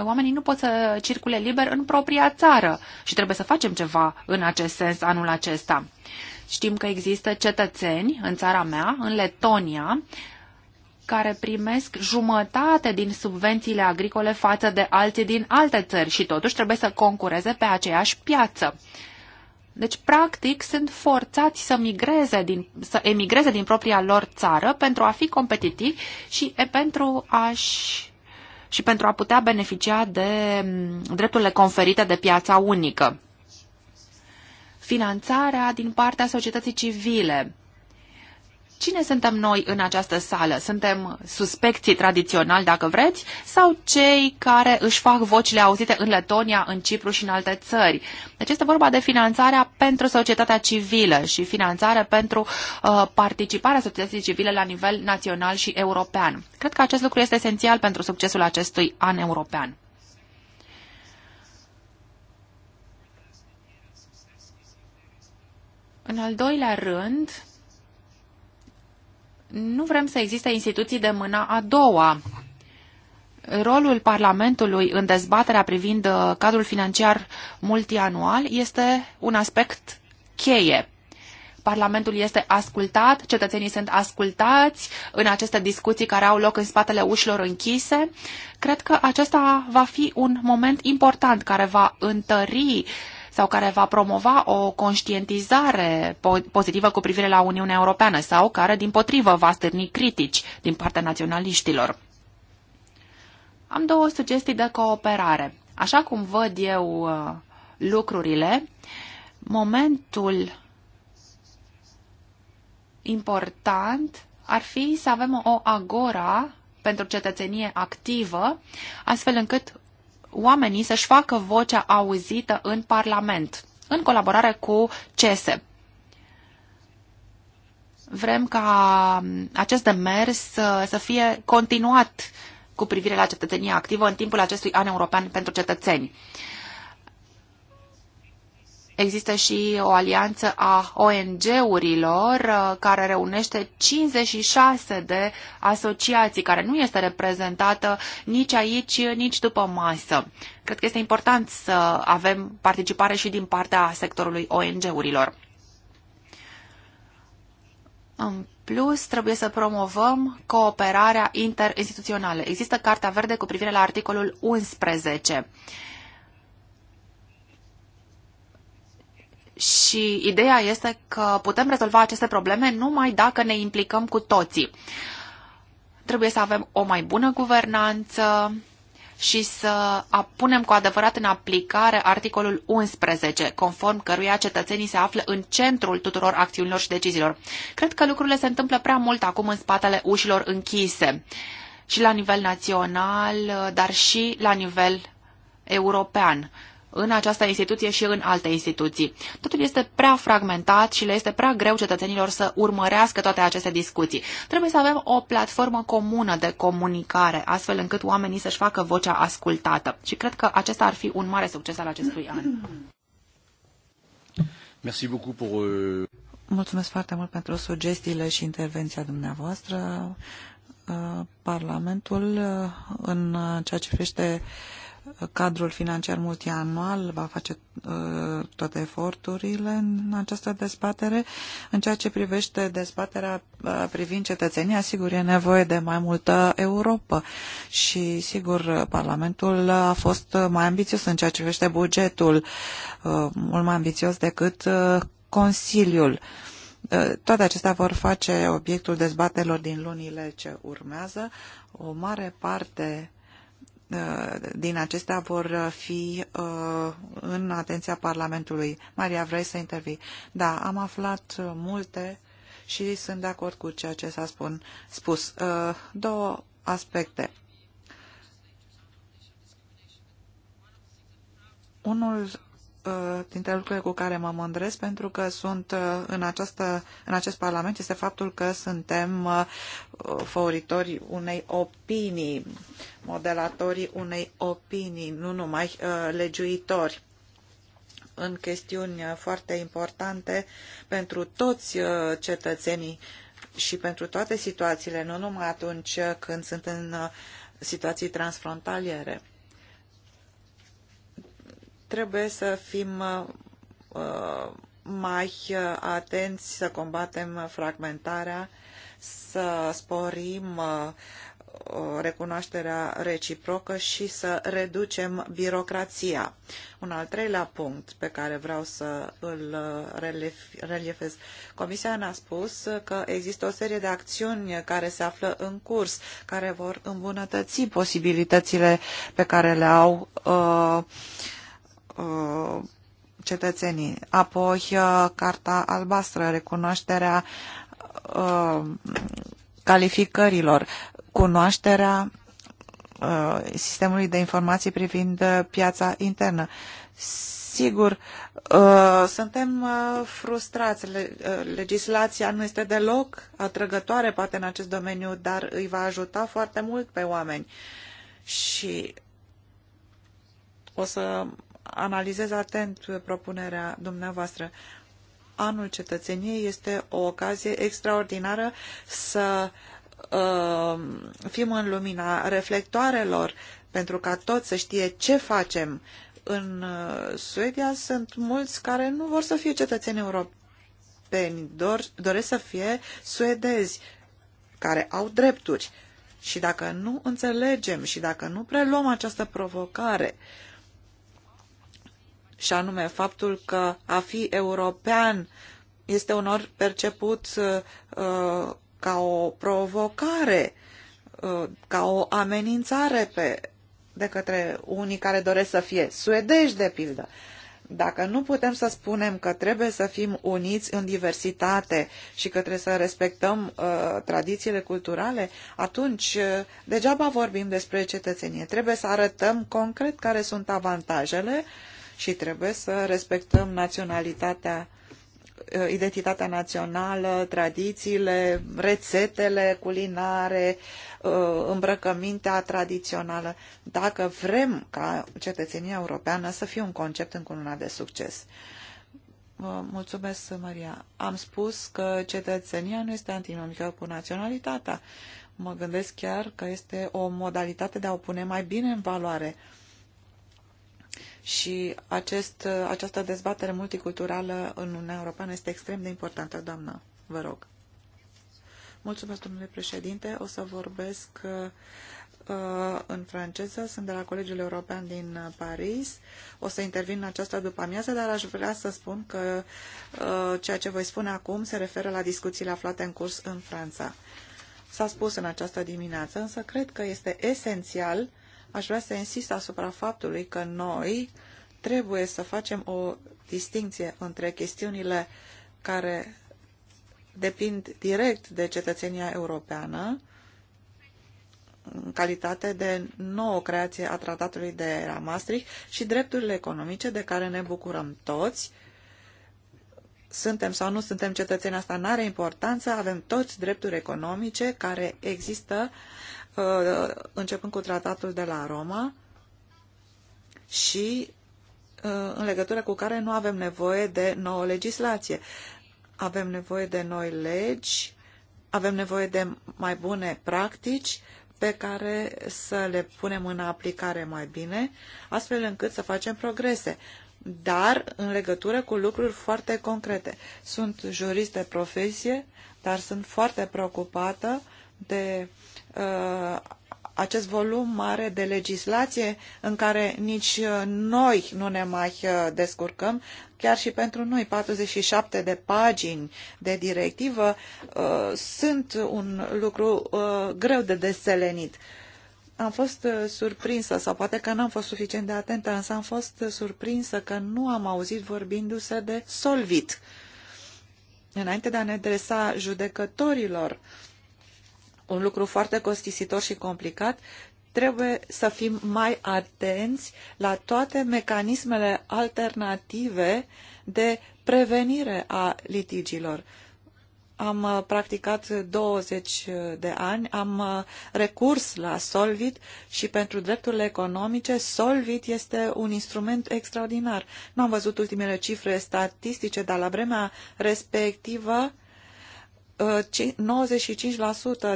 oamenii nu pot să circule liber în propria țară și trebuie să facem ceva în acest sens anul acesta. Știm că există cetățeni în țara mea, în Letonia, care primesc jumătate din subvențiile agricole față de alții din alte țări și totuși trebuie să concureze pe aceeași piață. Deci, practic, sunt forțați să, migreze din, să emigreze din propria lor țară pentru a fi competitivi și pentru a-și și pentru a putea beneficia de drepturile conferite de piața unică finanțarea din partea societății civile. Cine suntem noi în această sală? Suntem suspecții tradiționali, dacă vreți, sau cei care își fac vocile auzite în Letonia, în Cipru și în alte țări? Deci este vorba de finanțarea pentru societatea civilă și finanțarea pentru uh, participarea societății civile la nivel național și european. Cred că acest lucru este esențial pentru succesul acestui an european. În al doilea rând, nu vrem să existe instituții de mâna a doua. Rolul Parlamentului în dezbaterea privind uh, cadrul financiar multianual este un aspect cheie. Parlamentul este ascultat, cetățenii sunt ascultați în aceste discuții care au loc în spatele ușilor închise. Cred că acesta va fi un moment important care va întări uh, sau care va promova o conștientizare pozitivă cu privire la Uniunea Europeană sau care, din potrivă, va stârni critici din partea naționaliștilor. Am două sugestii de cooperare. Așa cum văd eu uh, lucrurile, momentul important ar fi să avem o agora pentru cetățenie activă, astfel încât oamenii să-și facă vocea auzită în Parlament, în colaborare cu CESE. Vrem ca um, acest demers să, uh, să fie continuat cu privire la cetățenia activă în timpul acestui an european pentru cetățeni. Există și o alianță a ONG-urilor uh, care reunește 56 de asociații, care nu este reprezentată nici aici, nici după masă. Cred că este important să avem participare și din partea sectorului ONG-urilor. În plus, trebuie să promovăm cooperarea interinstituțională. Există Cartea Verde cu privire la articolul 11 și ideea este că putem rezolva aceste probleme numai dacă ne implicăm cu toții. Trebuie să avem o mai bună guvernanță și să punem cu adevărat în aplicare articolul 11, conform căruia cetățenii se află în centrul tuturor acțiunilor și deciziilor. Cred că lucrurile se întâmplă prea mult acum în spatele ușilor închise și la nivel național, dar și la nivel european în această instituție și în alte instituții. Totul este prea fragmentat și le este prea greu cetățenilor să urmărească toate aceste discuții. Trebuie să avem o platformă comună de comunicare, astfel încât oamenii să-și facă vocea ascultată. Și cred că acesta ar fi un mare succes al acestui an. Merci beaucoup pour... Euh, Mulțumesc foarte mult pentru sugestiile și intervenția dumneavoastră. Uh, Parlamentul, uh, în ceea ce privește cadrul financiar multianual va face uh, toate eforturile în această dezbatere. În ceea ce privește dezbaterea uh, privind cetățenia, sigur, e nevoie de mai multă Europa și, sigur, Parlamentul a fost mai ambițios în ceea ce privește bugetul, uh, mult mai ambițios decât uh, Consiliul. Uh, toate acestea vor face obiectul dezbaterilor din lunile ce urmează. O mare parte Uh, din acestea vor fi uh, în atenția Parlamentului. Maria, vrei să intervii? Da, am aflat multe și sunt de acord cu ceea ce s-a spus. Uh, două aspecte. Unul Uh, dintre lucrurile cu care mă mândresc pentru că sunt uh, în, această, în acest Parlament este faptul că suntem uh, favoritori unei opinii, modelatorii unei opinii, nu numai legiuitori în chestiuni foarte importante pentru toți cetățenii și pentru toate situațiile, nu numai atunci când sunt în situații transfrontaliere. Trebuie să fim uh, uh, mai uh, atenți, să combatem fragmentarea, să sporim recunoașterea reciprocă și să reducem birocrația. Un al treilea punct pe care vreau să îl reliefez. Comisia ne-a spus că există o serie de acțiuni care se află în curs, care vor îmbunătăți posibilitățile pe care le au uh, uh, cetățenii. Apoi, uh, Carta Albastră, recunoașterea uh, calificărilor, cunoașterea uh, sistemului de informații privind piața internă. Sigur, suntem frustrați. legislația nu este deloc atrăgătoare, poate, în acest domeniu, dar îi va ajuta foarte mult pe oameni. Și o să analizez atent propunerea dumneavoastră. Anul cetățeniei este o ocazie extraordinară să uh, fim în lumina reflectoarelor pentru ca toți să știe ce facem. În uh, Suedia sunt mulți care nu vor să fie cetățeni europeni, dor, doresc să fie suedezi care au drepturi. Și dacă nu înțelegem și dacă nu preluăm această provocare uh, și anume faptul că a fi european este unor perceput uh, ca o provocare, uh, ca o amenințare pe, de către unii care doresc să fie suedești, de pildă. Dacă nu putem să spunem că trebuie să fim uniți în diversitate și că trebuie să respectăm uh, tradițiile culturale, atunci uh, degeaba vorbim despre cetățenie. Trebuie să arătăm concret care sunt avantajele uh, și trebuie să respectăm naționalitatea uh, identitatea națională, tradițiile, rețetele culinare, uh, îmbrăcămintea tradițională, dacă vrem ca cetățenia europeană să fie un concept încununat de succes. Mulțumesc, Maria. Am spus că cetățenia nu este antinomică cu naționalitatea. Mă gândesc chiar că este o modalitate de a o pune mai bine în valoare și acest, această dezbatere multiculturală în Uniunea Europeană este extrem de importantă, doamnă. Vă rog. Mulțumesc, domnule președinte. O să vorbesc uh, în franceză. Sunt de la Colegiul European din Paris. O să intervin în această după amiază, dar aș vrea să spun că uh, ceea ce voi spune acum se referă la discuțiile aflate în curs în Franța. S-a spus în această dimineață, însă cred că este esențial uh, aș vrea să insist asupra faptului că noi trebuie să facem o distinție între chestiunile care depind direct de cetățenia europeană, în calitate de nouă creație a tratatului de la Maastricht și drepturile economice de care ne bucurăm toți. Suntem sau nu suntem cetățeni, asta nu are importanță, avem toți drepturi economice care există Uh, începând cu tratatul de la Roma și uh, în legătură cu care nu avem nevoie de nouă legislație. Avem nevoie de noi legi, avem nevoie de mai bune practici pe care să le punem în aplicare mai bine, astfel încât să facem progrese, dar în legătură cu lucruri foarte concrete. Sunt jurist de profesie, dar sunt foarte preocupată de uh, Uh, acest volum mare de legislație în care nici uh, noi nu ne mai uh, descurcăm, chiar și pentru noi 47 de pagini de directivă sunt un lucru greu de deselenit. Am fost surprinsă, sau poate că n-am fost suficient de atentă, însă am fost surprinsă că nu am auzit vorbindu-se de solvit. Înainte de a ne adresa judecătorilor, uh, un lucru foarte costisitor și complicat, trebuie să fim mai atenți la toate mecanismele alternative de prevenire a litigilor. Am uh, practicat 20 de ani, am uh, recurs la Solvit și pentru drepturile economice, Solvit este un instrument extraordinar. Nu am văzut ultimele cifre statistice, dar la vremea respectivă, 95%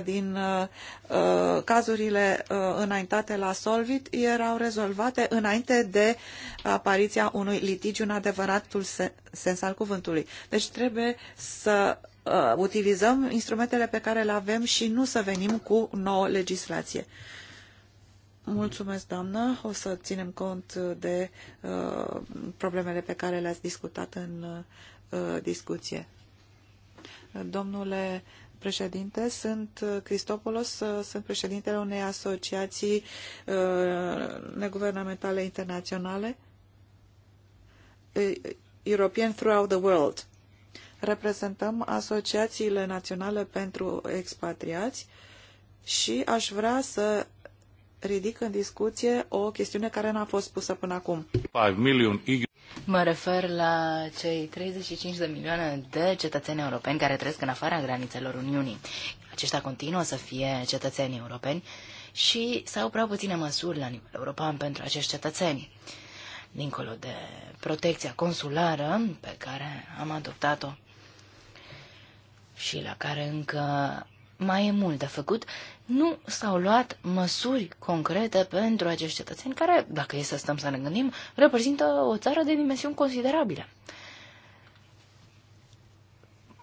din uh, uh, cazurile uh, înaintate la Solvit erau rezolvate înainte de apariția unui litigiu în adevăratul sens al cuvântului. Deci trebuie să utilizăm instrumentele pe care le avem și nu să venim cu nouă legislație. Mulțumesc, doamnă. O să ținem cont de problemele pe care le-ați discutat în discuție. Domnule președinte, sunt Cristopolos, sunt președintele unei asociații uh, neguvernamentale internaționale, uh, European Throughout the World. Reprezentăm asociațiile naționale pentru expatriați și aș vrea să ridic în discuție o chestiune care n-a fost pusă până acum. 5 million Mă refer la cei 35 de milioane de cetățeni europeni care trăiesc în afara granițelor Uniunii. Aceștia continuă să fie cetățeni europeni și s-au prea puține măsuri la nivel european pentru acești cetățeni. Dincolo de protecția consulară pe care am adoptat-o și la care încă mai e mult de făcut, nu s-au luat măsuri concrete pentru acești cetățeni care, dacă e să stăm să ne gândim, reprezintă o țară de dimensiuni considerabile.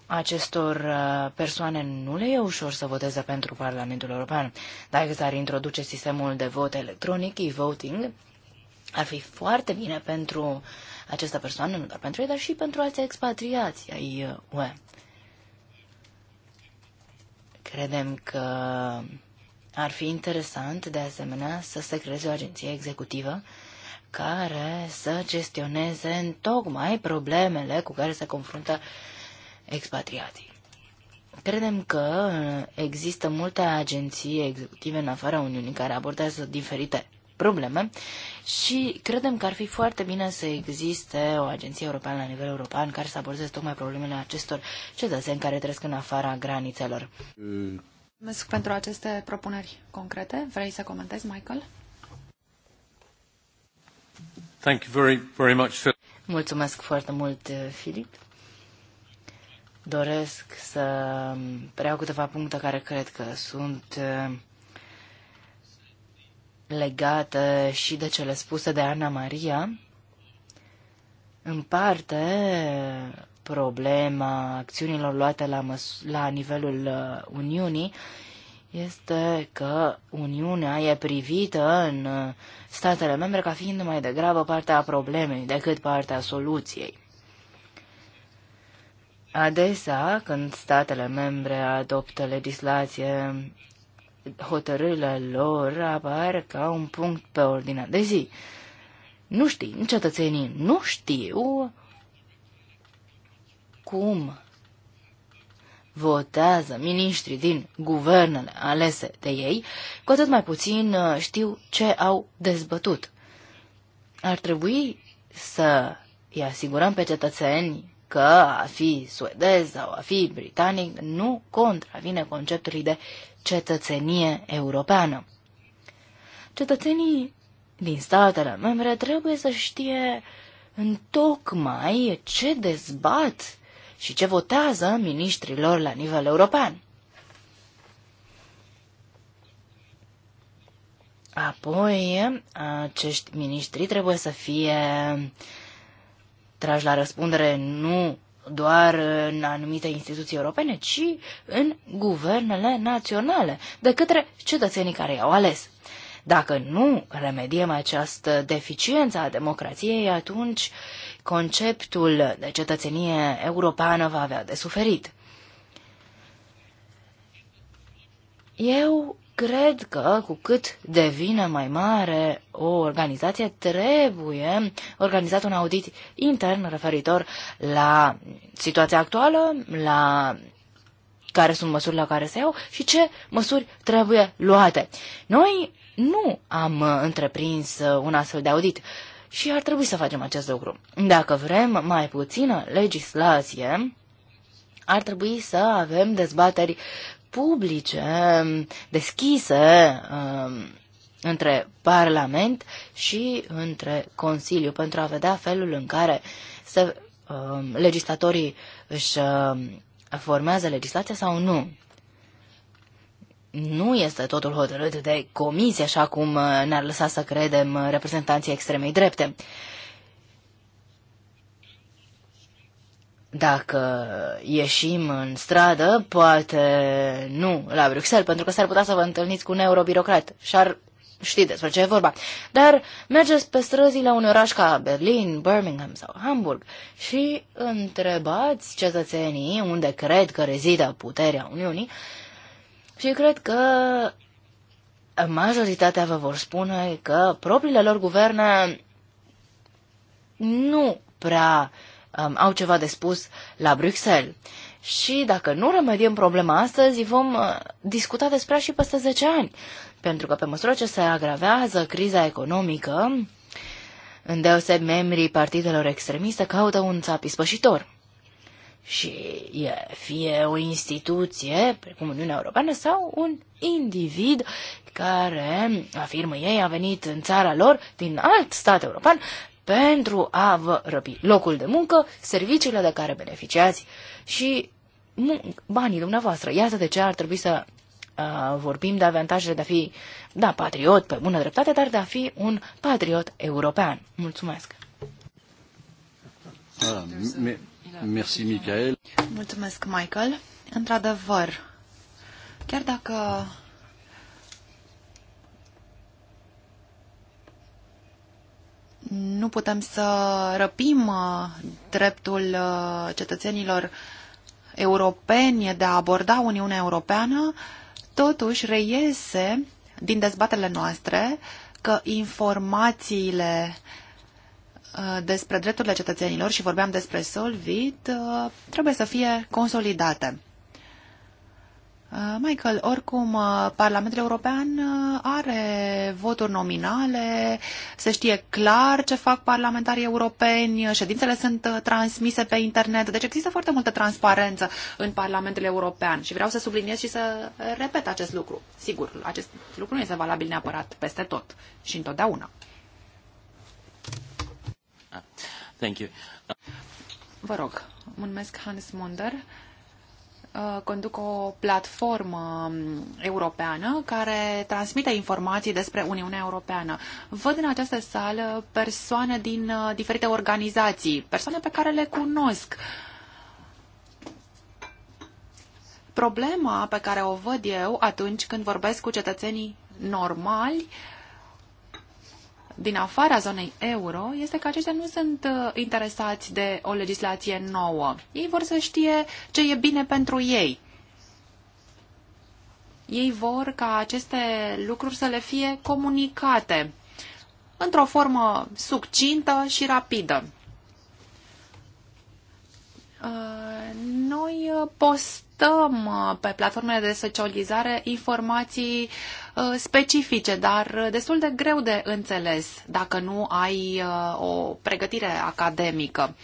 Acestor uh, persoane nu le e ușor să voteze pentru Parlamentul European. Dacă s-ar introduce sistemul de vot electronic, e-voting, ar fi foarte bine pentru această persoane, nu doar pentru ei, dar și pentru alții expatriați ai uh, UE. Credem că ar fi interesant, de asemenea, să se creeze o agenție executivă care să gestioneze în tocmai problemele cu care se confruntă expatriații. Credem că există multe agenții executive în afara Uniunii care abordează diferite probleme și credem că ar fi foarte bine să existe o agenție europeană la nivel european care să abordeze tocmai problemele acestor cetățeni care trăiesc în afara granițelor. Mulțumesc pentru aceste propuneri concrete. Vrei să comentezi, Michael? Thank you very, very much, Phil. Mulțumesc foarte mult, uh, Filip. Doresc să preiau um, câteva puncte care cred că sunt uh, legate și de cele spuse de Ana Maria, în parte problema acțiunilor luate la, măs- la nivelul uh, Uniunii este că Uniunea e privită în uh, statele membre ca fiind mai degrabă partea problemei decât partea soluției. Adesea, când statele membre adoptă legislație hotărârile lor apar ca un punct pe ordinea de zi. Nu știm, cetățenii nu știu cum votează miniștrii din guvernele alese de ei, cu atât mai puțin uh, știu ce au dezbătut. Ar trebui să îi asigurăm pe cetățeni că a fi suedez sau a fi britanic nu contravine conceptului de cetățenie europeană. Cetățenii din statele membre trebuie să știe în tocmai ce dezbat și ce votează ministrilor la nivel european. Apoi, acești ministri trebuie să fie trași la răspundere nu doar în anumite instituții europene, ci în guvernele naționale, de către cetățenii care i-au ales. Dacă nu remediem această deficiență a democrației, atunci conceptul de cetățenie europeană va avea de suferit. Eu Cred că cu cât devine mai mare o organizație, trebuie organizat un audit intern referitor la situația actuală, la care sunt măsurile la care se iau și ce măsuri trebuie luate. Noi nu am întreprins un astfel de audit și ar trebui să facem acest lucru. Dacă vrem mai puțină legislație, ar trebui să avem dezbateri publice deschise um, între Parlament și între Consiliu pentru a vedea felul în care se, um, legislatorii își um, formează legislația sau nu nu este totul hotărât de comisie, așa cum uh, ne-ar lăsa să credem uh, reprezentanții extremei drepte. dacă ieșim în stradă, poate nu la Bruxelles, pentru că s-ar putea să vă întâlniți cu un eurobirocrat și ar ști despre ce e vorba. Dar mergeți pe străzile unui oraș ca Berlin, Birmingham sau Hamburg și întrebați cetățenii unde cred că rezidă puterea Uniunii și cred că majoritatea vă vor spune că propriile lor guverne nu prea uh, um, au ceva de spus la Bruxelles. Și dacă nu remediem problema astăzi, vom uh, discuta despre ea și peste 10 ani. Pentru că pe măsură ce se agravează criza economică, îndeoseb membrii partidelor extremiste caută un țap ispășitor. Și e fie o instituție, precum Uniunea Europeană, sau un individ care, afirmă ei, a venit în țara lor din alt stat european pentru a vă răpi locul de muncă, serviciile de care beneficiați și banii dumneavoastră. Iată de ce ar trebui să uh, vorbim de avantajele de a fi, da, patriot pe bună dreptate, dar de a fi un patriot european. Mulțumesc! Ah, Merci, Michael. Mulțumesc, Michael. Într-adevăr, chiar dacă nu putem să răpim uh, dreptul uh, cetățenilor europeni de a aborda Uniunea Europeană, totuși reiese din dezbatele noastre că informațiile uh, despre drepturile cetățenilor și vorbeam despre Solvit trebuie să fie consolidate. Uh, Michael, oricum, uh, Parlamentul European uh, are voturi nominale, se știe clar ce fac parlamentarii europeni, ședințele sunt transmise pe internet, deci există foarte multă transparență în Parlamentul European și vreau să subliniez și să repet acest lucru. Sigur, acest lucru nu este valabil neapărat peste tot și întotdeauna. Thank you. Vă rog, mulțumesc Hans Munder. Uh, conduc o platformă europeană care transmite informații despre Uniunea Europeană. Văd în această sală persoane din uh, diferite organizații, persoane pe care le cunosc. Problema pe care o văd eu atunci când vorbesc cu cetățenii normali uh, din afara zonei euro este că aceștia nu sunt uh, interesați de o legislație nouă. Ei vor să știe ce e bine pentru ei. Ei vor ca aceste lucruri să le fie comunicate într-o formă succintă și rapidă. Uh, noi uh, postăm pe platformele de socializare informații uh, Uh, specifice, dar uh, destul de greu de înțeles dacă nu ai uh, o pregătire academică.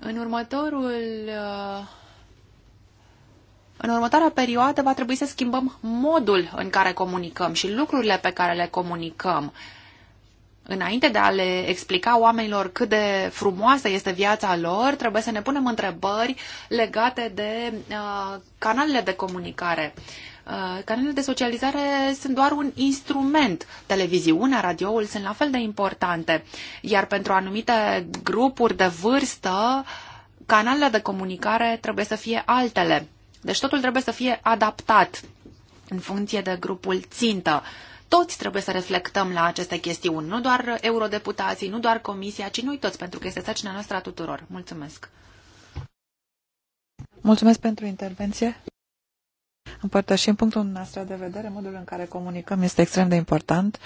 În următorul în următoarea perioadă va trebui să schimbăm modul în care comunicăm și lucrurile pe care le comunicăm înainte de a le explica oamenilor cât de frumoasă este viața lor, trebuie să ne punem întrebări legate de uh, canalele de comunicare. Uh, canalele de socializare sunt doar un instrument. Televiziunea, radioul sunt la fel de importante. Iar pentru anumite grupuri de vârstă, canalele de comunicare trebuie să fie altele. Deci totul trebuie să fie adaptat în funcție de grupul țintă. Uh, toți trebuie să reflectăm la aceste chestiuni, nu doar eurodeputații, nu doar comisia, ci noi toți, pentru că este sarcina noastră a tuturor. Mulțumesc! Mulțumesc pentru intervenție. Împărtășim punctul nostru de vedere, modul în care comunicăm este extrem de important.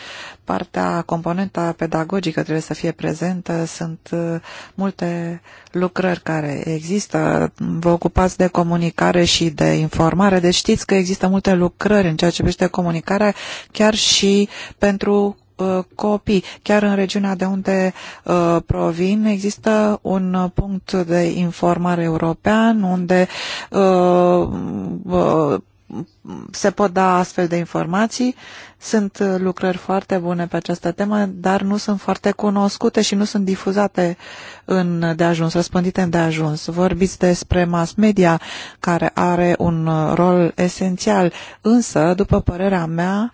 Partea, componenta pedagogică trebuie să fie prezentă. Sunt uh, multe lucrări care există. Vă ocupați de comunicare și de informare, deci știți că există multe lucrări în ceea ce privește comunicarea, chiar și pentru uh, copii. Chiar în regiunea de unde uh, provin există un punct de informare european unde uh, uh, se pot da astfel de informații. Sunt lucrări foarte bune pe această temă, dar nu sunt foarte cunoscute și nu sunt difuzate în de ajuns, răspândite în de ajuns. Vorbiți despre mass media, care are un rol esențial, însă, după părerea mea,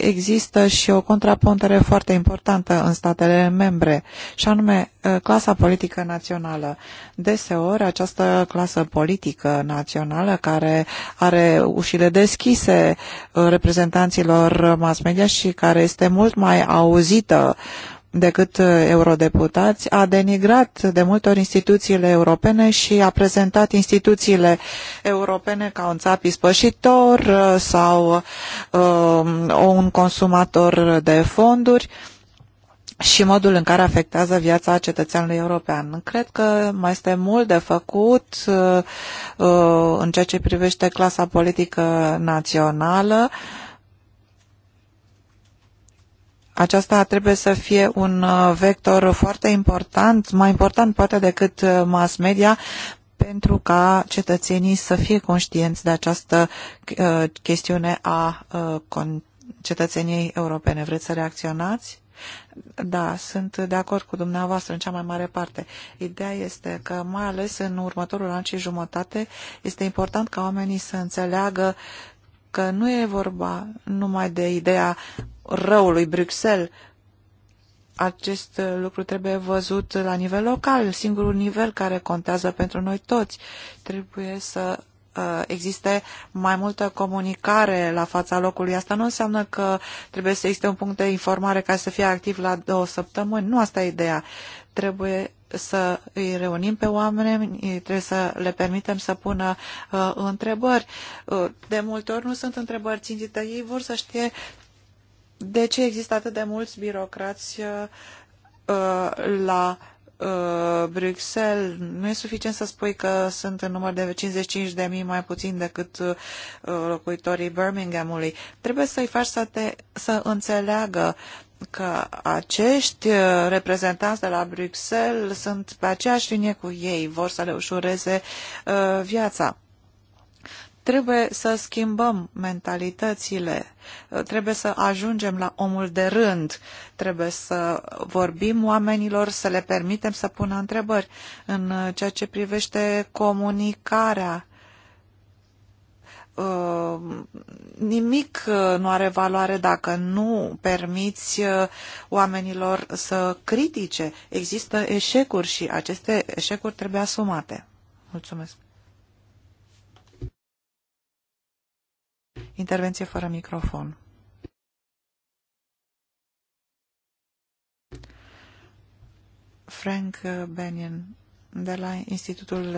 există și o contrapontere foarte importantă în statele membre, și anume ă, clasa politică națională. Deseori această clasă politică națională care are ușile deschise ă, reprezentanților mass media și care este mult mai auzită uh, decât uh, eurodeputați, a denigrat de multe ori instituțiile europene și a prezentat instituțiile europene ca un țap ispășitor uh, sau um, un consumator de fonduri și modul în care afectează viața cetățeanului european. Cred că mai este mult de făcut uh, în ceea ce privește clasa politică națională uh, aceasta trebuie să fie un uh, vector foarte important, mai important poate decât uh, mass media, pentru ca cetățenii să fie conștienți de această uh, chestiune a cetățeniei europene. Vreți să reacționați? Da, sunt de acord cu dumneavoastră în cea mai mare parte. Ideea este că, mai ales în următorul an și jumătate, este important ca oamenii să înțeleagă că nu e vorba numai de ideea răului Bruxelles. Acest lucru trebuie văzut la nivel local, singurul nivel care contează pentru noi toți. Trebuie să uh, existe mai multă comunicare la fața locului. Asta nu înseamnă că trebuie să existe un punct de informare ca să fie activ la două săptămâni. Nu asta e ideea. Trebuie să îi reunim pe oameni, trebuie să le permitem să pună uh, întrebări. Uh, de multe ori nu sunt întrebări țintite, ei vor să știe de ce există atât de mulți birocrați uh, la uh, Bruxelles, nu e suficient să spui că sunt în număr de 55 de mii mai puțin decât uh, locuitorii Birminghamului. Trebuie să-i faci să, te, să înțeleagă că acești uh, reprezentanți de la Bruxelles sunt pe aceeași linie cu ei, vor să le ușureze uh, viața. Trebuie să schimbăm mentalitățile, uh, trebuie să ajungem la omul de rând, trebuie să vorbim oamenilor, să le permitem să pună întrebări în ceea ce privește comunicarea Uh, nimic uh, nu are valoare dacă nu permiți uh, oamenilor să critique. Există eșecuri și aceste eșecuri trebuie asumate. Mulțumesc. Intervenție fără microfon. Frank Bennion de la Institutul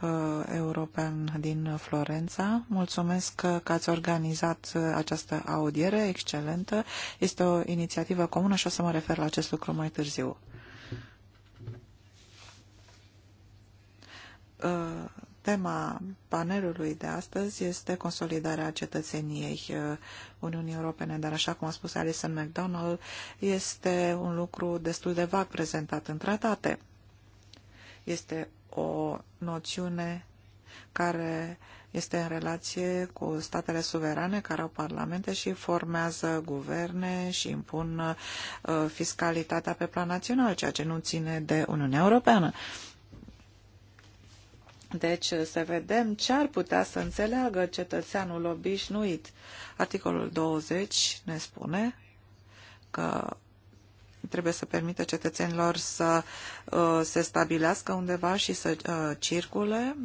Uh, european din Florența. Mulțumesc că ați organizat uh, această audiere excelentă. Este o inițiativă comună și o să mă refer la acest lucru mai târziu. Uh, tema panelului de astăzi este consolidarea cetățeniei Uniunii Europene, dar așa cum a spus Alison McDonald, este un lucru destul de vag prezentat în tratate. Este o noțiune care este în relație cu statele suverane care au parlamente și formează guverne și impun uh, fiscalitatea pe plan național, ceea ce nu ține de Uniunea Europeană. Deci uh, să vedem ce ar putea să înțeleagă cetățeanul obișnuit. Articolul 20 ne spune că trebuie să permită cetățenilor să uh, se stabilească undeva și să uh, circule.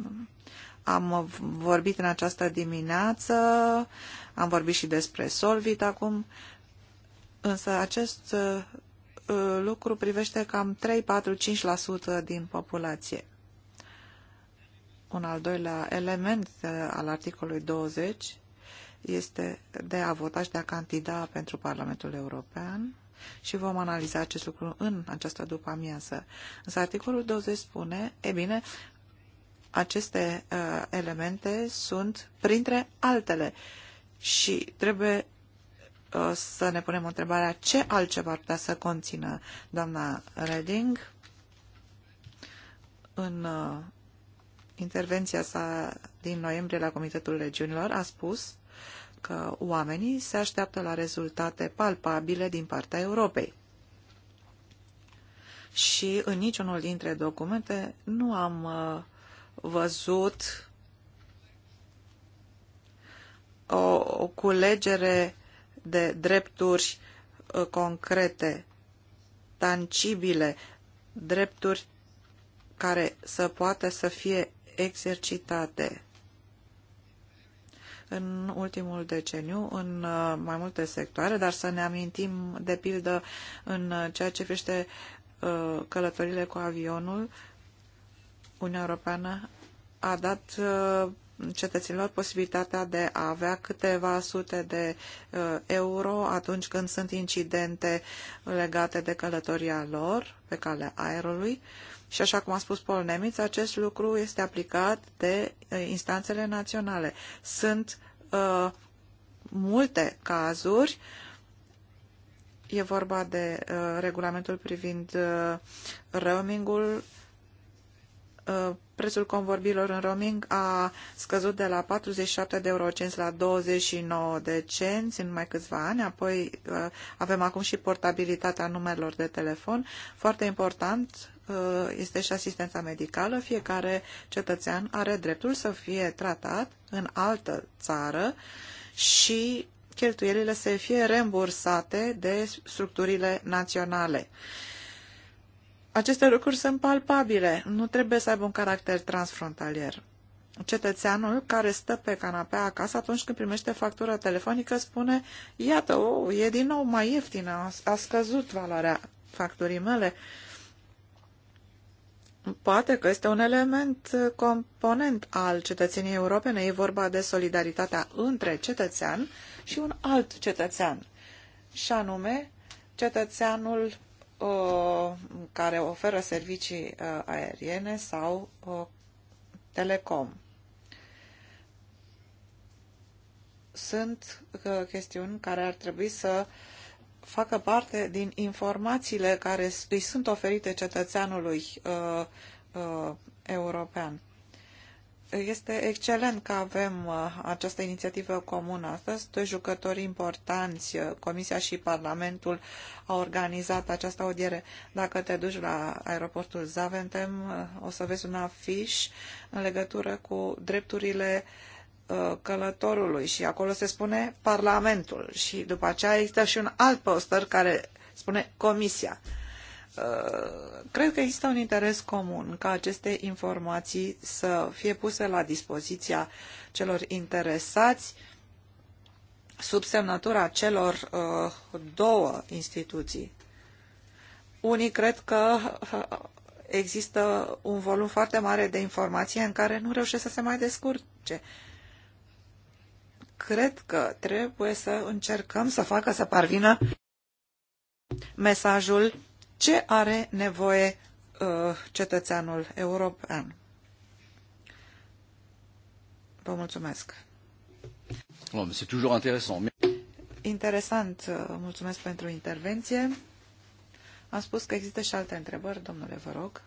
Am vorbit în această dimineață, am vorbit și despre Solvit acum, însă acest uh, lucru privește cam 3-4-5% din populație. Un al doilea element al articolului 20 este de a vota și de a candida pentru Parlamentul European și vom analiza acest lucru în această după amiază. Însă articolul 20 spune, e bine, aceste uh, elemente sunt printre altele și trebuie uh, să ne punem întrebarea ce altceva ar putea să conțină doamna Reding în uh, intervenția sa din noiembrie la Comitetul Regiunilor a spus că oamenii se așteaptă la rezultate palpabile din partea Europei. Și în niciunul dintre documente nu am uh, văzut o, o culegere de drepturi uh, concrete, tangibile, drepturi care să poată să fie exercitate în ultimul deceniu în uh, mai multe sectoare, dar să ne amintim, de pildă, în ceea ce privește uh, călătorile cu avionul, Uniunea Europeană a dat uh, cetățenilor posibilitatea de a avea câteva sute de euro atunci când sunt incidente legate de călătoria lor pe calea aerului. Uh, și așa cum a spus Paul Nemitz, acest lucru este aplicat de instanțele naționale. Sunt uh, multe cazuri E vorba de uh, regulamentul privind uh, roamingul, Uh, prețul convorbirilor în roaming a scăzut de la 47 de eurocenți la 29 de cenți în mai câțiva ani, apoi uh, avem acum și portabilitatea numerelor de telefon. Foarte important uh, este și asistența medicală. Fiecare cetățean are dreptul să fie tratat în altă țară și cheltuielile să fie reimbursate de structurile naționale. Uh, aceste lucruri sunt palpabile, nu trebuie să aibă un caracter transfrontalier. Cetățeanul care stă pe canapea acasă atunci când primește factura telefonică spune Iată, o, oh, e din nou mai ieftină, a scăzut valoarea facturii mele. Poate că este un element uh, component al cetățeniei europene. E vorba de solidaritatea între cetățean și un alt cetățean, și anume cetățeanul Uh, care oferă servicii uh, aeriene sau uh, telecom. Sunt chestiuni care ar trebui să facă parte din informațiile care îi sunt oferite cetățeanului european. Este excelent că avem uh, această inițiativă comună astăzi. Doi jucători importanți, uh, Comisia și Parlamentul, au organizat această audiere. Dacă te duci la aeroportul Zaventem, uh, o să vezi un afiș în legătură cu drepturile călătorului și acolo se spune Parlamentul și după aceea există și un alt poster care spune Comisia. Cred că există un interes comun ca aceste informații să fie puse la dispoziția celor interesați sub semnătura celor uh, două instituții. Unii cred că uh, există un volum foarte mare de informație în care nu reușesc să se mai descurce. Cred că trebuie să încercăm să facă să parvină mesajul ce are nevoie uh, cetățeanul european. Vă mulțumesc. No, mais toujours intéressant. Interesant, uh, mulțumesc pentru intervenție. Am spus că există și alte întrebări, domnule, vă rog.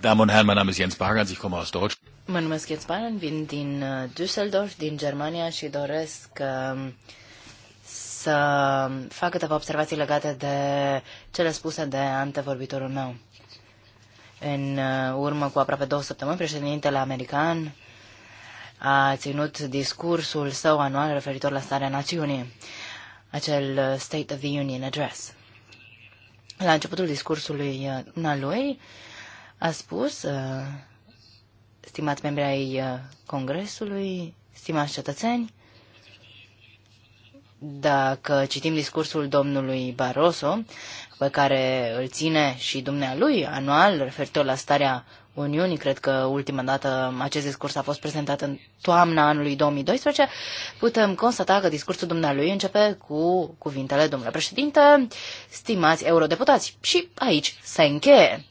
Damen und Herren, mein Name ist Jens Bargans, ich komme aus Deutschland. Mă numesc Jens Bargans, vin din uh, Düsseldorf, din Germania și doresc uh, să fac câteva observații legate de cele spuse de antevorbitorul meu. În uh, urmă cu aproape două săptămâni, președintele american a ținut discursul său anual referitor la starea națiunii, acel State of the Union Address. La începutul discursului uh, lui a spus, uh, stimați membri ai Congresului, stimați cetățeni, dacă citim discursul domnului Barroso, pe care îl ține și dumnealui anual, referitor la starea Uniunii, cred că ultima dată acest discurs a fost prezentat în toamna anului 2012, putem constata că discursul dumnealui începe cu cuvintele domnule președinte, stimați eurodeputați. Și aici se încheie.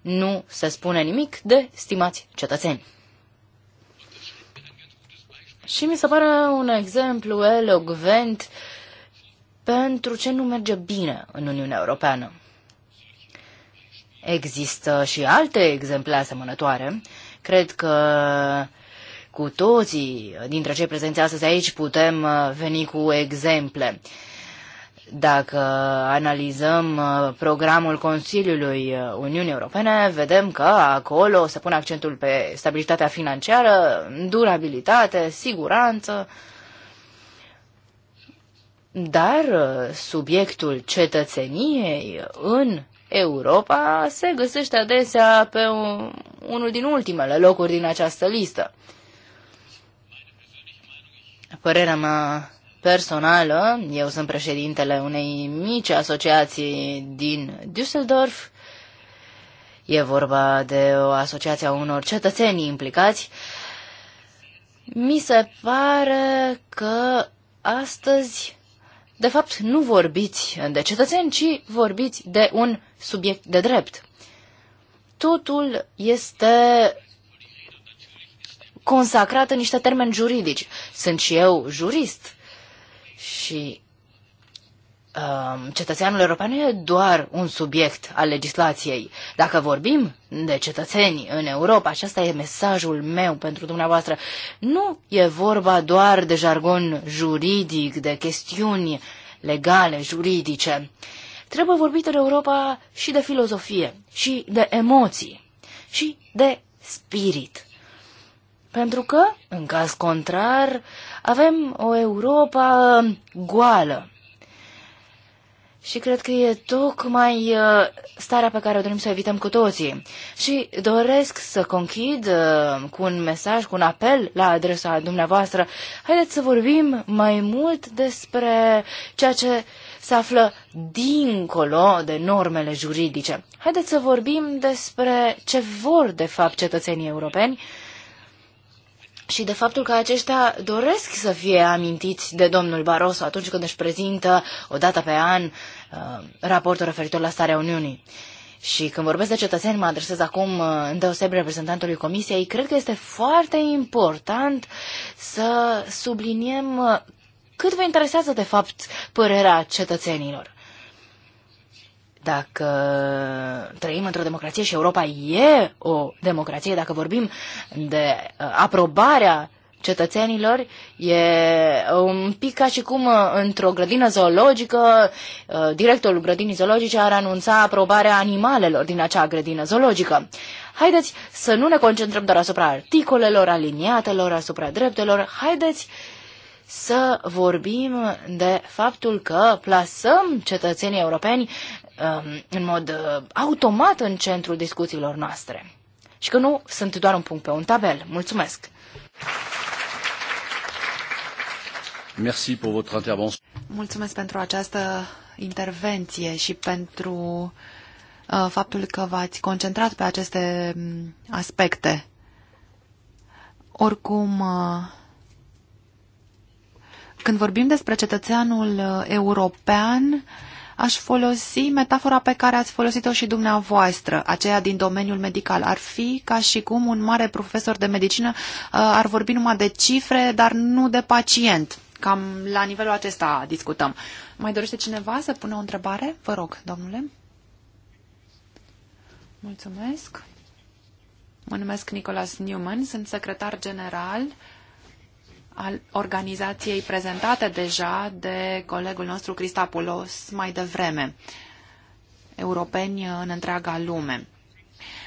Nu se spune nimic de stimați cetățeni. Și mi se pare un exemplu elogvent pentru ce nu merge bine în Uniunea Europeană. Există și alte exemple asemănătoare. Cred că cu toții dintre cei prezenți astăzi aici putem uh, veni cu exemple. Dacă analizăm uh, programul Consiliului uh, Uniunii Europene, vedem că acolo se pune accentul pe stabilitatea financiară, durabilitate, siguranță, dar uh, subiectul cetățeniei în Europa se găsește adesea pe unul din ultimele locuri din această listă. Părerea mea personală. Eu sunt președintele unei mici asociații din Düsseldorf. E vorba de o asociație a unor cetățeni implicați. Mi se pare că astăzi, de fapt, nu vorbiți de cetățeni, ci vorbiți de un subiect de drept. Totul este consacrat în niște termeni juridici. Sunt și eu jurist, și um, cetățeanul european nu e doar un subiect al legislației. Dacă vorbim de cetățeni în Europa, acesta e mesajul meu pentru dumneavoastră. Nu e vorba doar de jargon juridic, de chestiuni legale, juridice. Trebuie vorbit în Europa și de filozofie, și de emoții, și de spirit. Pentru că, în caz contrar, uh, avem o Europa goală. Și cred că e tocmai uh, starea pe care o dorim să o evităm cu toții. Și doresc să conchid uh, cu un mesaj, cu un apel la adresa dumneavoastră. Haideți să vorbim mai mult despre ceea ce se află dincolo de normele juridice. Haideți să vorbim despre ce vor de fapt cetățenii europeni și de faptul că aceștia doresc să fie amintiți de domnul Barroso atunci când își prezintă o dată pe an uh, raportul referitor la starea Uniunii. Și când vorbesc de cetățeni, mă adresez acum uh, în deosebire reprezentantului Comisiei, cred că este foarte important să subliniem uh, cât vă interesează de fapt părerea cetățenilor dacă trăim într-o democrație și Europa e o democrație, dacă vorbim de uh, aprobarea cetățenilor, e un pic ca și cum uh, într-o grădină zoologică, uh, directorul grădinii zoologice ar anunța aprobarea animalelor din acea grădină zoologică. Haideți să nu ne concentrăm doar asupra articolelor, aliniatelor, asupra dreptelor, haideți să vorbim de faptul că plasăm cetățenii europeni um, în mod uh, automat în centrul discuțiilor noastre. Și că nu sunt doar un punct pe un tabel. Mulțumesc! Merci pour votre intervention. Mulțumesc pentru această intervenție și pentru uh, faptul că v-ați concentrat pe aceste mm, aspecte. Oricum, uh, când vorbim despre cetățeanul uh, european, aș folosi metafora pe care ați folosit-o și dumneavoastră, aceea din domeniul medical. Ar fi ca și cum un mare profesor de medicină uh, ar vorbi numai de cifre, dar nu de pacient. Cam la nivelul acesta discutăm. Mai dorește cineva să pună o întrebare? Vă rog, domnule. Mulțumesc. Mă numesc Nicolas Newman, sunt secretar general al organizației prezentate deja de colegul nostru Cristapulos mai devreme, europeni în întreaga lume.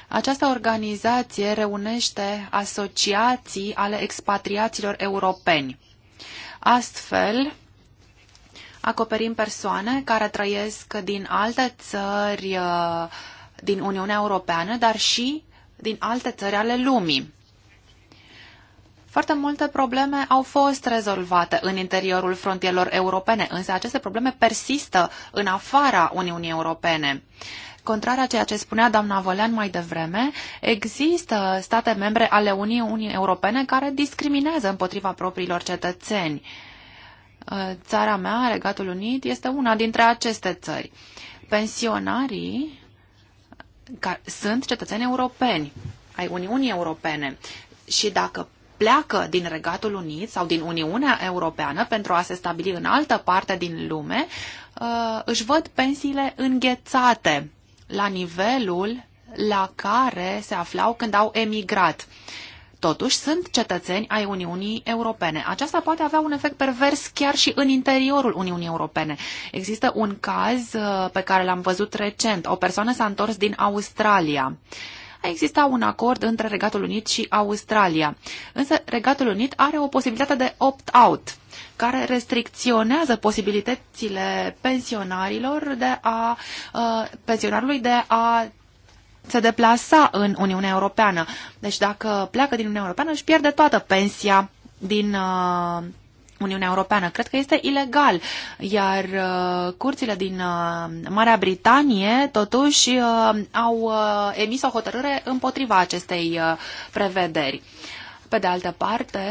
Această organizație reunește asociații ale expatriaților europeni. Astfel, acoperim persoane care trăiesc din alte țări uh, din Uniunea Europeană, dar și din alte țări ale lumii. Foarte multe probleme au fost rezolvate în interiorul frontierelor europene, însă aceste probleme persistă în afara Uniunii Europene. Contrar a ceea ce spunea doamna Volean mai devreme, există state membre ale Uniunii Europene care discriminează împotriva propriilor cetățeni. Țara mea, Regatul Unit, este una dintre aceste țări. Pensionarii sunt cetățeni europeni ai Uniunii Europene și dacă pleacă din Regatul Unit sau din Uniunea Europeană pentru a se stabili în altă parte din lume, uh, își văd pensiile înghețate la nivelul la care se aflau când au emigrat. Totuși, sunt cetățeni ai Uniunii Europene. Aceasta poate avea un efect pervers chiar și în interiorul Uniunii Europene. Există un caz uh, pe care l-am văzut recent. O persoană s-a întors din Australia. Uh, a exista un acord între Regatul Unit și Australia. Însă Regatul Unit are o posibilitate de opt-out care restricționează posibilitățile pensionarilor de a, uh, pensionarului de a se deplasa în Uniunea Europeană. Deci dacă pleacă din Uniunea Europeană își pierde toată pensia din uh, Uniunea Europeană. Cred că este ilegal, iar uh, curțile din uh, Marea Britanie totuși uh, au emis o hotărâre împotriva acestei prevederi. Pe de altă parte,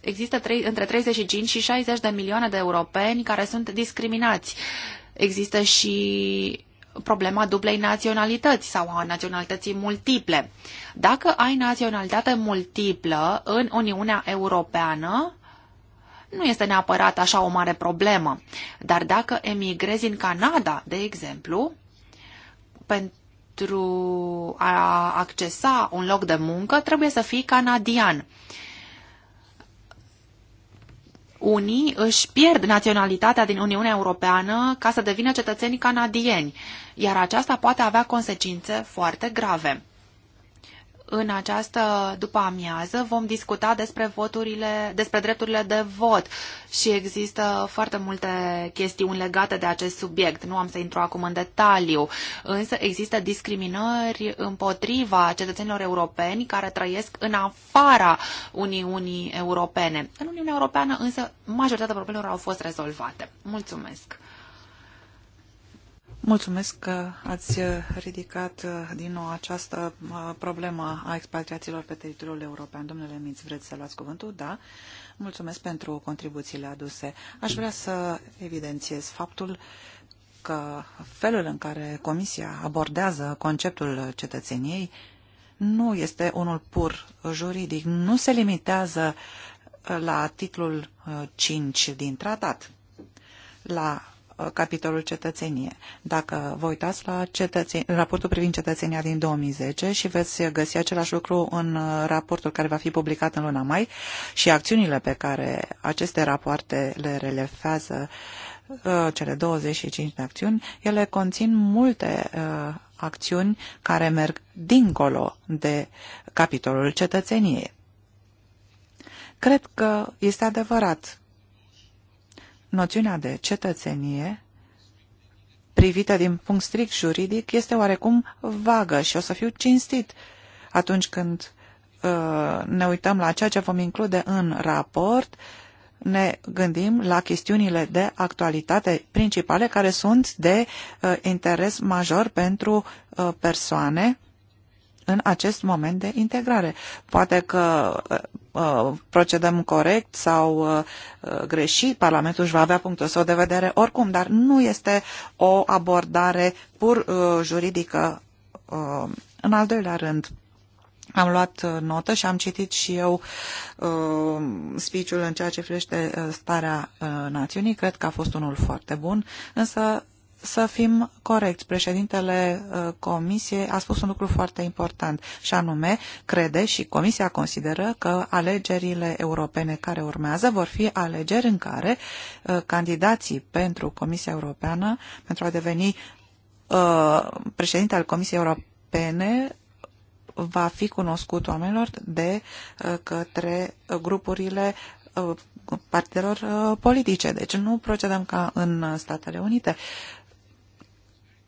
există trei, între 35 și 60 de milioane de europeni care sunt discriminați. Există și problema dublei naționalități sau a naționalității multiple. Dacă ai naționalitate multiplă în Uniunea Europeană, nu este neapărat așa o mare problemă. Dar dacă emigrezi în Canada, de exemplu, pentru a accesa un loc de muncă, trebuie să fii canadian. Unii își pierd naționalitatea din Uniunea Europeană ca să devină cetățeni canadieni, iar aceasta poate avea consecințe foarte grave în această după amiază vom discuta despre voturile, despre drepturile de vot și există foarte multe chestiuni legate de acest subiect. Nu am să intru acum în detaliu, însă există discriminări împotriva cetățenilor europeni care trăiesc în afara Uniunii Europene. În Uniunea Europeană însă majoritatea problemelor au fost rezolvate. Mulțumesc! Mulțumesc că ați uh, ridicat uh, din nou această uh, problemă a expatriaților pe teritoriul european. Domnule Miț, vreți să luați cuvântul? Da. Mulțumesc pentru contribuțiile aduse. Aș vrea să evidențiez faptul că felul în care Comisia abordează conceptul cetățeniei nu este unul pur juridic, nu se limitează la titlul 5 din tratat, la Uh, capitolul cetățenie. Dacă vă uitați la raportul privind cetățenia din 2010 și veți găsi același lucru în uh, raportul care va fi publicat în luna mai și acțiunile pe care aceste rapoarte le relefează uh, cele 25 de acțiuni, ele conțin multe acțiuni care merg dincolo de capitolul cetățeniei. Cred că este adevărat noțiunea de cetățenie privită din punct strict juridic este oarecum vagă și o să fiu cinstit atunci când uh, ne uităm la ceea ce vom include în raport, ne gândim la chestiunile de actualitate principale care sunt de uh, interes major pentru uh, persoane în acest moment de integrare. Poate că uh, Uh, procedăm corect sau uh, uh, greșit, Parlamentul își va avea punctul său de vedere oricum, dar nu este o abordare pur uh, juridică. în al doilea rând, am luat notă și am citit și eu speech-ul în ceea ce privește starea uh, națiunii. Cred că a fost unul foarte bun, însă să fim corecți. Președintele uh, Comisiei a spus un lucru foarte important și anume crede și Comisia consideră că alegerile europene care urmează vor fi alegeri în care uh, candidații pentru Comisia Europeană, pentru a deveni uh, președinte al Comisiei Europene, va fi cunoscut oamenilor de către grupurile partidelor politice. Deci nu procedăm ca în Statele Unite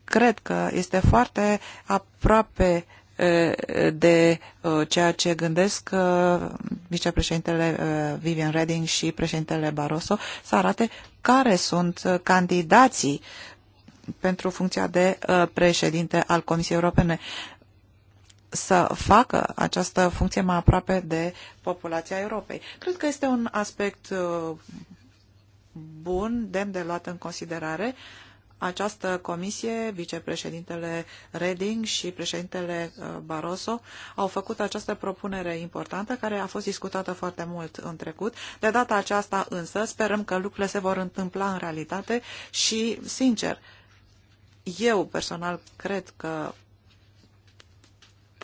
cred că este foarte aproape de ceea ce gândesc vicepreședintele Vivian Redding și președintele Barroso să arate care sunt candidații pentru funcția de președinte al Comisiei Europene să facă această funcție mai aproape de populația Europei. Cred că este un aspect bun, demn de luat în considerare această comisie, vicepreședintele Reding și președintele uh, Barroso au făcut această propunere importantă care a fost discutată foarte mult în trecut. De data aceasta însă sperăm că lucrurile se vor întâmpla în realitate și, sincer, eu personal cred că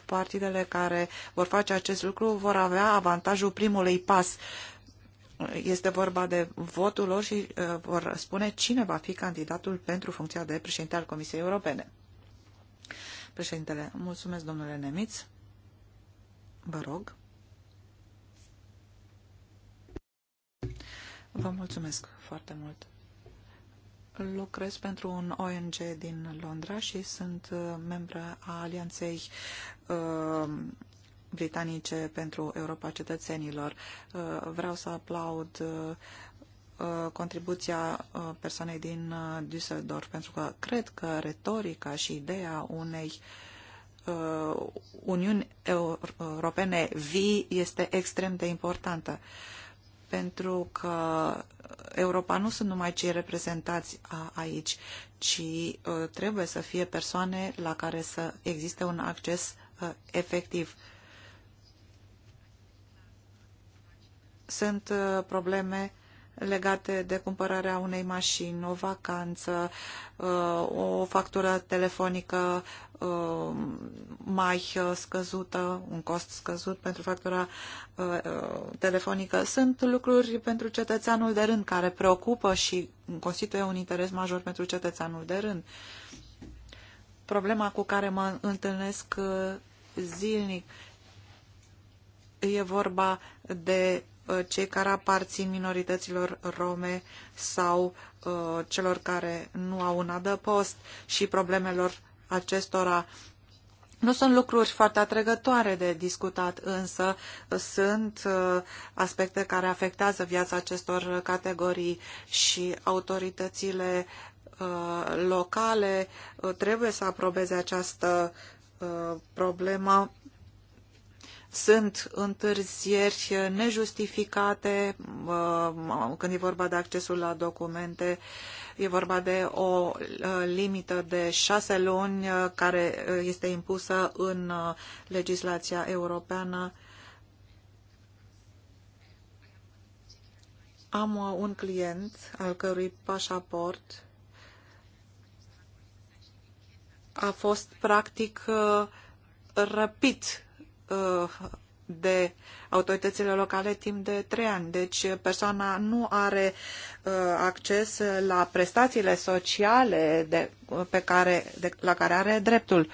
partidele care vor face acest lucru vor avea avantajul primului pas este vorba de votul lor și uh, vor spune cine va fi candidatul pentru funcția de președinte al Comisiei Europene. Președintele, mulțumesc, domnule Nemiț. Vă rog. Vă mulțumesc foarte mult. Lucrez pentru un ONG din Londra și sunt uh, membră a Alianței uh, britanice pentru Europa cetățenilor. Uh, vreau să aplaud uh, uh, contribuția persoanei din Düsseldorf, pentru că cred că retorica și ideea unei Uniuni Europene vii este extrem de importantă pentru că Europa nu sunt numai cei reprezentați aici, ci trebuie să fie persoane la care să existe un acces efectiv. sunt uh, probleme legate de cumpărarea unei mașini, o vacanță, uh, o factură telefonică uh, mai scăzută, un cost scăzut pentru factura telefonică. Sunt lucruri pentru cetățeanul de rând care preocupă și constituie un interes major pentru cetățeanul de rând. Problema cu care mă întâlnesc zilnic e vorba de Uh, cei care aparțin minorităților rome sau uh, celor care nu au un adăpost și problemelor acestora. Nu sunt lucruri foarte atrăgătoare de discutat, însă sunt uh, aspecte care afectează viața acestor categorii și autoritățile locale trebuie să aprobeze această problemă sunt întârzieri nejustificate uh, când e vorba de accesul la documente, e vorba de o uh, limită de șase luni uh, care este impusă în legislația europeană. Am un client al cărui pașaport a fost practic răpit de autoritățile locale timp de trei ani. Deci persoana nu are uh, acces la prestațiile sociale de, pe care, de, la care are dreptul.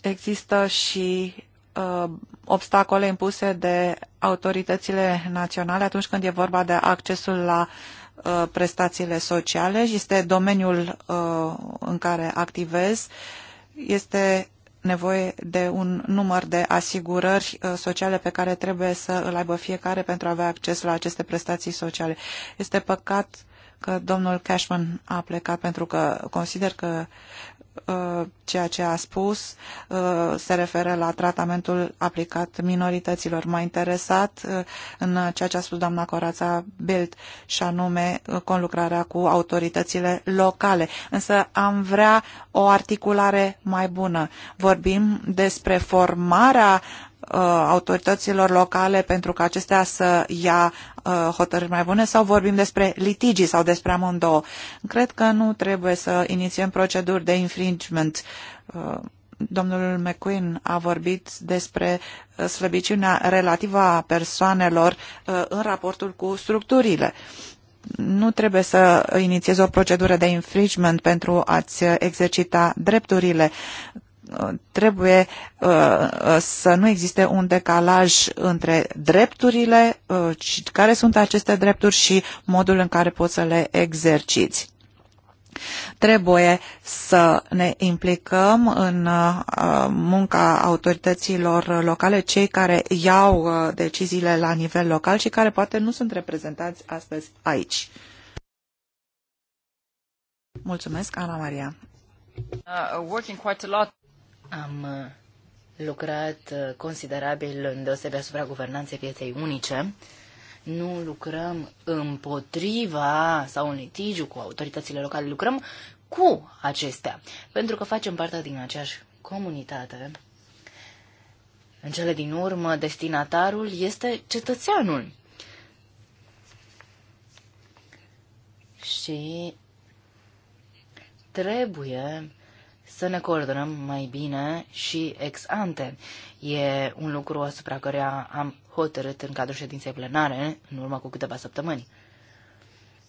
Există și uh, obstacole impuse de autoritățile naționale atunci când e vorba de accesul la uh, prestațiile sociale. Este domeniul uh, în care activez. Uh, este nevoie de un număr de asigurări uh, sociale pe care trebuie să îl aibă fiecare pentru a avea acces la aceste prestații sociale. Este păcat că domnul Cashman a plecat pentru că consider că Uh, ceea ce a spus uh, se referă la tratamentul aplicat minorităților. M-a interesat uh, în ceea ce a spus doamna Corața Bild și anume conlucrarea cu autoritățile locale. Însă am vrea o articulare mai bună. Vorbim despre formarea Uh, autorităților locale pentru ca acestea să ia uh, hotărâri mai bune sau vorbim despre litigii sau despre amândouă. Cred că nu trebuie să inițiem proceduri de infringement. Uh, domnul McQueen a vorbit despre slăbiciunea relativă a persoanelor în raportul cu structurile nu trebuie să inițiezi o procedură de infringement pentru a-ți exercita drepturile. Uh, trebuie uh, uh, să nu existe un decalaj între drepturile, care sunt aceste drepturi și modul în care poți să le exerciți. Trebuie să ne implicăm în munca autorităților locale, cei care iau deciziile la nivel local și care poate nu sunt reprezentați astăzi aici. Mulțumesc, Ana Maria. Uh, am uh, lucrat uh, considerabil în îndeosebi asupra guvernanței pieței unice. Nu lucrăm împotriva sau în litigiu cu autoritățile locale, lucrăm cu acestea, pentru că facem parte din aceeași comunitate. În cele din urmă, destinatarul este cetățeanul. Și trebuie să ne coordonăm mai bine și ex ante. E un lucru asupra căruia am hotărât în cadrul ședinței plenare în urmă cu câteva săptămâni.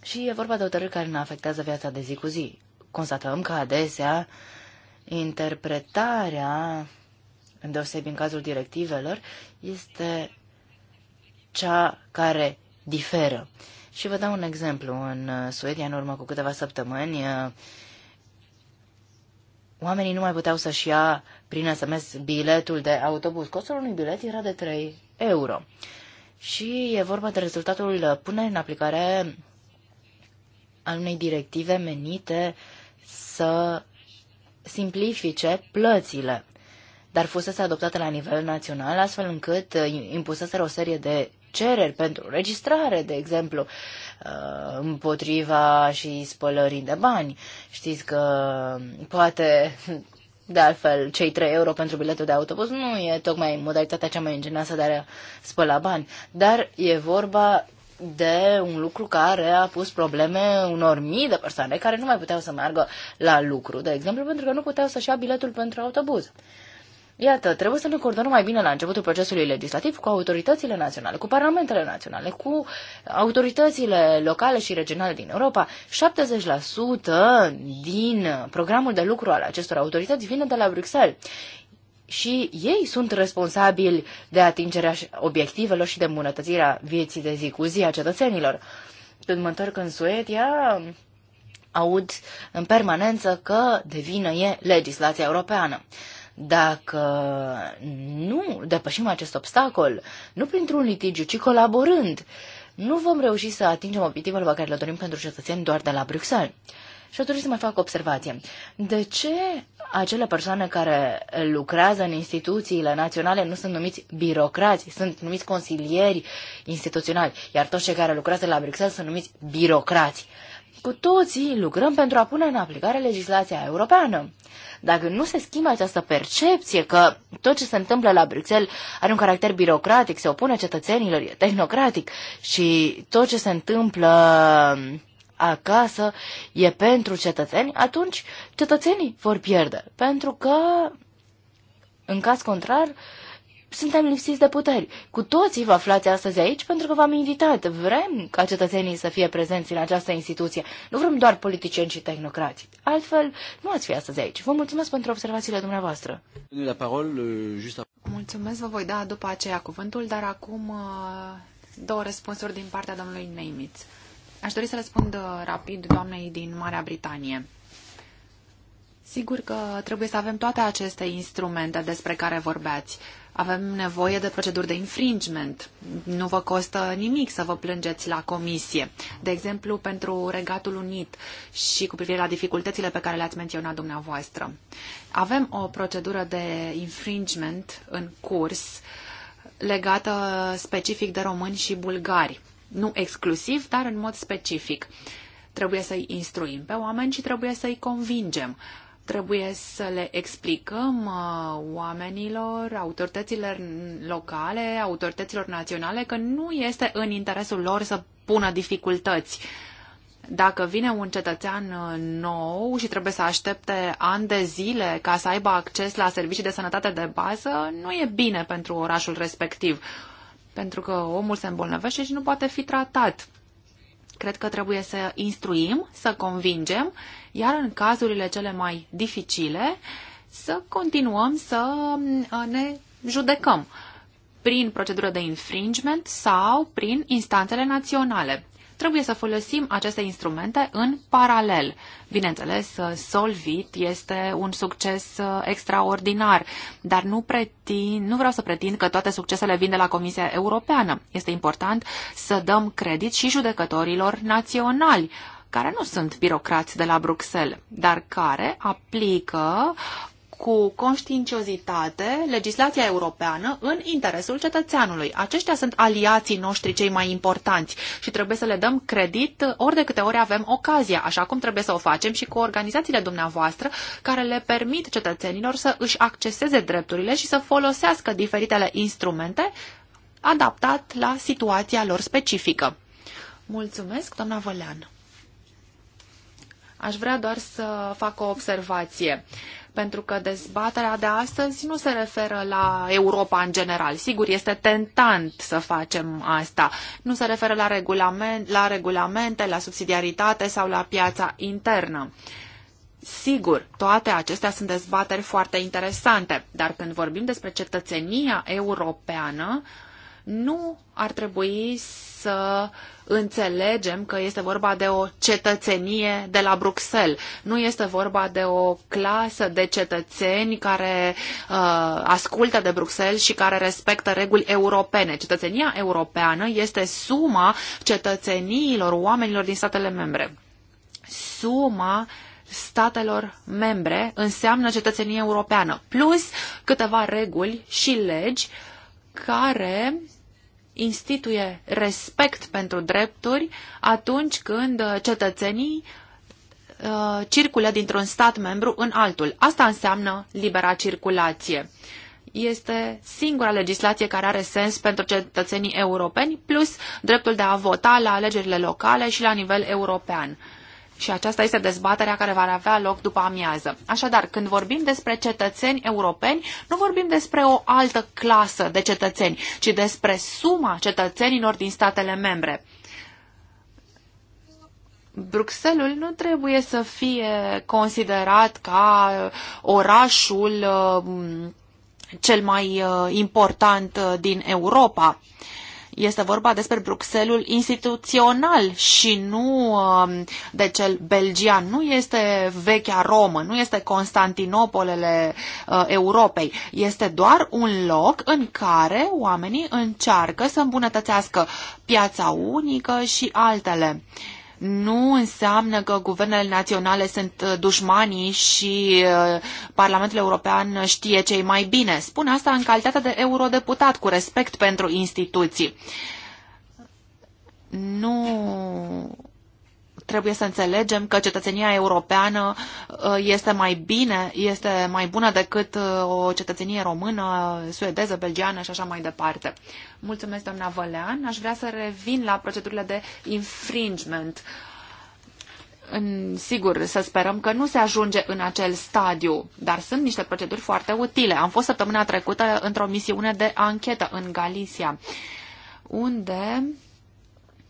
Și e vorba de hotărâri care ne afectează viața de zi cu zi. Constatăm că adesea interpretarea, îndeosebi în cazul directivelor, este cea care diferă. Și vă dau un exemplu. În Suedia, în urmă cu câteva săptămâni, oamenii nu mai puteau să-și ia prin SMS biletul de autobuz. Costul unui bilet era de 3 euro. Și e vorba de rezultatul punerii în aplicare al unei directive menite să simplifice plățile, dar fusese adoptată la nivel național, astfel încât impuseseră o serie de cereri pentru registrare, de exemplu, Uh, împotriva și spălării de bani. Știți că poate <laughs> de altfel, cei 3 euro pentru biletul de autobuz nu e tocmai modalitatea cea mai ingenioasă de a spăla bani, dar e vorba de un lucru care a pus probleme unor mii de persoane care nu mai puteau să meargă la lucru, de exemplu, pentru că nu puteau să-și ia biletul pentru autobuz. Iată, trebuie să ne coordonăm mai bine la începutul procesului legislativ cu autoritățile naționale, cu parlamentele naționale, cu autoritățile locale și regionale din Europa. 70% din programul de lucru al acestor autorități vine de la Bruxelles. Și ei sunt responsabili de atingerea obiectivelor și de îmbunătățirea vieții de zi cu zi a cetățenilor. Când mă întorc în Suedia, aud în permanență că de vină e legislația europeană. Dacă nu depășim acest obstacol, nu printr-un litigiu, ci colaborând, nu vom reuși să atingem obiectivele pe care le dorim pentru cetățeni doar de la Bruxelles. Și atunci să mai fac o observație. De ce acele persoane care lucrează în instituțiile naționale nu sunt numiți birocrați, sunt numiți consilieri instituționali, iar toți cei care lucrează la Bruxelles sunt numiți birocrați? Uh, cu toții lucrăm pentru a pune în aplicare legislația europeană. Dacă nu se schimbă această percepție că tot ce se întâmplă la Bruxelles are un caracter birocratic, se opune cetățenilor, e tehnocratic și tot ce se întâmplă acasă e pentru cetățeni, atunci cetățenii vor pierde. Pentru că, în caz contrar, uh, suntem lipsiți de puteri. Cu toții vă aflați astăzi aici pentru că v-am invitat. Vrem ca cetățenii să fie prezenți în această instituție. Nu vrem doar politicieni și tehnocrați. Altfel, nu ați fi astăzi aici. Vă mulțumesc pentru observațiile dumneavoastră. La parol, uh, just... Mulțumesc, vă voi da după aceea cuvântul, dar acum uh, două răspunsuri din partea domnului Neimitz. Aș dori să răspund uh, rapid doamnei din Marea Britanie. Sigur că trebuie să avem toate aceste instrumente despre care vorbeați. Avem nevoie de proceduri de infringement. Nu vă costă nimic să vă plângeți la comisie. De exemplu, pentru Regatul Unit și cu privire la dificultățile pe care le-ați menționat dumneavoastră. Avem o procedură de infringement în curs legată specific de români și bulgari. Nu exclusiv, dar în mod specific. Trebuie să-i instruim pe oameni și trebuie să-i convingem Trebuie să le explicăm uh, oamenilor, autorităților locale, autorităților naționale că nu este în interesul lor să pună dificultăți dacă vine un cetățean uh, nou și trebuie să aștepte ani de zile ca să aibă acces la servicii de sănătate de bază, nu e bine pentru orașul respectiv, pentru că omul se îmbolnăvește și nu poate fi tratat. Cred că trebuie să instruim, să convingem, iar în cazurile cele mai dificile să continuăm să uh, ne judecăm prin procedură de infringement sau prin instanțele naționale trebuie să folosim aceste instrumente în paralel. Bineînțeles, uh, Solvit este un succes uh, extraordinar, dar nu, pretind, nu vreau să pretind că toate succesele vin de la Comisia Europeană. Este important să dăm credit și judecătorilor naționali care nu sunt birocrați de la Bruxelles, dar care aplică cu conștiinciozitate legislația europeană în interesul cetățeanului. Aceștia sunt aliații noștri cei mai importanți și trebuie să le dăm credit ori de câte ori avem ocazia, așa cum trebuie să o facem și cu organizațiile dumneavoastră care le permit cetățenilor să își acceseze drepturile și să folosească diferitele instrumente adaptat la situația lor specifică. Mulțumesc, doamna Vălean. Aș vrea doar să fac o observație. Uh, pentru că dezbaterea de astăzi nu se referă la Europa în general. Sigur, este tentant să facem asta. Nu se referă la, regulament, la regulamente, la subsidiaritate sau la piața internă. Sigur, toate acestea sunt dezbateri foarte interesante, dar când vorbim despre cetățenia europeană, nu ar trebui să înțelegem că este vorba de o cetățenie de la Bruxelles. Nu este vorba de o clasă de cetățeni care uh, ascultă de Bruxelles și care respectă reguli europene. Cetățenia europeană este suma cetățeniilor oamenilor din statele membre. Suma statelor membre înseamnă cetățenie europeană, plus câteva reguli și legi uh, care instituie respect pentru drepturi atunci când cetățenii uh, circulă dintr-un stat membru în altul. Asta înseamnă libera circulație. Este singura legislație care are sens pentru cetățenii europeni, plus dreptul de a vota la alegerile locale și la nivel european. Și aceasta este dezbaterea care va avea loc după amiază. Așadar, când vorbim despre cetățeni europeni, nu vorbim despre o altă clasă de cetățeni, ci despre suma cetățenilor din statele membre. Bruxelles nu trebuie să fie considerat ca orașul uh, cel mai uh, important uh, din Europa. Este vorba despre Bruxelul instituțional și nu um, de cel belgian. Nu este vechea Romă, nu este Constantinopolele uh, Europei. Este doar un loc în care oamenii încearcă să îmbunătățească piața unică și altele. Uh, nu înseamnă că guvernele naționale sunt uh, dușmanii și uh, Parlamentul European știe cei mai bine. Spun asta în calitate de eurodeputat, cu respect pentru instituții. Nu trebuie să înțelegem că cetățenia europeană uh, este mai bine, este mai bună decât uh, o cetățenie română, suedeză, belgiană și așa mai departe. Mulțumesc, doamna Vălean. Aș vrea să revin la procedurile de infringement. În, sigur, să sperăm că nu se ajunge în acel stadiu, dar sunt niște proceduri foarte utile. Am fost săptămâna trecută într-o misiune de anchetă în Galicia, unde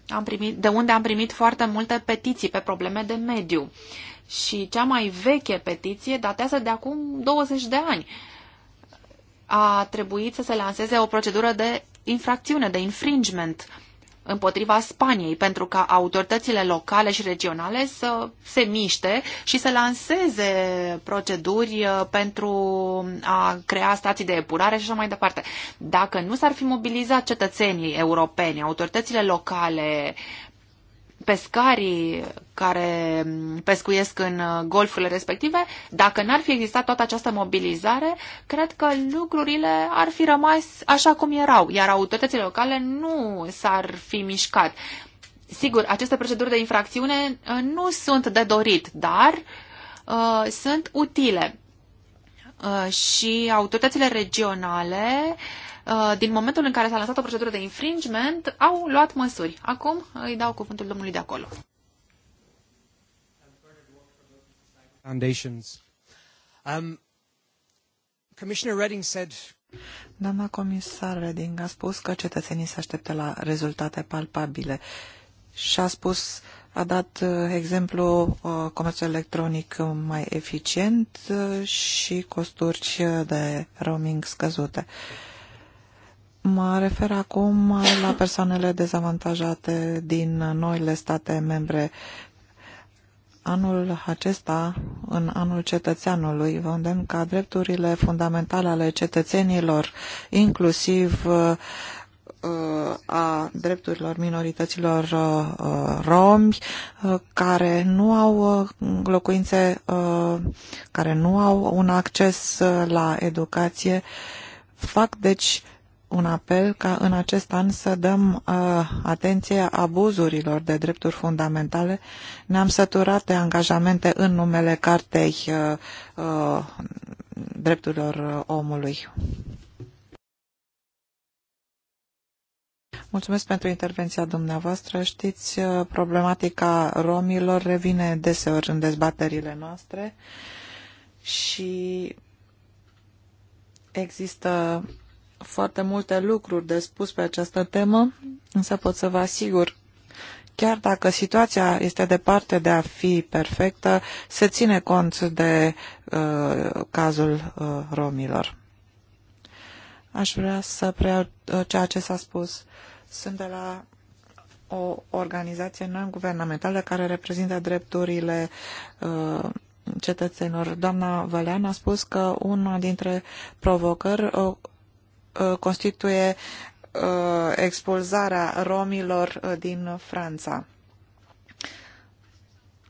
am primit, de unde am primit foarte multe petiții pe probleme de mediu. Și cea mai veche petiție datează de acum 20 de ani. A trebuit să se lanseze o procedură de infracțiune, de infringement, împotriva Spaniei, pentru ca autoritățile locale și regionale să se miște și să lanseze proceduri uh, pentru a crea stații de epurare și așa mai departe. Dacă nu s-ar fi mobilizat cetățenii europeni, autoritățile locale, pescarii care pescuiesc în uh, golfurile respective, dacă n-ar fi existat toată această mobilizare, cred că lucrurile ar fi rămas așa cum erau, iar autoritățile locale nu s-ar fi mișcat. Sigur, aceste proceduri de infracțiune uh, nu sunt de dorit, dar uh, sunt utile. Uh, și autoritățile regionale uh, Uh, din momentul în care s-a lansat o procedură de infringement, au luat măsuri. Acum îi dau cuvântul domnului de acolo. Foundations. Um, Commissioner Redding said Doamna comisar Reding a spus că cetățenii se așteptă la rezultate palpabile și a spus, a dat uh, exemplu uh, comerțul electronic mai eficient și costuri de roaming scăzute. Uh, Mă refer acum la persoanele dezavantajate din noile state membre. Anul acesta, în anul cetățeanului, vă îndemn ca drepturile fundamentale ale cetățenilor, inclusiv uh, a drepturilor minorităților uh, romi uh, care nu au locuințe, care nu au un acces la educație, fac deci un apel ca în acest an să dăm uh, atenție abuzurilor de drepturi fundamentale. Ne-am săturat de angajamente în numele Cartei uh, uh, Drepturilor Omului. Mulțumesc pentru intervenția dumneavoastră. Știți, uh, problematica romilor revine deseori în dezbaterile noastre și există foarte multe lucruri de spus pe această temă, însă pot să vă asigur chiar dacă situația este departe de a fi perfectă, se ține cont de uh, cazul uh, romilor. Aș vrea să preiau uh, ceea ce s-a spus. Sunt de la o organizație non-guvernamentală care reprezintă drepturile uh, cetățenilor. Doamna Vălean a spus că una dintre provocări uh, Uh, constituie uh, expulzarea romilor uh, din Franța.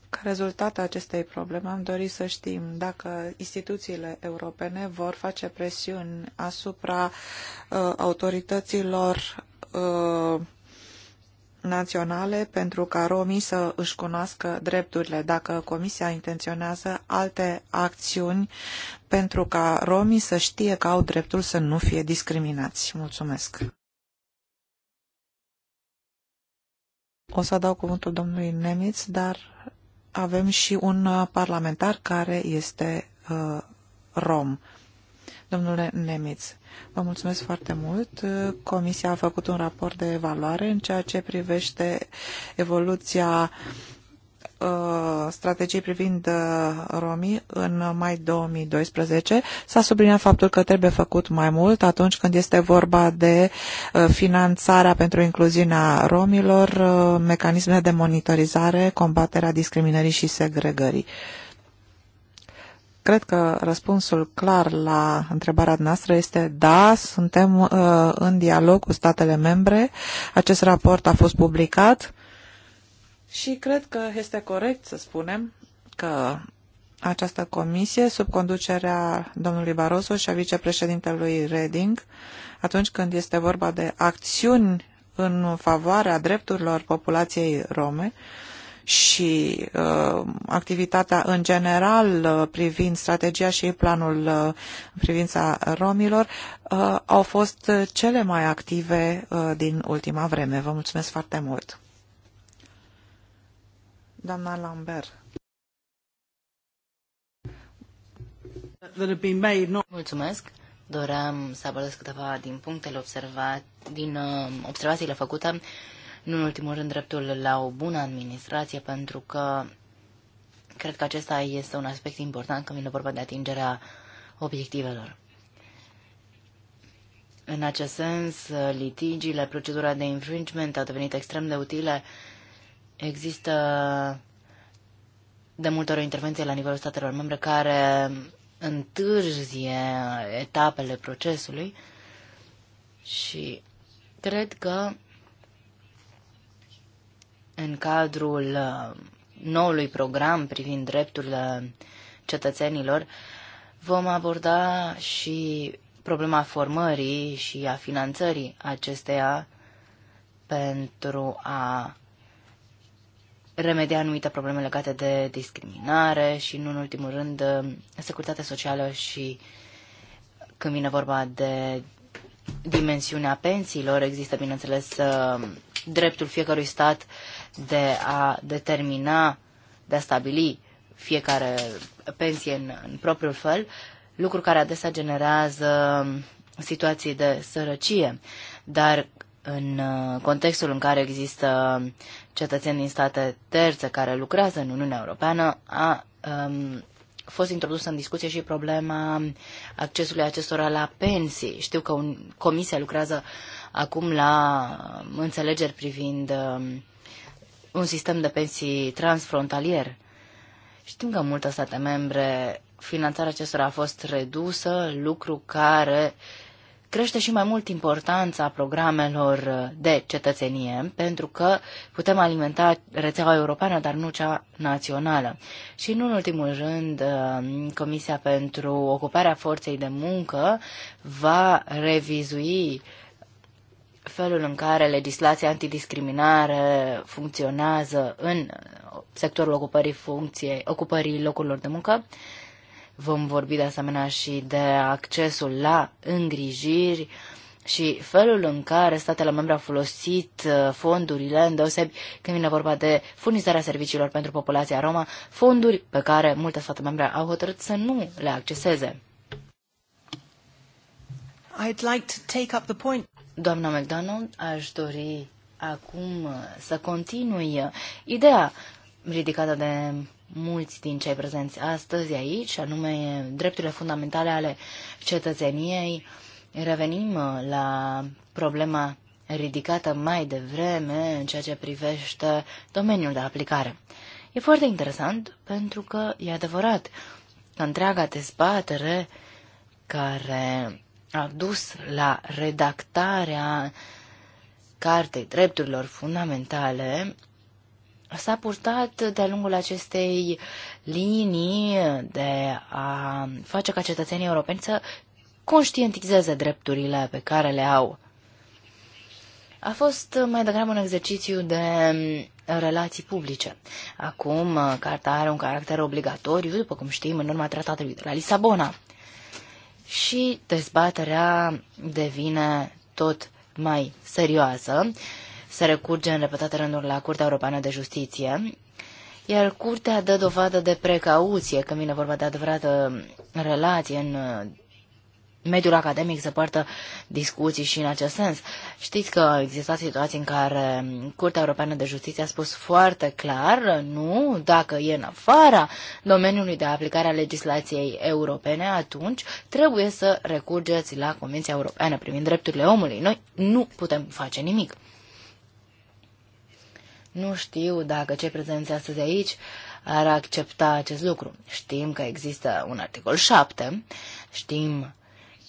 Ca rezultat al acestei probleme am dorit să știm dacă instituțiile europene vor face presiuni asupra uh, autorităților uh, naționale pentru ca romii să își cunoască drepturile. Dacă Comisia intenționează alte acțiuni pentru ca romii să știe că au dreptul să nu fie discriminați. Mulțumesc. O să dau cuvântul domnului Nemitz, dar avem și un uh, parlamentar care este uh, rom. Domnule Nemitz, vă mulțumesc foarte mult. Comisia a făcut un raport de evaluare în ceea ce privește evoluția uh, strategiei privind uh, romii în mai 2012. S-a subliniat faptul că trebuie făcut mai mult atunci când este vorba de uh, finanțarea pentru incluziunea romilor, mecanisme de monitorizare, combaterea discriminării și segregării. Cred că răspunsul clar la întrebarea noastră este da, suntem uh, în dialog cu statele membre. Acest raport a fost publicat și cred că este corect să spunem că această comisie, sub conducerea domnului Barroso și a vicepreședintelui Reding, atunci când este vorba de acțiuni în favoarea drepturilor populației rome, uh, și uh, activitatea în general uh, privind strategia și planul uh, în privința romilor uh, au fost uh, cele mai active uh, din ultima vreme. Vă mulțumesc foarte mult! Doamna Lambert. Mulțumesc. Doream să abordez câteva din punctele observate, din uh, observațiile făcute nu în ultimul rând dreptul la o bună administrație, pentru că cred că acesta este un aspect important când vine vorba de atingerea obiectivelor. În acest sens, litigiile, procedura de infringement au devenit extrem de utile. Există de multe ori o intervenție la nivelul statelor membre care întârzie etapele procesului și cred că în cadrul uh, noului program privind dreptul cetățenilor, vom aborda și problema formării și a finanțării acesteia pentru a remedia anumite probleme legate de discriminare și, nu în ultimul rând, uh, securitatea socială și când vine vorba de dimensiunea pensiilor, există, bineînțeles, uh, dreptul fiecărui stat uh, de a determina, de a stabili fiecare pensie în, în propriul fel, lucru care adesea generează situații de sărăcie, dar în uh, contextul în care există cetățeni din state terțe care lucrează în Uniunea Europeană, a um, fost introdusă în discuție și problema accesului acestora la pensii. Știu că un, Comisia lucrează acum la înțelegeri privind um, un sistem de pensii transfrontalier. Știm că în multe state membre finanțarea acestora a fost redusă, lucru care crește și mai mult importanța programelor de cetățenie, pentru că putem alimenta rețeaua europeană, dar nu cea națională. Și în ultimul rând, uh, Comisia pentru Ocuparea Forței de Muncă va revizui felul în care legislația antidiscriminare funcționează în sectorul ocupării funcției, ocupării locurilor de muncă. Vom vorbi de asemenea și de accesul la îngrijiri și felul în care statele membre au folosit uh, fondurile, îndeosebi când vine vorba de furnizarea serviciilor pentru populația Roma, fonduri pe care multe state membre au hotărât să nu le acceseze. I'd like to take up the point. Doamna McDonald, aș dori acum să continui ideea ridicată de mulți din cei prezenți astăzi aici, anume drepturile fundamentale ale cetățeniei. Revenim la problema ridicată mai devreme în ceea ce privește domeniul de aplicare. E foarte interesant pentru că e adevărat că întreaga dezbatere care a dus la redactarea Cartei Drepturilor Fundamentale s-a purtat de-a lungul acestei linii de a face ca cetățenii europeni să conștientizeze drepturile pe care le au. A fost mai degrabă un exercițiu de relații publice. Acum, carta are un caracter obligatoriu, după cum știm, în urma tratatului de la Lisabona și dezbaterea devine tot mai serioasă. Se recurge în repetate rânduri la Curtea Europeană de Justiție, iar Curtea dă dovadă de precauție când vine vorba de adevărată relație în mediul academic să poartă discuții și în acest sens. Știți că există situații în care Curtea Europeană de Justiție a spus foarte clar, nu, dacă e în afara domeniului de aplicare a legislației europene, atunci trebuie să recurgeți la Convenția Europeană privind drepturile omului. Noi nu putem face nimic. Nu știu dacă cei prezenți astăzi aici ar accepta acest lucru. Știm că există un articol 7, știm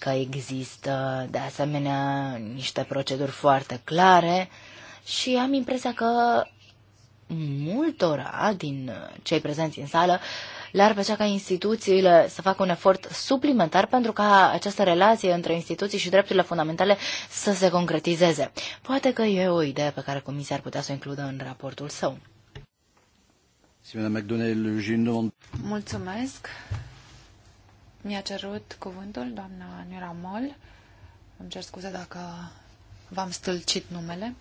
că există de asemenea niște proceduri foarte clare și am impresia că multora din cei prezenți în sală le-ar plăcea ca instituțiile să facă un efort suplimentar pentru ca această relație între instituții și drepturile fundamentale să se concretizeze. Poate că e o idee pe care Comisia ar putea să o includă în raportul său. Mulțumesc. Mi-a cerut cuvântul doamna Nura Mol. Îmi cer scuze dacă v-am stâlcit numele.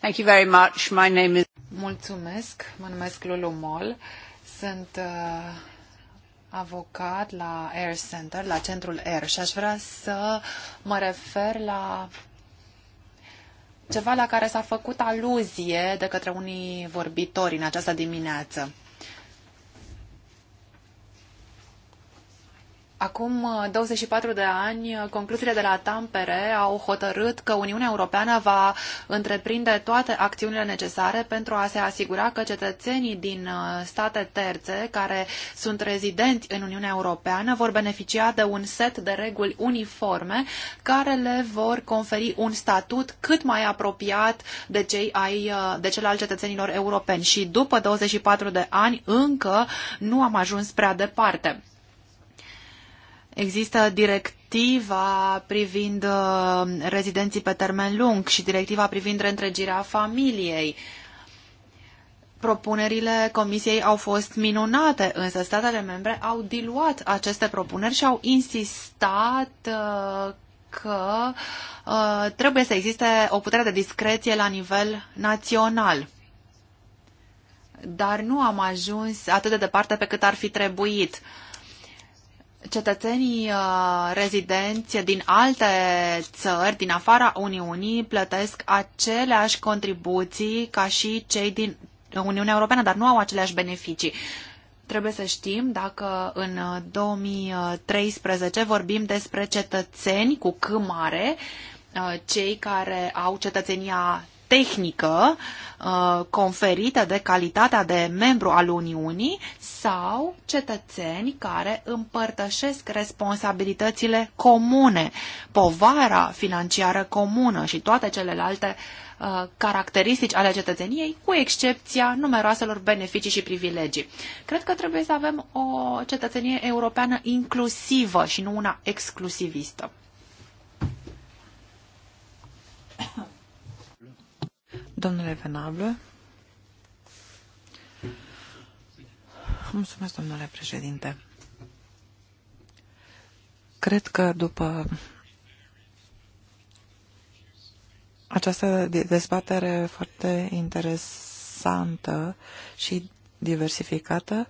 Thank you very much. My name is... Mulțumesc. Mă numesc Lulu Mol. Sunt uh, avocat la Air Center, la centrul Air și aș vrea să mă refer la ceva la care s-a făcut aluzie de către unii vorbitori în această dimineață. Acum 24 uh, de ani, uh, concluziile de la Tampere au hotărât că Uniunea Europeană va întreprinde toate acțiunile necesare pentru a se asigura că cetățenii din uh, state terțe care sunt rezidenți în Uniunea Europeană vor beneficia de un set de reguli uniforme care le vor conferi un statut cât mai apropiat de, cei ai, de cel al cetățenilor europeni. Și după 24 de ani încă nu am ajuns prea departe Există directiva privind uh, rezidenții pe termen lung și directiva privind reîntregirea familiei. Propunerile Comisiei au fost minunate, însă statele membre au diluat aceste propuneri și au insistat uh, că uh, trebuie să existe o putere de discreție la nivel național dar nu am ajuns atât de departe pe cât ar fi trebuit cetățenii uh, rezidenți din alte țări, din afara Uniunii, plătesc aceleași contribuții ca și cei din Uniunea Europeană, dar nu au aceleași beneficii. Trebuie să știm dacă în 2013 uh, vorbim despre cetățeni cu C mare, uh, cei care au cetățenia tehnică uh, conferită de calitatea de membru al Uniunii sau cetățeni care împărtășesc responsabilitățile comune, povara financiară comună și toate celelalte uh, caracteristici ale cetățeniei, cu excepția numeroaselor beneficii și privilegii. Cred că trebuie să avem o cetățenie europeană inclusivă și nu una exclusivistă. Domnule Venable. Mulțumesc, domnule președinte. Cred că după această dezbatere foarte interesantă și diversificată,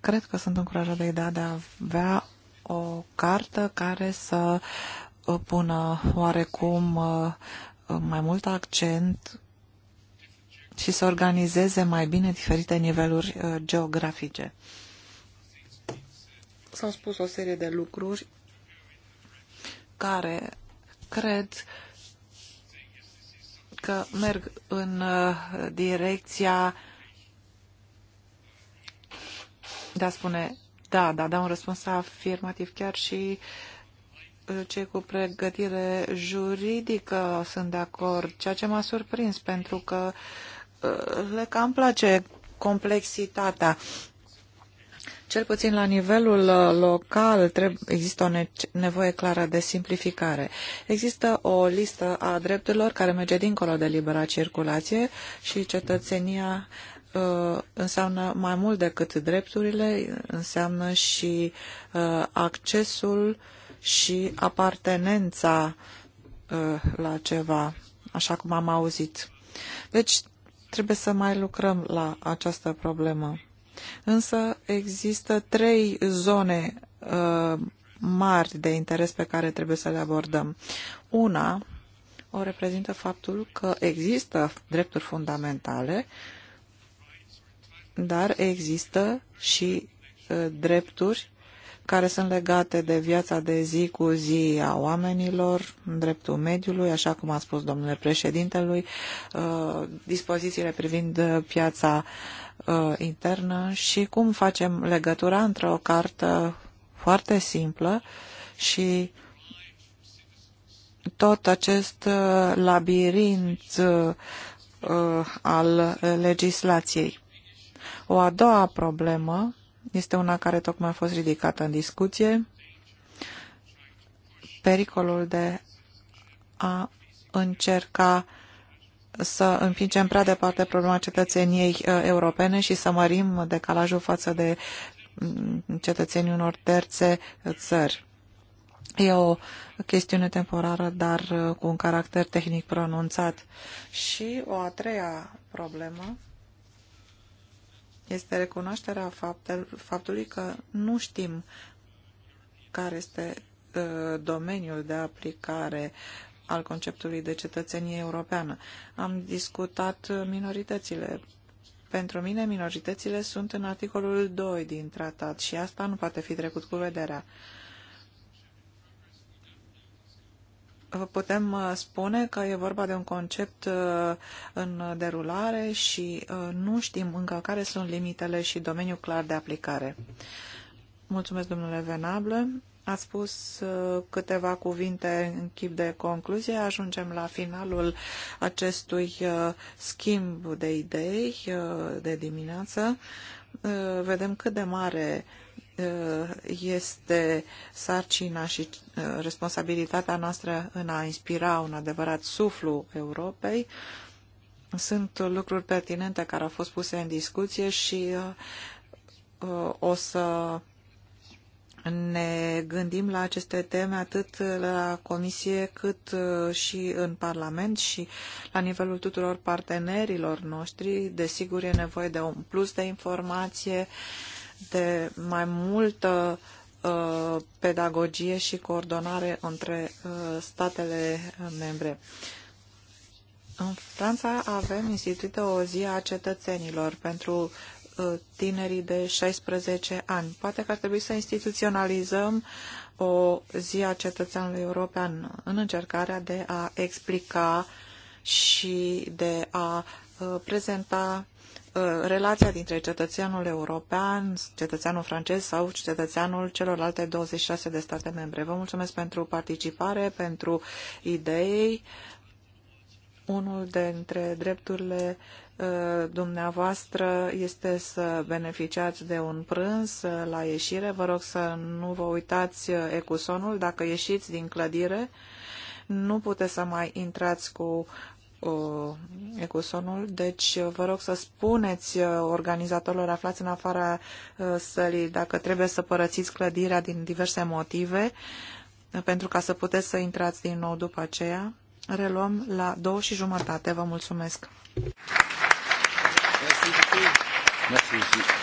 cred că sunt încurajat de ideea de a avea o cartă care să pună oarecum Uh, mai mult accent și să organizeze mai bine diferite niveluri uh, geografice. S-au spus o serie de lucruri care cred că merg în uh, direcția de a spune da, da, da, un răspuns afirmativ chiar și uh, cei cu pregătire juridică sunt de acord, ceea ce m-a surprins, pentru că uh, le cam place complexitatea. Cel puțin la nivelul uh, local există o nevoie clară de simplificare. Există o listă a drepturilor care merge dincolo de libera circulație și cetățenia uh, înseamnă mai mult decât drepturile, înseamnă și accesul și apartenența uh, la ceva, așa cum am auzit. Deci trebuie să mai lucrăm la această problemă. Însă există trei zone uh, mari de interes pe care trebuie să le abordăm. Una o reprezintă faptul că există drepturi fundamentale, dar există și uh, drepturi care sunt legate de viața de zi cu zi a oamenilor, în dreptul mediului, așa cum a spus domnule președintelui, uh, dispozițiile privind piața uh, internă și cum facem legătura între o cartă foarte simplă și tot acest uh, labirint al legislației. O a doua problemă este una care tocmai a fost ridicată în discuție. Pericolul de a încerca să împingem prea departe problema cetățeniei uh, europene și să mărim decalajul față de mm, cetățenii unor terțe țări. E o chestiune temporară, dar uh, cu un caracter tehnic pronunțat. Și o a treia problemă este recunoașterea faptel, faptului că nu știm care este uh, domeniul de aplicare al conceptului de cetățenie europeană. Am discutat minoritățile. Pentru mine, minoritățile sunt în articolul 2 din tratat și asta nu poate fi trecut cu vederea. Uh, putem uh, spune că e vorba de un concept uh, în derulare și uh, nu știm încă care sunt limitele și domeniul clar de aplicare. Mulțumesc, domnule Venable. A spus câteva cuvinte în chip de concluzie. Ajungem la finalul acestui schimb de idei de dimineață. Vedem cât de mare este sarcina și uh, responsabilitatea noastră în a inspira un adevărat suflu Europei. Sunt lucruri pertinente care au fost puse în discuție și uh, o să ne gândim la aceste teme atât la Comisie cât uh, și în Parlament și la nivelul tuturor partenerilor noștri. Desigur, e nevoie de un plus de informație uh, de mai multă uh, pedagogie și coordonare între uh, statele uh, membre. În Franța avem instituită o zi a cetățenilor pentru tinerii de 16 ani. Poate că ar trebui să instituționalizăm o zi a cetățeanului european în încercarea de a explica și de a prezenta Uh, relația dintre cetățeanul european, cetățeanul francez sau cetățeanul celorlalte 26 de state membre. Vă mulțumesc pentru participare, pentru idei. Unul dintre drepturile uh, dumneavoastră este să beneficiați de un prânz uh, la ieșire. Vă rog să nu vă uitați ecusonul dacă ieșiți din clădire nu puteți să mai intrați cu Uh, Ecusonul, deci vă rog să spuneți uh, organizatorilor aflați în afara uh, sălii dacă trebuie să părăsiți clădirea din diverse motive pentru ca să puteți să intrați din nou după aceea. Reluăm la două și jumătate. Vă mulțumesc! Merci, merci. Merci.